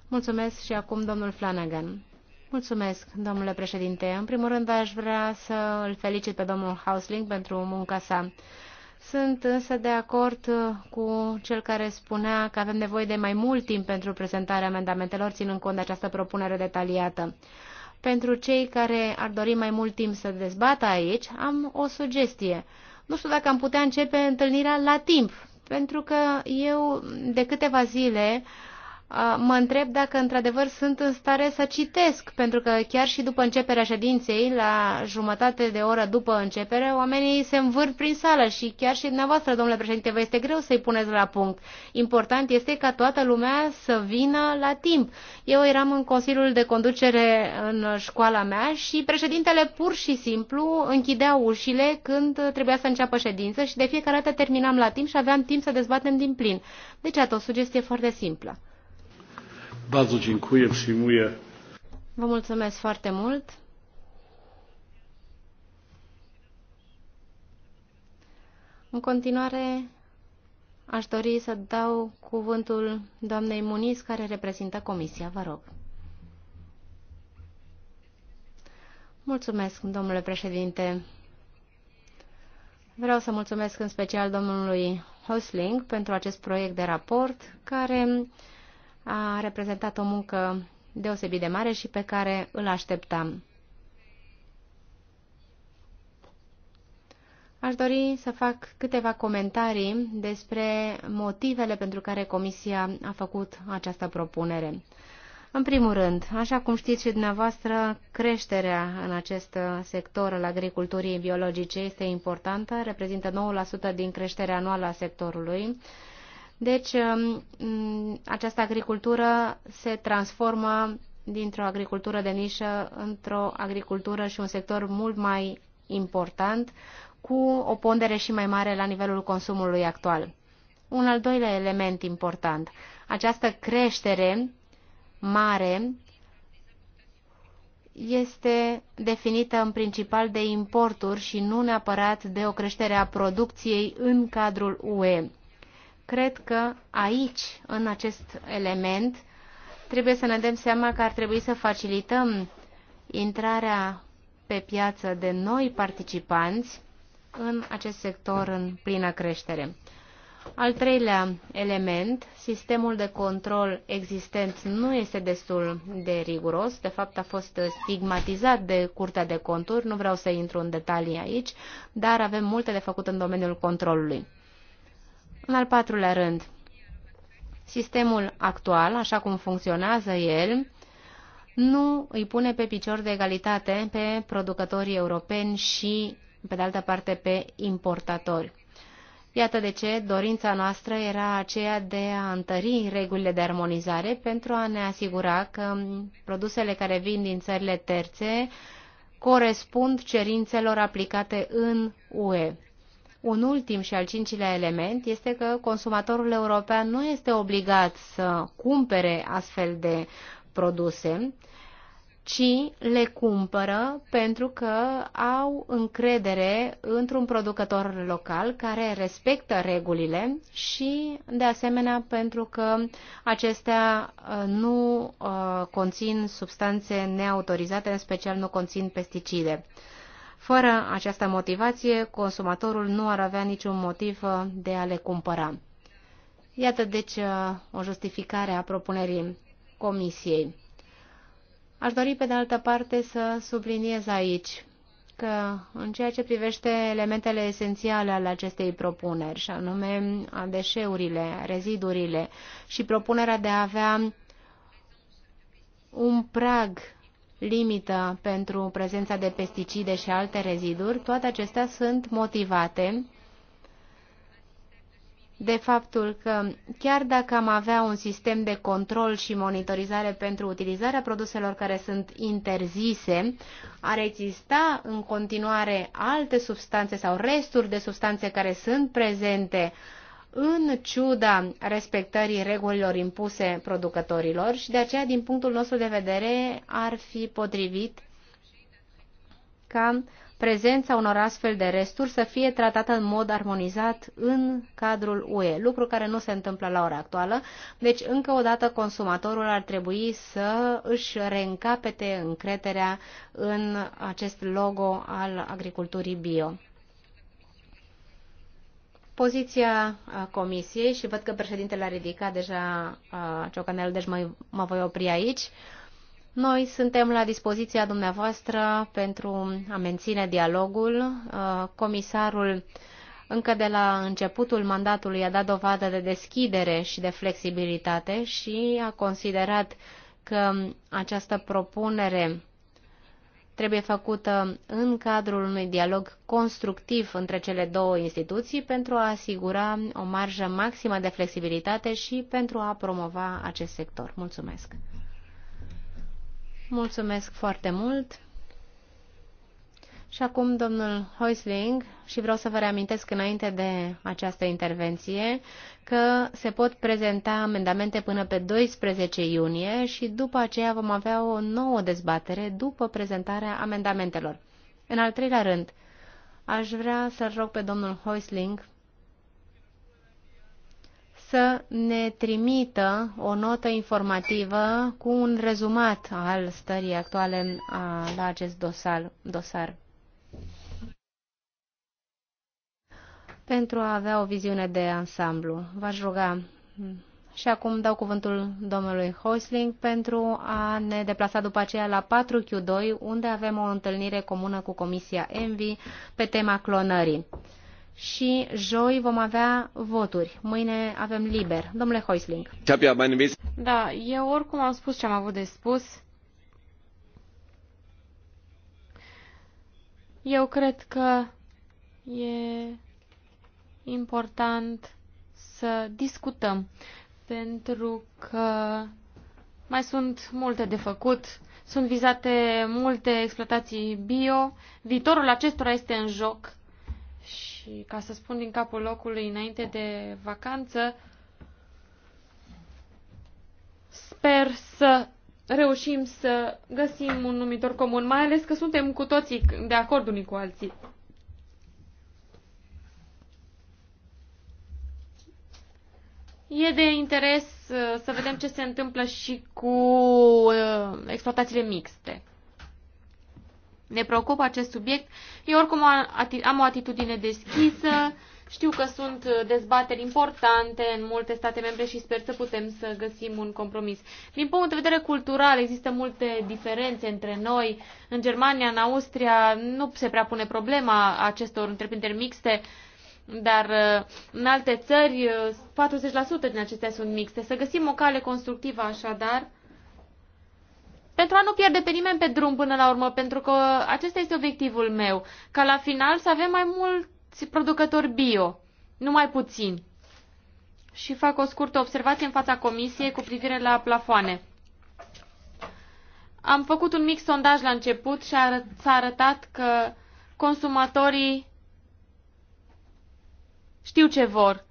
Mulțumesc și acum domnul Flanagan. Mulțumesc, domnule președinte. În primul rând aș vrea să îl felicit pe domnul Hausling pentru munca sa. Sunt însă de acord uh, cu cel care spunea că avem nevoie de mai mult timp pentru prezentarea amendamentelor, ținând cont de această propunere detaliată. Pentru cei care ar dori mai mult timp să dezbată aici, am o sugestie. Nu știu dacă am putea începe întâlnirea la timp, pentru că eu de câteva zile uh, mă întreb dacă într-adevăr sunt în stare să citesc, pentru că chiar și după începerea ședinței, la jumătate de oră după începere, oamenii se învârt prin sală și chiar și dumneavoastră, domnule președinte, vă este greu să-i puneți la punct. Important este ca toată lumea să vină la timp. Eu eram în Consiliul de Conducere în școala mea și președintele pur și simplu închidea ușile când trebuia să înceapă ședință și de fiecare dată terminam la timp și aveam timp să dezbatem din plin. Deci, atât o sugestie foarte simplă. Bardzo dziękuję, przyjmuję. Vă mulțumesc foarte mult. În continuare, aș dori să dau cuvântul doamnei Muniz, care reprezintă Comisia. Vă rog. Mulțumesc, domnule președinte. Vreau să mulțumesc în special domnului Hosling pentru acest proiect de raport, care a reprezentat o muncă deosebit de mare și pe care îl așteptam. Aș dori să fac câteva comentarii despre motivele pentru care Comisia a făcut această propunere. În primul rând, așa cum știți și dumneavoastră, creșterea în acest sector al agriculturii biologice este importantă, reprezintă 9% din creșterea anuală a sectorului deci, um, această agricultură se transformă dintr-o agricultură de nișă într-o agricultură și un sector mult mai important, cu o pondere și mai mare la nivelul consumului actual. Un al doilea element important, această creștere mare este definită în principal de importuri și nu neapărat de o creștere a producției în cadrul UE cred că aici, în acest element, trebuie să ne dăm seama că ar trebui să facilităm intrarea pe piață de noi participanți în acest sector în plină creștere. Al treilea element, sistemul de control existent nu este destul de riguros, de fapt a fost stigmatizat de Curtea de Conturi, nu vreau să intru în detalii aici, dar avem multe de făcut în domeniul controlului. În al patrulea rând, sistemul actual, așa cum funcționează el, nu îi pune pe picior de egalitate pe producătorii europeni și, pe de altă parte, pe importatori. Iată de ce dorința noastră era aceea de a întări regulile de armonizare pentru a ne asigura că produsele care vin din țările terțe corespund cerințelor aplicate în UE. Un ultim și al cincilea element este că consumatorul european nu este obligat să cumpere astfel de produse, ci le cumpără pentru că au încredere într-un producător local care respectă regulile și, de asemenea, pentru că acestea uh, nu uh, conțin substanțe neautorizate, în special nu conțin pesticide. Fără această motivație, consumatorul nu ar avea niciun motiv uh, de a le cumpăra. Iată deci uh, o justificare a propunerii Comisiei. Aș dori, pe de altă parte, să subliniez aici că în ceea ce privește elementele esențiale ale acestei propuneri, și anume deșeurile, rezidurile și propunerea de a avea un prag limită pentru prezența de pesticide și alte reziduri, toate acestea sunt motivate de faptul că chiar dacă am avea un sistem de control și monitorizare pentru utilizarea produselor care sunt interzise, ar exista în continuare alte substanțe sau resturi de substanțe care sunt prezente uh, în ciuda respectării regulilor impuse producătorilor și de aceea, din punctul nostru de vedere, ar fi potrivit ca prezența unor astfel de resturi să fie tratată în mod armonizat în cadrul UE, lucru care nu se întâmplă la ora actuală. Deci, încă o dată, consumatorul ar trebui să își reîncapete încrederea în acest logo al agriculturii bio. Poziția Comisiei, și văd că președintele a ridicat deja ciocanel, deci mă, mă voi opri aici, noi suntem la dispoziția dumneavoastră pentru a menține dialogul. Comisarul încă de la începutul mandatului a dat dovadă de deschidere și de flexibilitate și a considerat că această propunere trebuie făcută în cadrul unui dialog constructiv între cele două instituții pentru a asigura o marjă maximă de flexibilitate și pentru a promova acest sector. Mulțumesc! Mulțumesc foarte mult! Și acum domnul Heusling, și vreau să vă reamintesc înainte de această intervenție că se pot prezenta amendamente până pe 12 iunie și după aceea vom avea o nouă dezbatere după prezentarea amendamentelor. În al treilea rând, aș vrea să rog pe domnul Heusling să ne trimită o notă informativă cu un rezumat al stării actuale la acest dosar. dosar. pentru a avea o viziune de ansamblu. V-aș ruga mm, și acum dau cuvântul domnului Hosling pentru a ne deplasa după aceea la 4Q2, unde avem o întâlnire comună cu Comisia Envi pe tema clonării. Și joi vom avea voturi. Mâine avem liber. Domnule Hoisling. Da, eu oricum am spus ce am avut de spus. Eu cred că e important să discutăm, pentru că mai sunt multe de făcut, sunt vizate multe exploatații bio, viitorul acestora este în joc și, ca să spun din capul locului, înainte de vacanță, sper să reușim să găsim un numitor comun, mai ales că suntem cu toții de acord unii cu alții. E de interes uh, să vedem ce se întâmplă și cu uh, exploatațiile mixte. Ne preocupă acest subiect. Eu oricum am o atitudine deschisă. Știu că sunt dezbateri importante în multe state membre și sper să putem să găsim un compromis. Din punct de vedere cultural există multe diferențe între noi. În Germania, în Austria nu se prea pune problema acestor întreprinderi mixte dar uh, în alte țări 40% uh, din acestea sunt mixte. Să găsim o cale constructivă așadar pentru a nu pierde pe nimeni pe drum până la urmă, pentru că acesta este obiectivul meu, ca la final să avem mai mulți producători bio, nu mai puțini. Și fac o scurtă observație în fața comisiei cu privire la plafoane. Am făcut un mic sondaj la început și s-a arătat că consumatorii știu ce vor.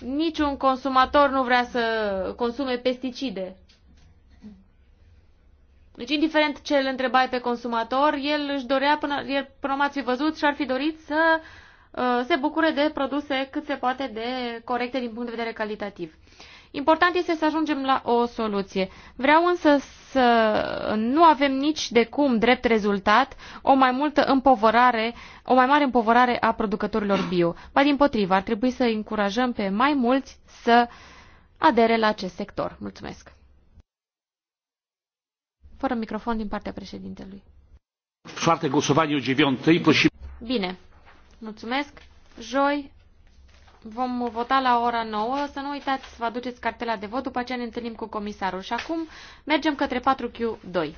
Niciun consumator nu vrea să consume pesticide. Deci, indiferent ce îl întrebai pe consumator, el își dorea, până, el, până ați fi văzut, și-ar fi dorit să uh, se bucure de produse cât se poate de corecte din punct de vedere calitativ. Uh, Important este să ajungem la o soluție. Vreau însă să nu avem nici de cum drept rezultat o mai multă împovărare, o mai mare împovărare a producătorilor bio. Ba din potrivă, ar trebui să încurajăm pe mai mulți să adere la acest sector. Mulțumesc! Fără microfon din partea președintelui. Bine, mulțumesc. Joi Vom vota la ora 9. Să nu uitați să vă aduceți cartela de vot, după aceea ne întâlnim cu comisarul. Și acum mergem către 4Q2.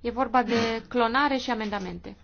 E vorba de clonare și amendamente.